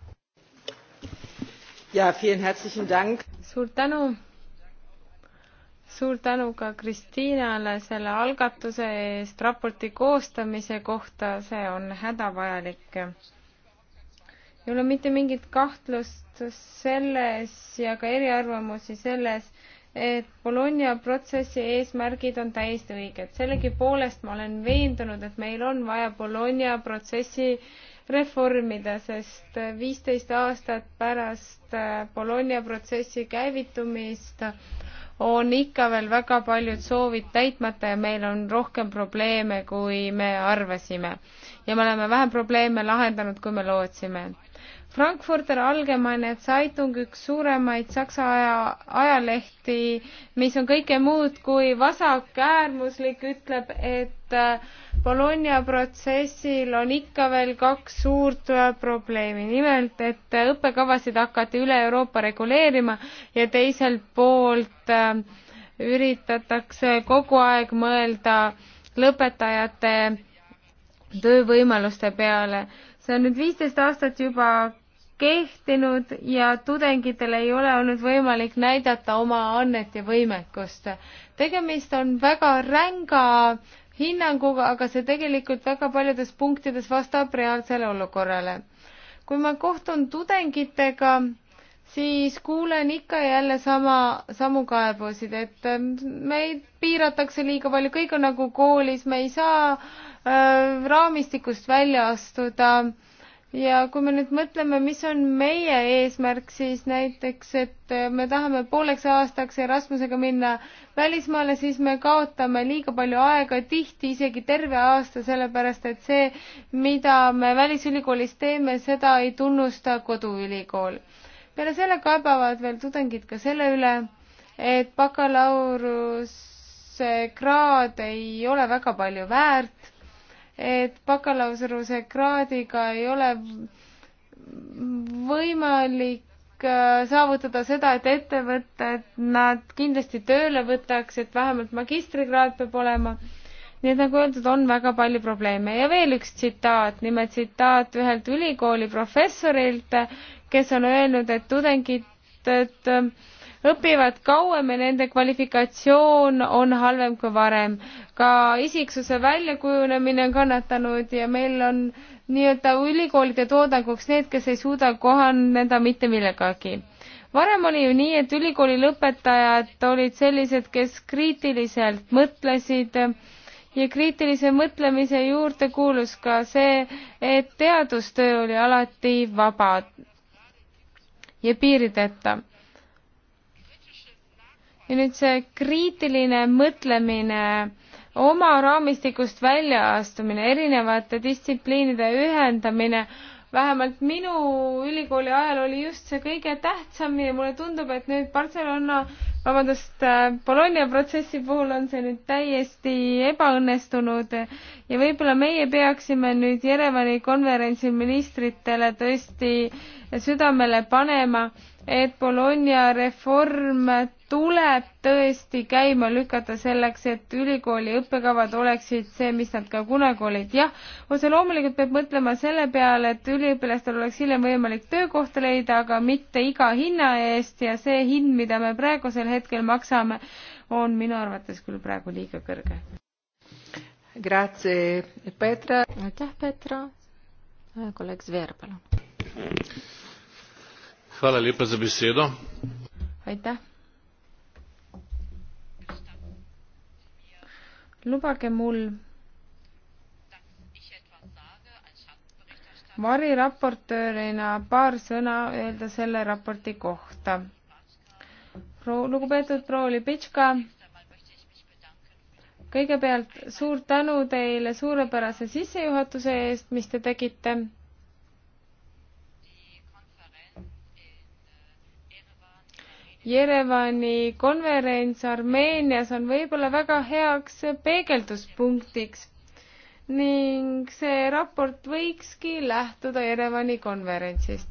suur tänu suur tänu ka Kristiinale selle algatuse eest raporti koostamise kohta, see on hädavajalik. ei ole mitte mingit kahtlust selles ja ka eriarvamusi selles, et Bologna protsessi eesmärgid on täiesti õiged. sellegipoolest ma olen veendunud, et meil on vaja Bologna protsessi reformida, sest viisteist aastat pärast Bologna protsessi käivitumist on ikka veel väga paljud soovid täitmata ja meil on rohkem probleeme, kui me arvasime. ja me oleme vähem probleeme lahendanud, kui me lootsime. Frankfurter Allgemeine Zeitung, üks suuremaid Saksa aja, ajalehti, mis on kõike muud kui vasakäärmuslik, ütleb, et äh, Bologna protsessil on ikka veel kaks suurt äh, probleemi, nimelt et äh, õppekavasid hakati üle Euroopa reguleerima ja teiselt poolt äh, üritatakse kogu aeg mõelda lõpetajate töövõimaluste peale. see on nüüd viisteist aastat juba kehtinud ja tudengitel ei ole olnud võimalik näidata oma annet ja võimekust. tegemist on väga ränga hinnanguga, aga see tegelikult väga paljudes punktides vastab reaalsele olukorrale. kui ma kohtun tudengitega, siis kuulen ikka jälle sama, samu kaebusid, et ähm, meid piiratakse liiga palju, kõik on nagu koolis, me ei saa äh, raamistikust välja astuda äh, ja kui me nüüd mõtleme, mis on meie eesmärk, siis näiteks, et me tahame pooleks aastaks Erasmusega minna välismaale, siis me kaotame liiga palju aega, tihti isegi terve aasta, sellepärast et see, mida me välisülikoolis teeme, seda ei tunnusta koduülikool. peale selle kaebavad veel tudengid ka selle üle, et bakalaureuse kraad ei ole väga palju väärt et bakalaureuse kraadiga ei ole võimalik äh, saavutada seda, et ettevõtted nad kindlasti tööle võtaks, et vähemalt magistrikraad peab olema. nii et nagu öeldud, on väga palju probleeme ja veel üks tsitaat, nimelt tsitaat ühelt ülikooli professorilt, kes on öelnud, et tudengid, et, et äh, õpivad kauem ja nende kvalifikatsioon on halvem kui varem. ka isiksuse väljakujunemine on kannatanud ja meil on nii-öelda ülikoolide toodanguks need, kes ei suuda kohaneda mitte millegagi. varem oli ju nii, et ülikooli lõpetajad olid sellised, kes kriitiliselt mõtlesid ja kriitilise mõtlemise juurde kuulus ka see, et teadustöö oli alati vaba ja piirideta ja nüüd see kriitiline mõtlemine, oma raamistikust väljaastumine, erinevate distsipliinide ühendamine, vähemalt minu ülikooli ajal oli just see kõige tähtsam ja mulle tundub, et nüüd Barcelona, vabandust, äh, Bologna protsessi puhul on see nüüd täiesti ebaõnnestunud ja võib-olla meie peaksime nüüd Jerevani konverentsi ministritele tõesti südamele panema, et Bologna reform tuleb tõesti käima lükata selleks, et ülikooli õppekavad oleksid see, mis nad ka kunagi olid. jah, otse loomulikult peab mõtlema selle peale, et üliõpilastel oleks hiljem võimalik töökohta leida, aga mitte iga hinna eest ja see hind, mida me praegusel hetkel maksame, on minu arvates küll praegu liiga kõrge. Grazie, Petra. aitäh, Petra. kolleeg Zver, palun. aitäh lubage mul variraportöörina paar sõna öelda selle raporti kohta. lugupeetud proua Libitška, kõigepealt suur tänu teile suurepärase sissejuhatuse eest, mis te tegite Jerevani konverents Armeenias on võib-olla väga heaks peegelduspunktiks ning see raport võikski lähtuda Jerevani konverentsist.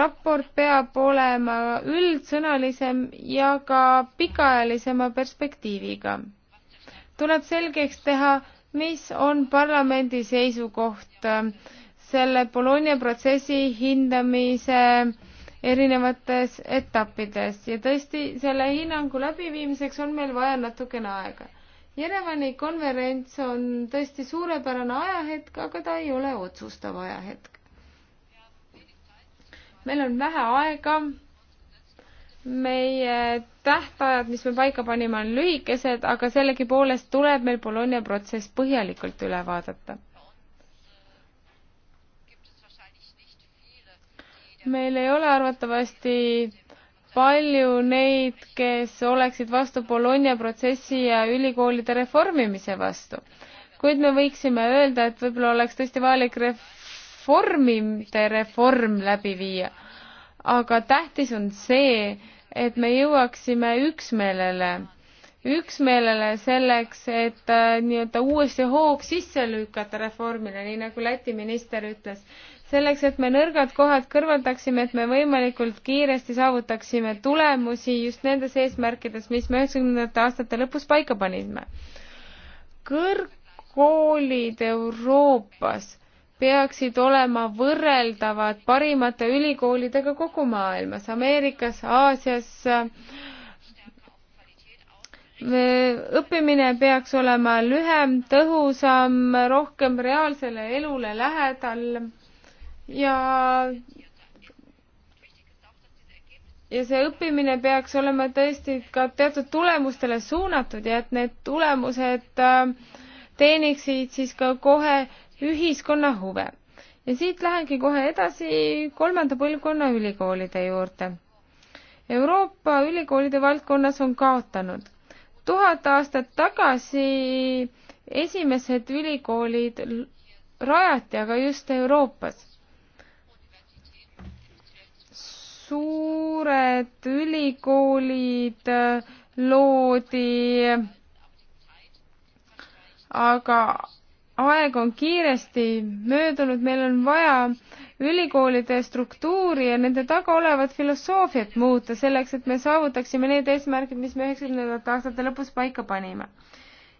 raport peab olema üldsõnalisem ja ka pikaajalisema perspektiiviga. tuleb selgeks teha, mis on parlamendi seisukoht äh, selle Bologna protsessi hindamise erinevates etappides ja tõesti selle hinnangu läbiviimiseks on meil vaja natukene aega. Jerevani konverents on tõesti suurepärane ajahetk, aga ta ei ole otsustav ajahetk. meil on vähe aega. meie tähtajad, mis me paika panime, on lühikesed, aga sellegipoolest tuleb meil Bologna protsess põhjalikult üle vaadata meil ei ole arvatavasti palju neid, kes oleksid vastu Bologna protsessi ja ülikoolide reformimise vastu. kuid me võiksime öelda, et võib-olla oleks tõesti vajalik reformide reform läbi viia. aga tähtis on see, et me jõuaksime üksmeelele, üksmeelele selleks, et äh, nii-öelda uuesti hoog sisse lükata reformile, nii nagu Läti minister ütles selleks, et me nõrgad kohad kõrvaldaksime, et me võimalikult kiiresti saavutaksime tulemusi just nendes eesmärkides, mis me üheksakümnendate aastate lõpus paika panime. kõrgkoolid Euroopas peaksid olema võrreldavad parimate ülikoolidega kogu maailmas, Ameerikas, Aasias õppimine peaks olema lühem, tõhusam, rohkem reaalsele elule lähedal ja ja see õppimine peaks olema tõesti ka teatud tulemustele suunatud ja et need tulemused äh, teeniksid siis ka kohe ühiskonna huve. ja siit lähengi kohe edasi kolmanda põlvkonna ülikoolide juurde. Euroopa ülikoolide valdkonnas on kaotanud. tuhat aastat tagasi esimesed ülikoolid rajati aga just Euroopas suured ülikoolid äh, loodi, aga aeg on kiiresti möödunud, meil on vaja ülikoolide struktuuri ja nende taga olevat filosoofiat muuta selleks, et me saavutaksime need eesmärgid, mis me üheksakümnendate aastate lõpus paika panime.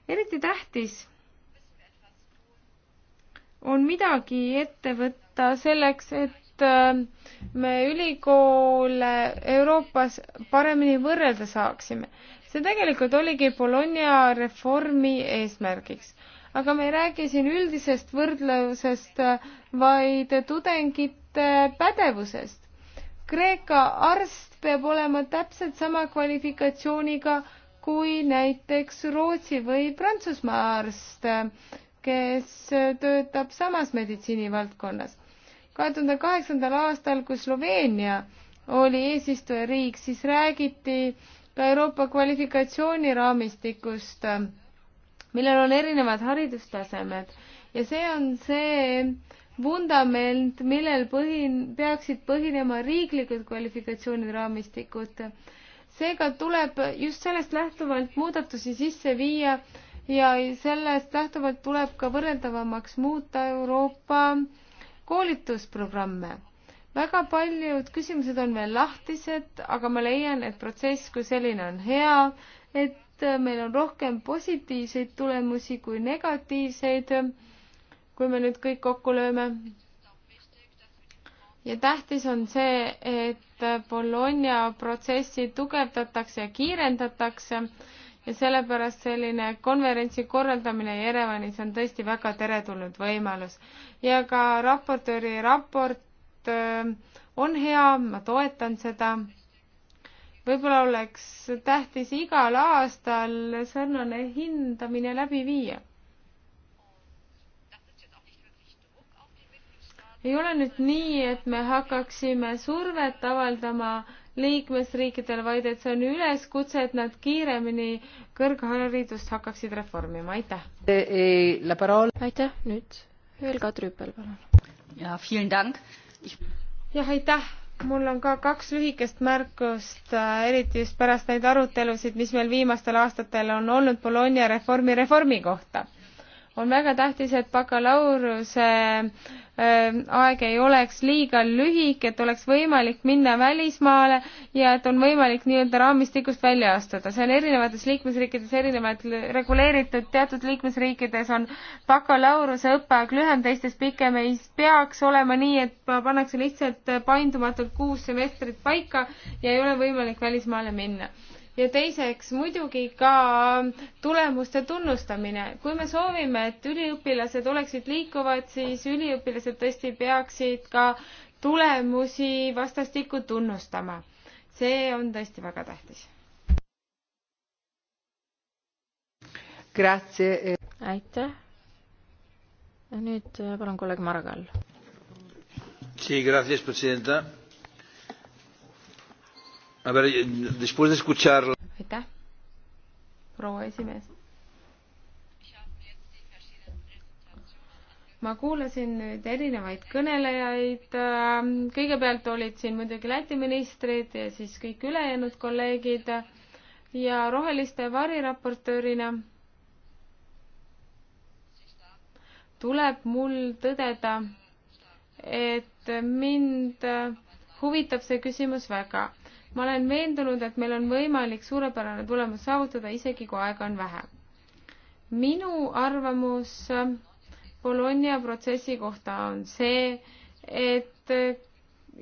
eriti tähtis on midagi ette võtta selleks, et Äh, me ülikoole Euroopas paremini võrrelda saaksime. see tegelikult oligi Bologna reformi eesmärgiks. aga me ei räägi siin üldisest võrdlusest, äh, vaid tudengite pädevusest. Kreeka arst peab olema täpselt sama kvalifikatsiooniga kui näiteks Rootsi või Prantsusmaa arst, äh, kes töötab samas meditsiinivaldkonnas kahe tuhande kaheksandal aastal, kui Sloveenia oli eesistujariik, siis räägiti ka Euroopa kvalifikatsiooniraamistikust, millel on erinevad haridustasemed ja see on see vundament, millel põhin-, peaksid põhinema riiklikud kvalifikatsiooniraamistikud. seega tuleb just sellest lähtuvalt muudatusi sisse viia ja sellest lähtuvalt tuleb ka võrreldavamaks muuta Euroopa äh, koolitusprogramme. väga paljud küsimused on veel lahtised, aga ma leian, et protsess kui selline on hea, et meil on rohkem positiivseid tulemusi kui negatiivseid, kui me nüüd kõik kokku lööme. ja tähtis on see, et Bologna protsessi tugevdatakse ja kiirendatakse ja sellepärast selline konverentsi korraldamine Jerevanis on tõesti väga teretulnud võimalus. ja ka raportööri raport äh, on hea, ma toetan seda. võib-olla oleks tähtis igal aastal sarnane hindamine läbi viia. ei ole nüüd nii, et me hakkaksime survet avaldama liikmesriikidele, vaid et see on üleskutse, et nad kiiremini kõrgharidust hakkaksid reformima, aitäh. E, e, aitäh, nüüd Helga Trüüpel, palun. jah, aitäh mul on ka kaks lühikest märkust, äh, eriti just pärast neid arutelusid, mis meil viimastel aastatel on olnud Bologna reformi reformi kohta on väga tähtis, et bakalaureuse äh, aeg ei oleks liiga lühike, et oleks võimalik minna välismaale ja et on võimalik nii-öelda raamistikust välja astuda. see on erinevates liikmesriikides erinevalt reguleeritud, teatud liikmesriikides on bakalaureuse õppeaeg lühem, teistes pikem, ei peaks olema nii, et pannakse lihtsalt paindumatult kuus semestrit paika ja ei ole võimalik välismaale minna ja teiseks muidugi ka tulemuste tunnustamine. kui me soovime, et üliõpilased oleksid liikuvad, siis üliõpilased tõesti peaksid ka tulemusi vastastikku tunnustama. see on tõesti väga tähtis. aitäh. nüüd palun kolleeg Margal. Sí, gracias, presidenta aitäh, proua esimees. ma kuulasin nüüd erinevaid kõnelejaid. kõigepealt olid siin muidugi Läti ministrid ja siis kõik ülejäänud kolleegid ja roheliste variraportöörina tuleb mul tõdeda, et mind huvitab see küsimus väga ma olen veendunud, et meil on võimalik suurepärane tulemus saavutada, isegi kui aega on vähe. minu arvamus Bologna protsessi kohta on see, et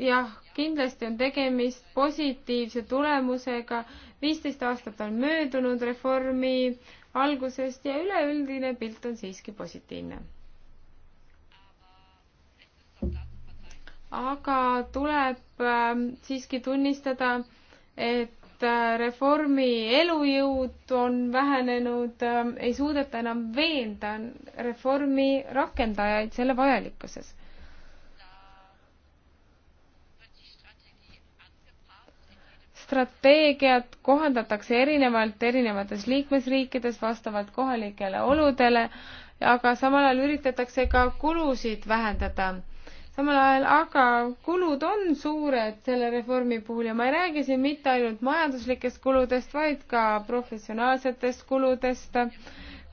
jah, kindlasti on tegemist positiivse tulemusega, viisteist aastat on möödunud reformi algusest ja üleüldine pilt on siiski positiivne aga tuleb ähm, siiski tunnistada, et äh, reformi elujõud on vähenenud, ähm, ei suudeta enam veenda reformi rakendajaid selle vajalikkuses. strateegiat kohandatakse erinevalt erinevates liikmesriikides vastavalt kohalikele oludele, aga samal ajal üritatakse ka kulusid vähendada samal ajal aga kulud on suured selle reformi puhul ja ma ei räägi siin mitte ainult majanduslikest kuludest, vaid ka professionaalsetest kuludest,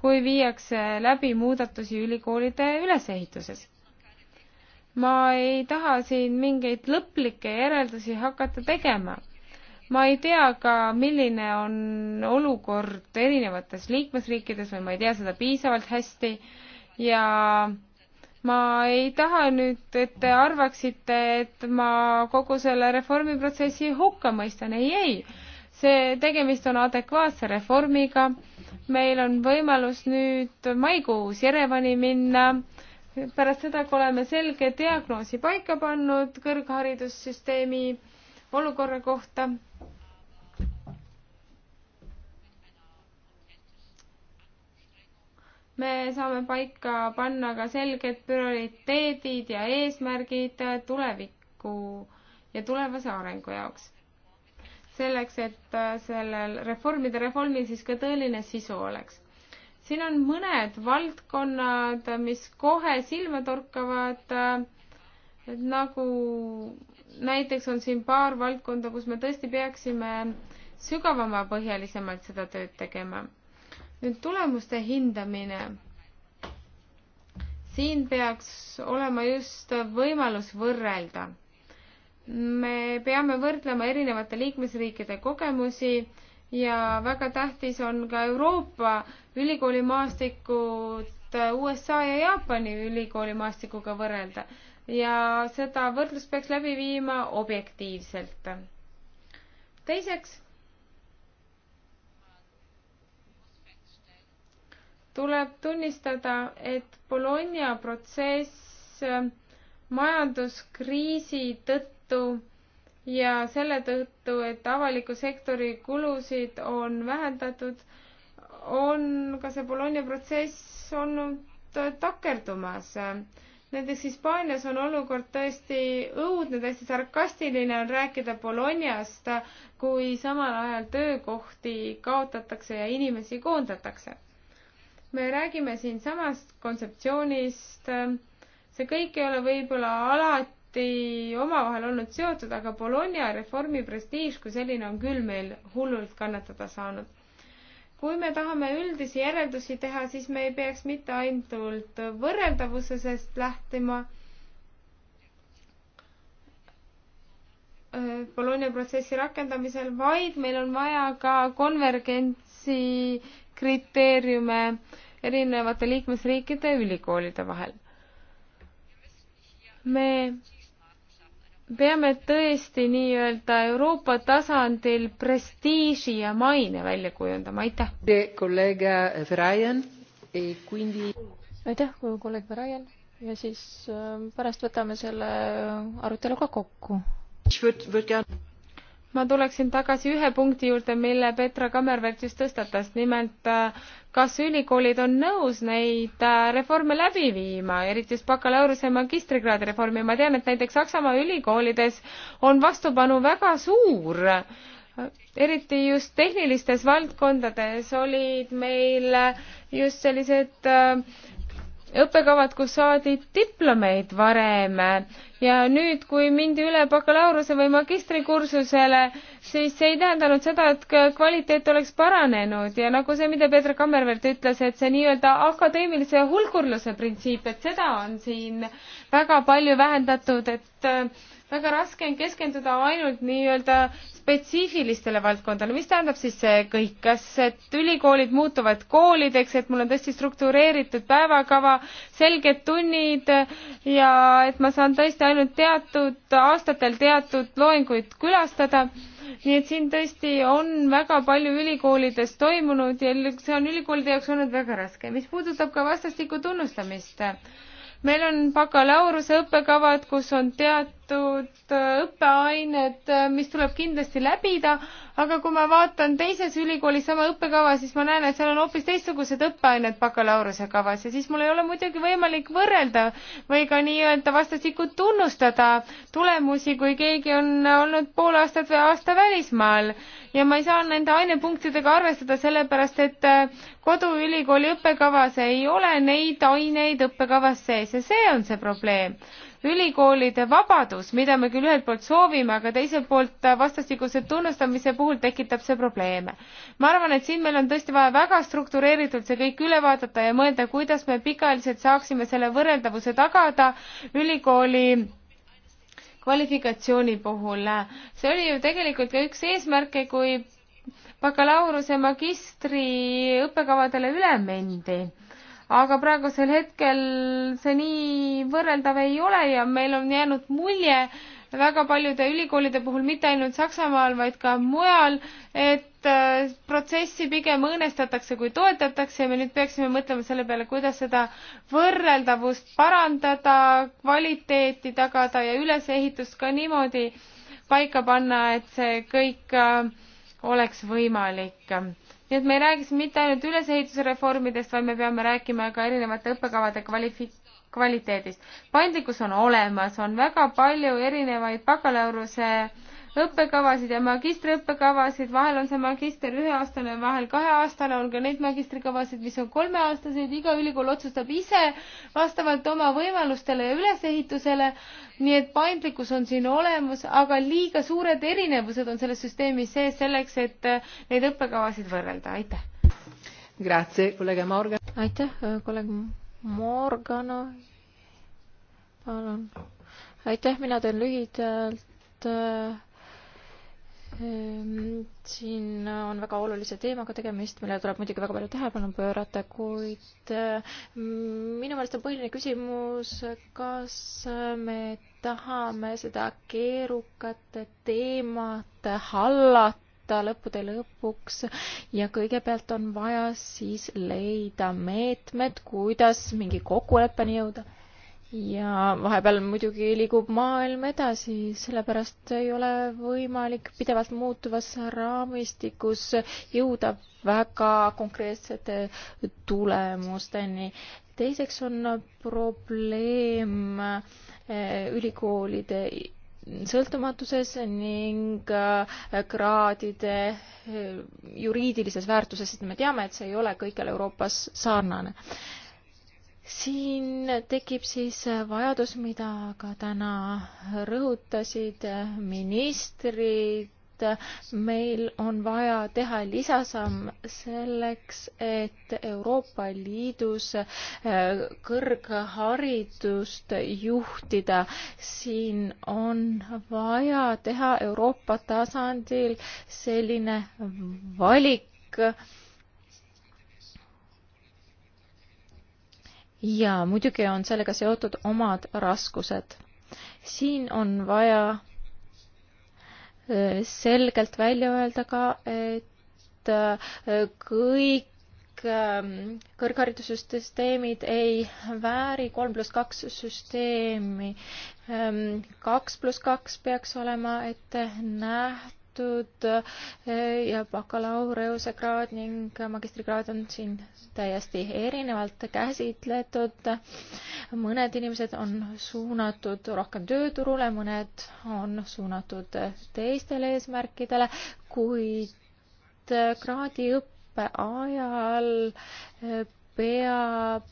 kui viiakse läbi muudatusi ülikoolide ülesehituses. ma ei taha siin mingeid lõplikke järeldusi hakata tegema ma ei tea ka, milline on olukord erinevates liikmesriikides või ma ei tea seda piisavalt hästi ja ma ei taha nüüd, et te arvaksite, et ma kogu selle reformiprotsessi hukka mõistan, ei, ei. see, tegemist on adekvaatse reformiga. meil on võimalus nüüd maikuus Jerevani minna pärast seda, kui oleme selge diagnoosi paika pannud kõrgharidussüsteemi olukorra kohta me saame paika panna ka selged prioriteedid ja eesmärgid tuleviku ja tulevase arengu jaoks. selleks, et äh, sellel reformide reformil siis ka tõeline sisu oleks. siin on mõned valdkonnad, mis kohe silma torkavad, äh, nagu näiteks on siin paar valdkonda, kus me tõesti peaksime sügavamapõhjalisemalt seda tööd tegema nüüd tulemuste hindamine. siin peaks olema just võimalus võrrelda. me peame võrdlema erinevate liikmesriikide kogemusi ja väga tähtis on ka Euroopa ülikoolimaastikut USA ja Jaapani ülikoolimaastikuga võrrelda ja seda võrdlust peaks läbi viima objektiivselt. teiseks tuleb tunnistada, et Bologna protsess äh, majanduskriisi tõttu ja selle tõttu, et avaliku sektori kulusid on vähendatud, on ka see Bologna protsess olnud äh, takerdumas. näiteks Hispaanias on olukord tõesti õudne, täiesti sarkastiline on rääkida Bolognast, kui samal ajal töökohti kaotatakse ja inimesi koondatakse me räägime siinsamast kontseptsioonist, see kõik ei ole võib-olla alati omavahel olnud seotud, aga Bologna reformi prestiiž kui selline on küll meil hullult kannatada saanud. kui me tahame üldisi järeldusi teha, siis me ei peaks mitte ainult võrreldavusest lähtuma, äh, Bologna protsessi rakendamisel, vaid meil on vaja ka konvergentsi kriteeriume äh, erinevate liikmesriikide ülikoolide vahel. me peame tõesti nii-öelda Euroopa tasandil prestiiži ja maine välja kujundama, aitäh. kolleeg Brian, e quindi. aitäh, kolleeg Brian ja siis äh, pärast võtame selle arutelu ka kokku ma tuleksin tagasi ühe punkti juurde, mille Petra Kammervert just tõstatas, nimelt äh, kas ülikoolid on nõus neid äh, reforme läbi viima, eriti just bakalaureuse ja magistrikraadi reformi, ma tean, et näiteks Saksamaa ülikoolides on vastupanu väga suur, eriti just tehnilistes valdkondades olid meil just sellised äh, õppekavad, kus saadi diplomeid varem ja nüüd, kui mindi üle bakalaureuse või magistrikursusele, siis see ei tähendanud seda, et kvaliteet oleks paranenud ja nagu see, mida Peeter Kammervert ütles, et see nii-öelda akadeemilise hulgurluse printsiip, et seda on siin väga palju vähendatud, et äh, väga raske on keskenduda ainult nii-öelda spetsiifilistele valdkondadele, mis tähendab siis see kõik, kas et ülikoolid muutuvad koolideks, et mul on tõesti struktureeritud päevakava, selged tunnid ja et ma saan tõesti ainult teatud aastatel teatud loenguid külastada nii et siin tõesti on väga palju ülikoolides toimunud ja see on ülikoolide jaoks olnud väga raske. mis puudutab ka vastastikku tunnustamist, meil on bakalaureuse õppekavad, kus on teat-, teatud äh, õppeained, äh, mis tuleb kindlasti läbida, aga kui ma vaatan teises ülikoolis sama õppekava, siis ma näen, et seal on hoopis teistsugused õppeained bakalaureuse kavas ja siis mul ei ole muidugi võimalik võrrelda või ka nii-öelda vastastikult tunnustada tulemusi, kui keegi on olnud pool aastat või aasta välismaal ja ma ei saa nende ainepunktidega arvestada, sellepärast et äh, koduülikooli õppekavas ei ole neid aineid õppekavas sees ja see on see probleem ülikoolide vabadus, mida me küll ühelt poolt soovime, aga teiselt poolt äh, vastastikuse tunnustamise puhul tekitab see probleeme. ma arvan, et siin meil on tõesti vaja väga struktureeritult see kõik üle vaadata ja mõelda, kuidas me pikaajaliselt saaksime selle võrreldavuse tagada ülikooli kvalifikatsiooni puhul. see oli ju tegelikult ka üks eesmärke, kui bakalaureuse magistri õppekavadele üle mendi aga praegusel hetkel see nii võrreldav ei ole ja meil on jäänud mulje väga paljude ülikoolide puhul, mitte ainult Saksamaal, vaid ka mujal, et äh, protsessi pigem õõnestatakse kui toetatakse ja me nüüd peaksime mõtlema selle peale, kuidas seda võrreldavust parandada, kvaliteeti tagada ja ülesehitust ka niimoodi paika panna, et see kõik äh, oleks võimalik nii et me ei räägiks mitte ainult ülesehituse reformidest, vaid me peame rääkima ka erinevate õppekavade kvalifi-, kvaliteedist. paindlikkus on olemas, on väga palju erinevaid bakalaureuse äh, õppekavasid ja magistriõppekavasid, vahel on see magister üheaastane, vahel kaheaastane, on ka neid magistrikavasid, mis on kolmeaastaseid, iga ülikool otsustab ise vastavalt oma võimalustele ja ülesehitusele, nii et paindlikkus on siin olemas, aga liiga suured erinevused on selles süsteemis sees selleks, et äh, neid õppekavasid võrrelda, aitäh. aitäh, äh, kolleeg Morgana, palun. aitäh, mina teen lühidalt äh, Ehm, siin on väga olulise teemaga tegemist, millele tuleb muidugi väga palju tähelepanu pöörata, kuid ehm, minu meelest on põhiline küsimus, kas me tahame seda keerukat teemat hallata lõppude lõpuks ja kõigepealt on vaja siis leida meetmed, kuidas mingi kokkuleppeni jõuda ja vahepeal muidugi liigub maailm edasi, sellepärast ei ole võimalik pidevalt muutuvas raamistikus jõuda väga konkreetsete tulemusteni. teiseks on probleem eh, ülikoolide sõltumatuses ning eh, kraadide eh, juriidilises väärtuses, sest me teame, et see ei ole kõikjal Euroopas sarnane siin tekib siis vajadus, mida ka täna rõhutasid ministrid, meil on vaja teha lisasamm selleks, et Euroopa Liidus äh, kõrgharidust juhtida. siin on vaja teha Euroopa tasandil selline valik, valik ja muidugi on sellega seotud omad raskused. siin on vaja äh, selgelt välja öelda ka, et äh, kõik ähm, kõrgharidussüsteemid ei vääri kolm pluss kaks süsteemi. Ähm, kaks pluss kaks peaks olema ette nähtud lubatud eh, ja bakalaureuse kraad ning magistrikraad on siin täiesti erinevalt käsitletud. mõned inimesed on suunatud rohkem tööturule, mõned on suunatud teistele eesmärkidele, kuid eh, kraadiõppe ajal eh, peab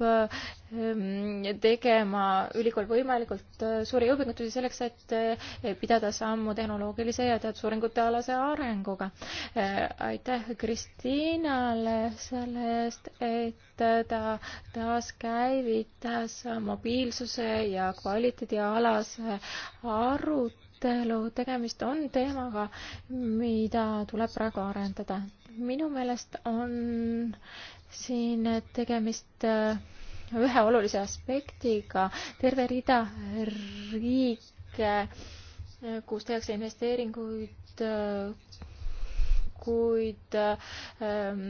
Äh, mm, tegema ülikool võimalikult äh, suuri jõupingutusi selleks, et äh, pidada sammu tehnoloogilise ja teadusuuringute alase arenguga. aitäh Kristiinale selle eest, et ta taaskäivitas mobiilsuse ja kvaliteedi alase arutelu. tegemist on teemaga, mida tuleb praegu arendada. minu meelest on siin tegemist äh, ühe olulise aspektiga, terve rida riike, äh, kus tehakse investeeringuid äh, kuid ähm,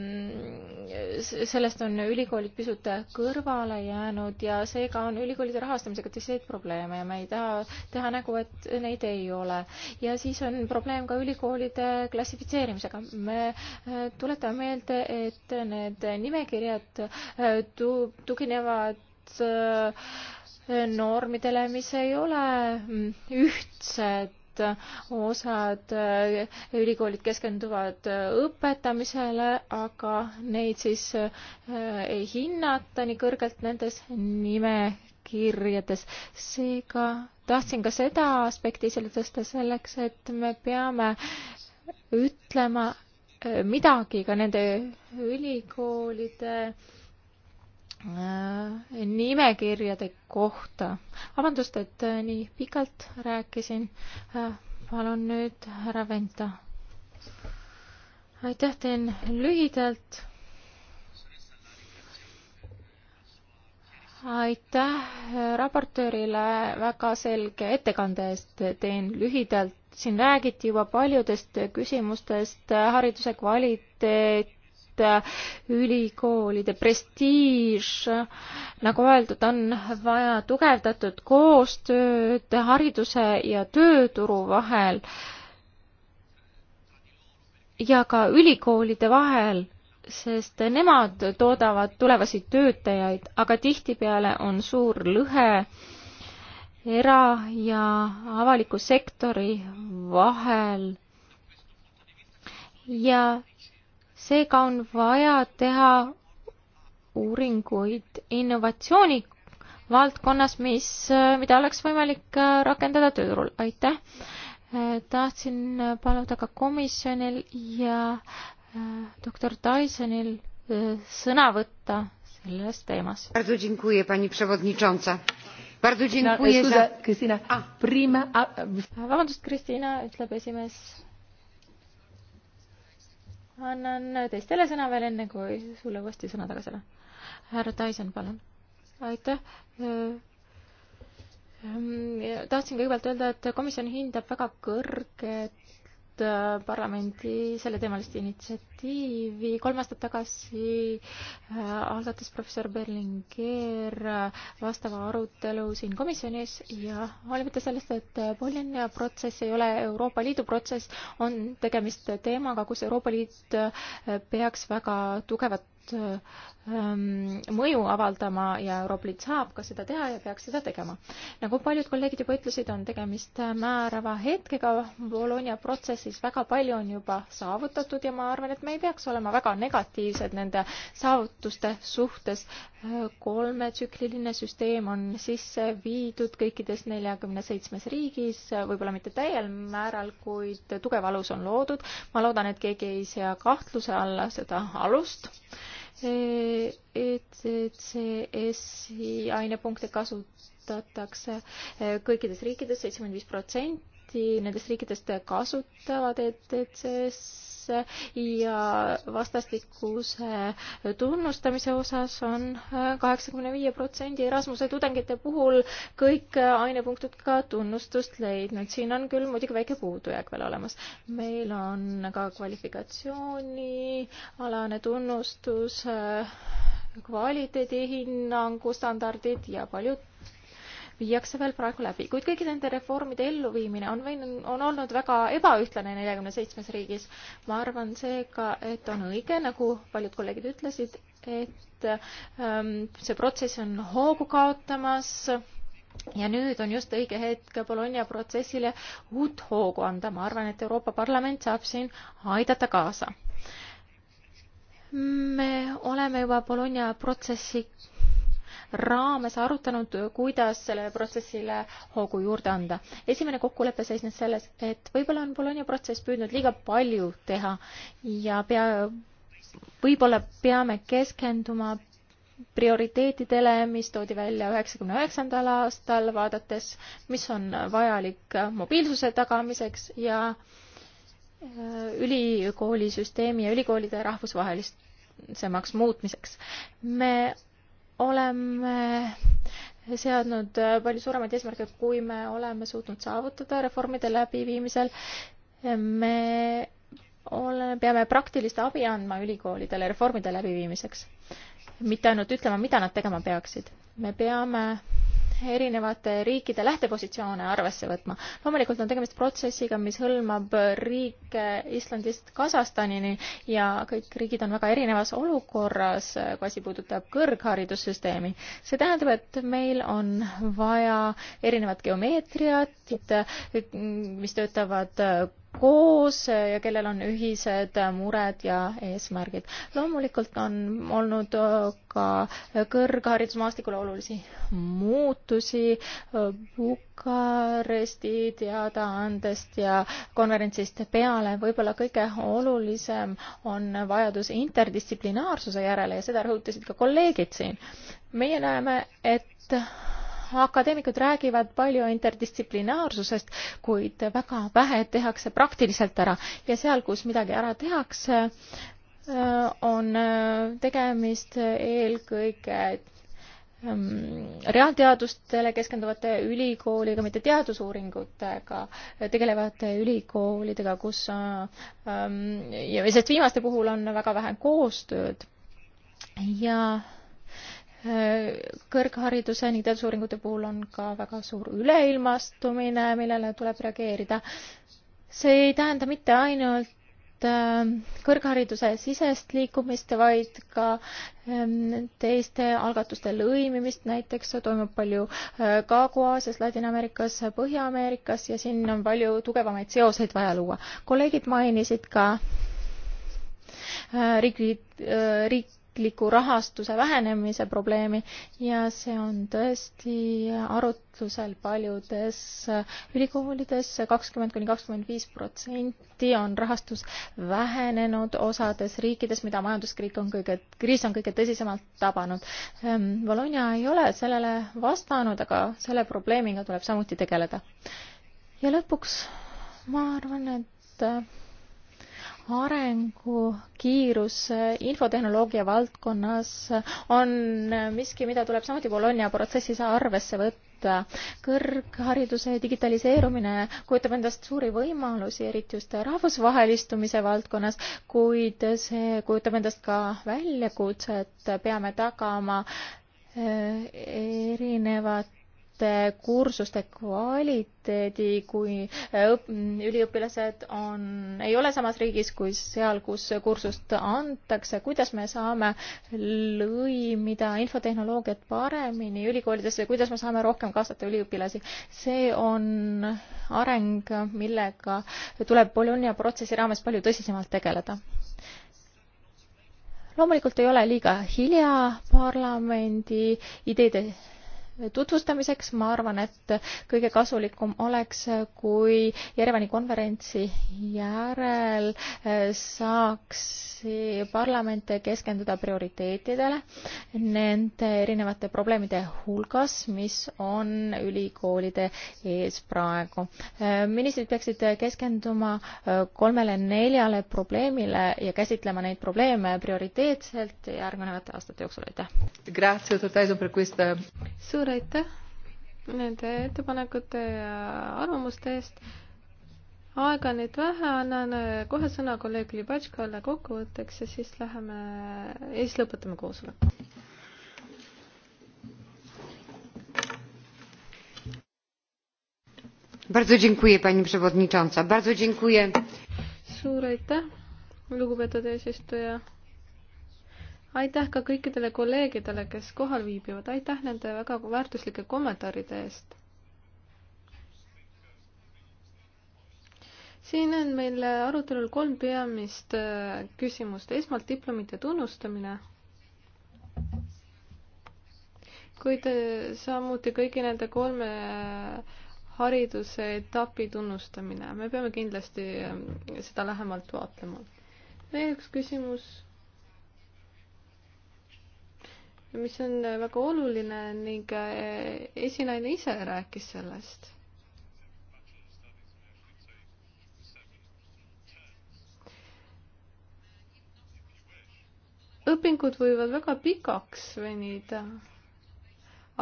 sellest on ülikoolid pisut kõrvale jäänud ja seega on ülikoolide rahastamisega tõsiseid probleeme ja me ei taha teha nägu, et neid ei ole. ja siis on probleem ka ülikoolide klassifitseerimisega. me äh, tuletame meelde, et need nimekirjad äh, tu-, tuginevad äh, normidele, mis ei ole mm, ühtsed et osad äh, ülikoolid keskenduvad äh, õpetamisele, aga neid siis äh, ei hinnata nii kõrgelt nendes nimekirjades. seega tahtsin ka seda aspekti esile tõsta selleks, et me peame ütlema midagi ka nende ülikoolide äh, Äh, nimekirjade kohta. vabandust, et äh, nii pikalt rääkisin. Äh, palun nüüd härra Venta. aitäh, teen lühidalt. aitäh raportöörile väga selge ettekande eest, teen lühidalt. siin räägiti juba paljudest küsimustest, hariduse kvaliteet, Äh, ülikoolide prestiiž. nagu öeldud, on vaja tugevdatud koostööd hariduse ja tööturu vahel ja ka ülikoolide vahel, sest nemad toodavad tulevasi töötajaid, aga tihtipeale on suur lõhe era- ja avaliku sektori vahel ja seega on vaja teha uuringuid innovatsiooni valdkonnas, mis, mida oleks võimalik äh, rakendada tööturul, aitäh. Äh, tahtsin paluda ka komisjonil ja äh, doktor Dysonil sõna võtta selles teemas. vabandust, Kristina ütleb esimees annan teistele sõna veel enne, kui sulle uuesti sõna tagasi annan. härra Tyson, palun. aitäh. Ehm, tahtsin kõigepealt öelda, et komisjon hindab väga kõrget Äh, parlamendi selleteemalist initsiatiivi. kolm aastat tagasi äh, algatas professor Berlinger äh, vastava arutelu siin komisjonis ja hoolimata sellest, et Bologna protsess ei ole Euroopa Liidu protsess, on tegemist teemaga, kus Euroopa Liit peaks väga tugevat suurt ähm, mõju avaldama ja Eurooplit saab ka seda teha ja peaks seda tegema. nagu paljud kolleegid juba ütlesid, on tegemist määrava hetkega Bologna protsessis, väga palju on juba saavutatud ja ma arvan, et me ei peaks olema väga negatiivsed nende saavutuste suhtes. kolmetsükliline süsteem on sisse viidud kõikides neljakümne seitsmes riigis, võib-olla mitte täiel määral, kuid tugev alus on loodud. ma loodan, et keegi ei sea kahtluse alla seda alust ECCS-i ainepunkte kasutatakse e, kõikides riikides, seitsekümmend viis protsenti nendest riikidest kasutavad ECCS ja vastastikuse tunnustamise osas on äh, kaheksakümne viie protsendi Erasmuse tudengite puhul kõik äh, ainepunktid ka tunnustust leidnud. siin on küll muidugi väike puudujääk veel olemas. meil on ka kvalifikatsioonialane tunnustus, äh, kvaliteedihinnangu standardid ja paljud viiakse veel praegu läbi, kuid kõigi nende reformide elluviimine on võinud, on olnud väga ebaühtlane neljakümne seitsmes riigis. ma arvan seega, et on õige, nagu paljud kolleegid ütlesid, et ähm, see protsess on hoogu kaotamas ja nüüd on just õige hetk Bologna protsessile uut hoogu anda. ma arvan, et Euroopa Parlament saab siin aidata kaasa. me oleme juba Bologna protsessi raames arutanud, kuidas sellele protsessile hoogu juurde anda. esimene kokkulepe seisnes selles, et võib-olla on Bologna protsess püüdnud liiga palju teha ja pea, võib-olla peame keskenduma prioriteetidele, mis toodi välja üheksakümne üheksandal aastal, vaadates, mis on vajalik mobiilsuse tagamiseks ja äh, ülikoolisüsteemi ja ülikoolide rahvusvahelisemaks muutmiseks. me oleme seadnud palju suuremaid eesmärke, kui me oleme suutnud saavutada reformide läbiviimisel. me oleme, peame praktilist abi andma ülikoolidele reformide läbiviimiseks, mitte ainult ütlema, mida nad tegema peaksid. me peame erinevate riikide lähtepositsioone arvesse võtma. loomulikult on tegemist protsessiga, mis hõlmab riike Islandist Kasahstanini ja kõik riigid on väga erinevas olukorras, kui asi puudutab kõrgharidussüsteemi. see tähendab, et meil on vaja erinevat geomeetriat, mis töötavad koos ja kellel on ühised mured ja eesmärgid. loomulikult on olnud ka kõrgharidusmaastikul olulisi muutusi Bukaresti teadaandest ja konverentsist peale. võib-olla kõige olulisem on vajadus interdistsiplinaarsuse järele ja seda rõhutasid ka kolleegid siin. meie näeme, et akadeemikud räägivad palju interdistsiplinaarsusest, kuid väga vähe tehakse praktiliselt ära ja seal, kus midagi ära tehakse, äh, on äh, tegemist eelkõige ähm, reaalteadustele keskenduvate ülikoolidega, mitte teadusuuringutega tegelevate ülikoolidega, kus äh, ähm, ja sest viimaste puhul on väga vähe koostööd ja Äh, kõrghariduse ning teadusuuringute puhul on ka väga suur üleilmastumine, millele tuleb reageerida. see ei tähenda mitte ainult äh, kõrghariduse sisest liikumist, vaid ka ähm, teiste algatuste lõimimist, näiteks toimub palju äh, Kagu-Aasias, Ladina-Ameerikas, Põhja-Ameerikas ja siin on palju tugevamaid seoseid vaja luua. kolleegid mainisid ka riigi, riik, riikliku rahastuse vähenemise probleemi ja see on tõesti arutlusel paljudes ülikoolides, kakskümmend kuni kakskümmend viis protsenti on rahastus vähenenud osades riikides, mida majanduskriik on kõige, kriis on kõige tõsisemalt tabanud. Ehm, Bologna ei ole sellele vastanud, aga selle probleemiga tuleb samuti tegeleda. ja lõpuks ma arvan, et arengukiirus infotehnoloogia valdkonnas on miski, mida tuleb samuti Bologna protsessis arvesse võtta. kõrghariduse digitaliseerumine kujutab endast suuri võimalusi, eriti just rahvusvahelistumise valdkonnas, kuid see kujutab endast ka väljakutset, peame tagama eh, erinevat nende kursuste kvaliteedi, kui äh, õp-, üliõpilased on, ei ole samas riigis kui seal, kus kursust antakse, kuidas me saame lõimida infotehnoloogiat paremini ülikoolidesse, kuidas me saame rohkem kaasata üliõpilasi. see on areng, millega tuleb Bologna protsessi raames palju tõsisemalt tegeleda loomulikult ei ole liiga hilja parlamendi ideede tutvustamiseks, ma arvan, et kõige kasulikum oleks, kui Jerevani konverentsi järel eh, saaks parlament keskenduda prioriteetidele nende erinevate probleemide hulgas, mis on ülikoolide ees praegu. Eh, ministrid peaksid keskenduma eh, kolmele-neljale probleemile ja käsitlema neid probleeme prioriteetselt järgnevate aastate jooksul, aitäh! suur suur aitäh nende ettepanekute ja arvamuste eest. aega on nüüd vähe, annan kohe sõna kolleeg Libatškale kokkuvõtteks ja siis läheme, ja siis lõpetame koosoleku. Bardzo dziękuję pani przewodnicząca, bardzo dziękuję. Suur aitäh, lugupeetud eesistuja aitäh ka kõikidele kolleegidele, kes kohal viibivad, aitäh nende väga väärtuslike kommentaaride eest. siin on meil arutelul kolm peamist äh, küsimust, esmalt diplomite tunnustamine, kuid äh, samuti kõigi nende kolme äh, hariduse etapi tunnustamine, me peame kindlasti seda lähemalt vaatlema. veel üks küsimus mis on äh, väga oluline ning äh, esinaine ise rääkis sellest. õpingud võivad väga pikaks venida,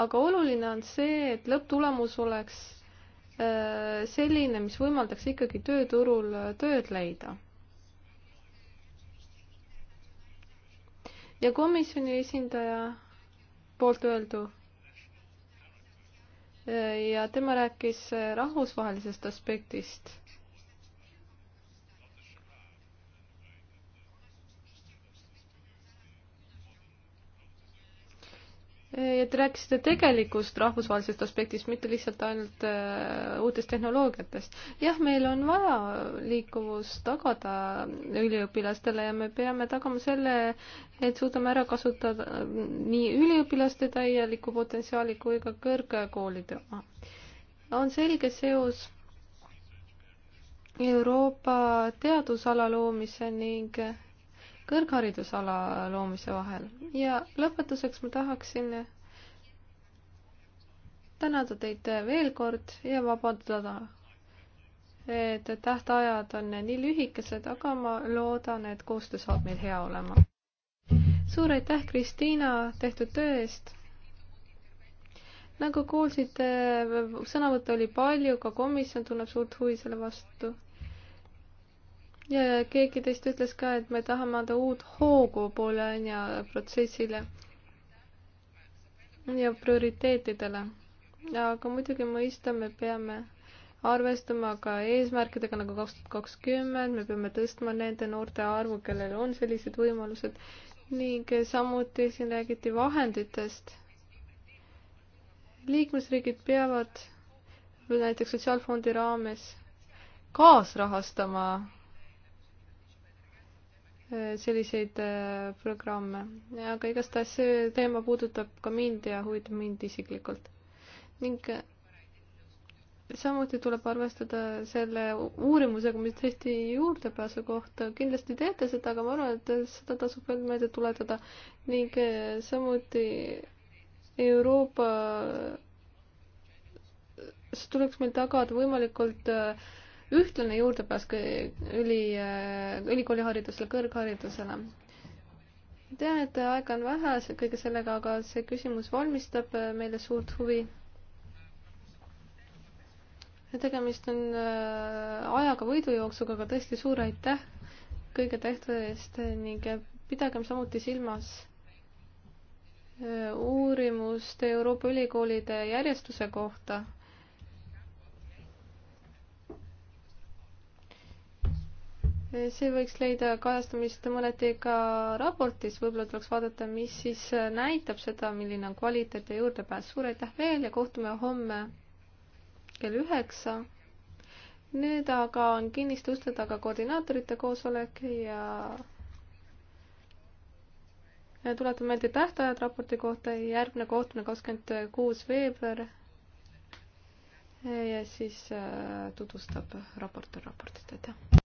aga oluline on see, et lõpptulemus oleks äh, selline, mis võimaldaks ikkagi tööturul tööd leida ja komisjoni esindaja poolt öeldu. ja tema rääkis rahvusvahelisest aspektist ja te rääkisite tegelikust rahvusvahelisest aspektist, mitte lihtsalt ainult äh, uutest tehnoloogiatest. jah, meil on vaja liikuvus tagada üliõpilastele ja me peame tagama selle, et suudame ära kasutada äh, nii üliõpilaste täielikku potentsiaali kui ka kõrgkoolide oma. on selge seos Euroopa teadusala loomise ning kõrgharidusala loomise vahel. ja lõpetuseks ma tahaksin tänada teid veel kord ja vabandada, et tähtajad on nii lühikesed, aga ma loodan, et koostöö saab meil hea olema. suur aitäh, Kristiina, tehtud töö eest! nagu kuulsite, sõnavõtte oli palju, ka komisjon tunneb suurt huvi selle vastu ja keegi teist ütles ka, et me tahame anda uut hoogu Poola-Anja protsessile ja prioriteetidele. aga muidugi mõista me peame arvestama ka eesmärkidega nagu kaks tuhat kakskümmend, me peame tõstma nende noorte arvu, kellel on sellised võimalused ning samuti siin räägiti vahenditest. liikmesriigid peavad näiteks sotsiaalfondi raames kaasrahastama selliseid äh, programme. aga igastahes see teema puudutab ka mind ja huvitab mind isiklikult. ning äh, samuti tuleb arvestada selle uurimusega, mis tehti juurdepääsu kohta, kindlasti teete seda, aga ma arvan, et seda tasub veel meelde tuletada ning äh, samuti Euroopa, see tuleks meil tagada võimalikult äh, ühtlane juurdepääs üli, äh, ülikooliharidusele, kõrgharidusele. tean, et aega on vähe kõige sellega, aga see küsimus valmistab äh, meile suurt huvi. tegemist on äh, ajaga võidujooksuga, aga tõesti suur aitäh kõige tehtud eest ning pidagem samuti silmas uurimust Euroopa ülikoolide järjestuse kohta see võiks leida kajastamist mõneti ka raportis, võib-olla tuleks vaadata, mis siis näitab seda, milline on kvaliteet ja juurdepääs. suur aitäh veel ja kohtume homme kell üheksa. nüüd aga on kinniste uste taga koordinaatorite koosolek ja, ja tuletan meelde tähtajad raporti kohta, järgmine kohtumine kakskümmend kuus veebruar. ja siis äh, tutvustab raportöör raportit, aitäh.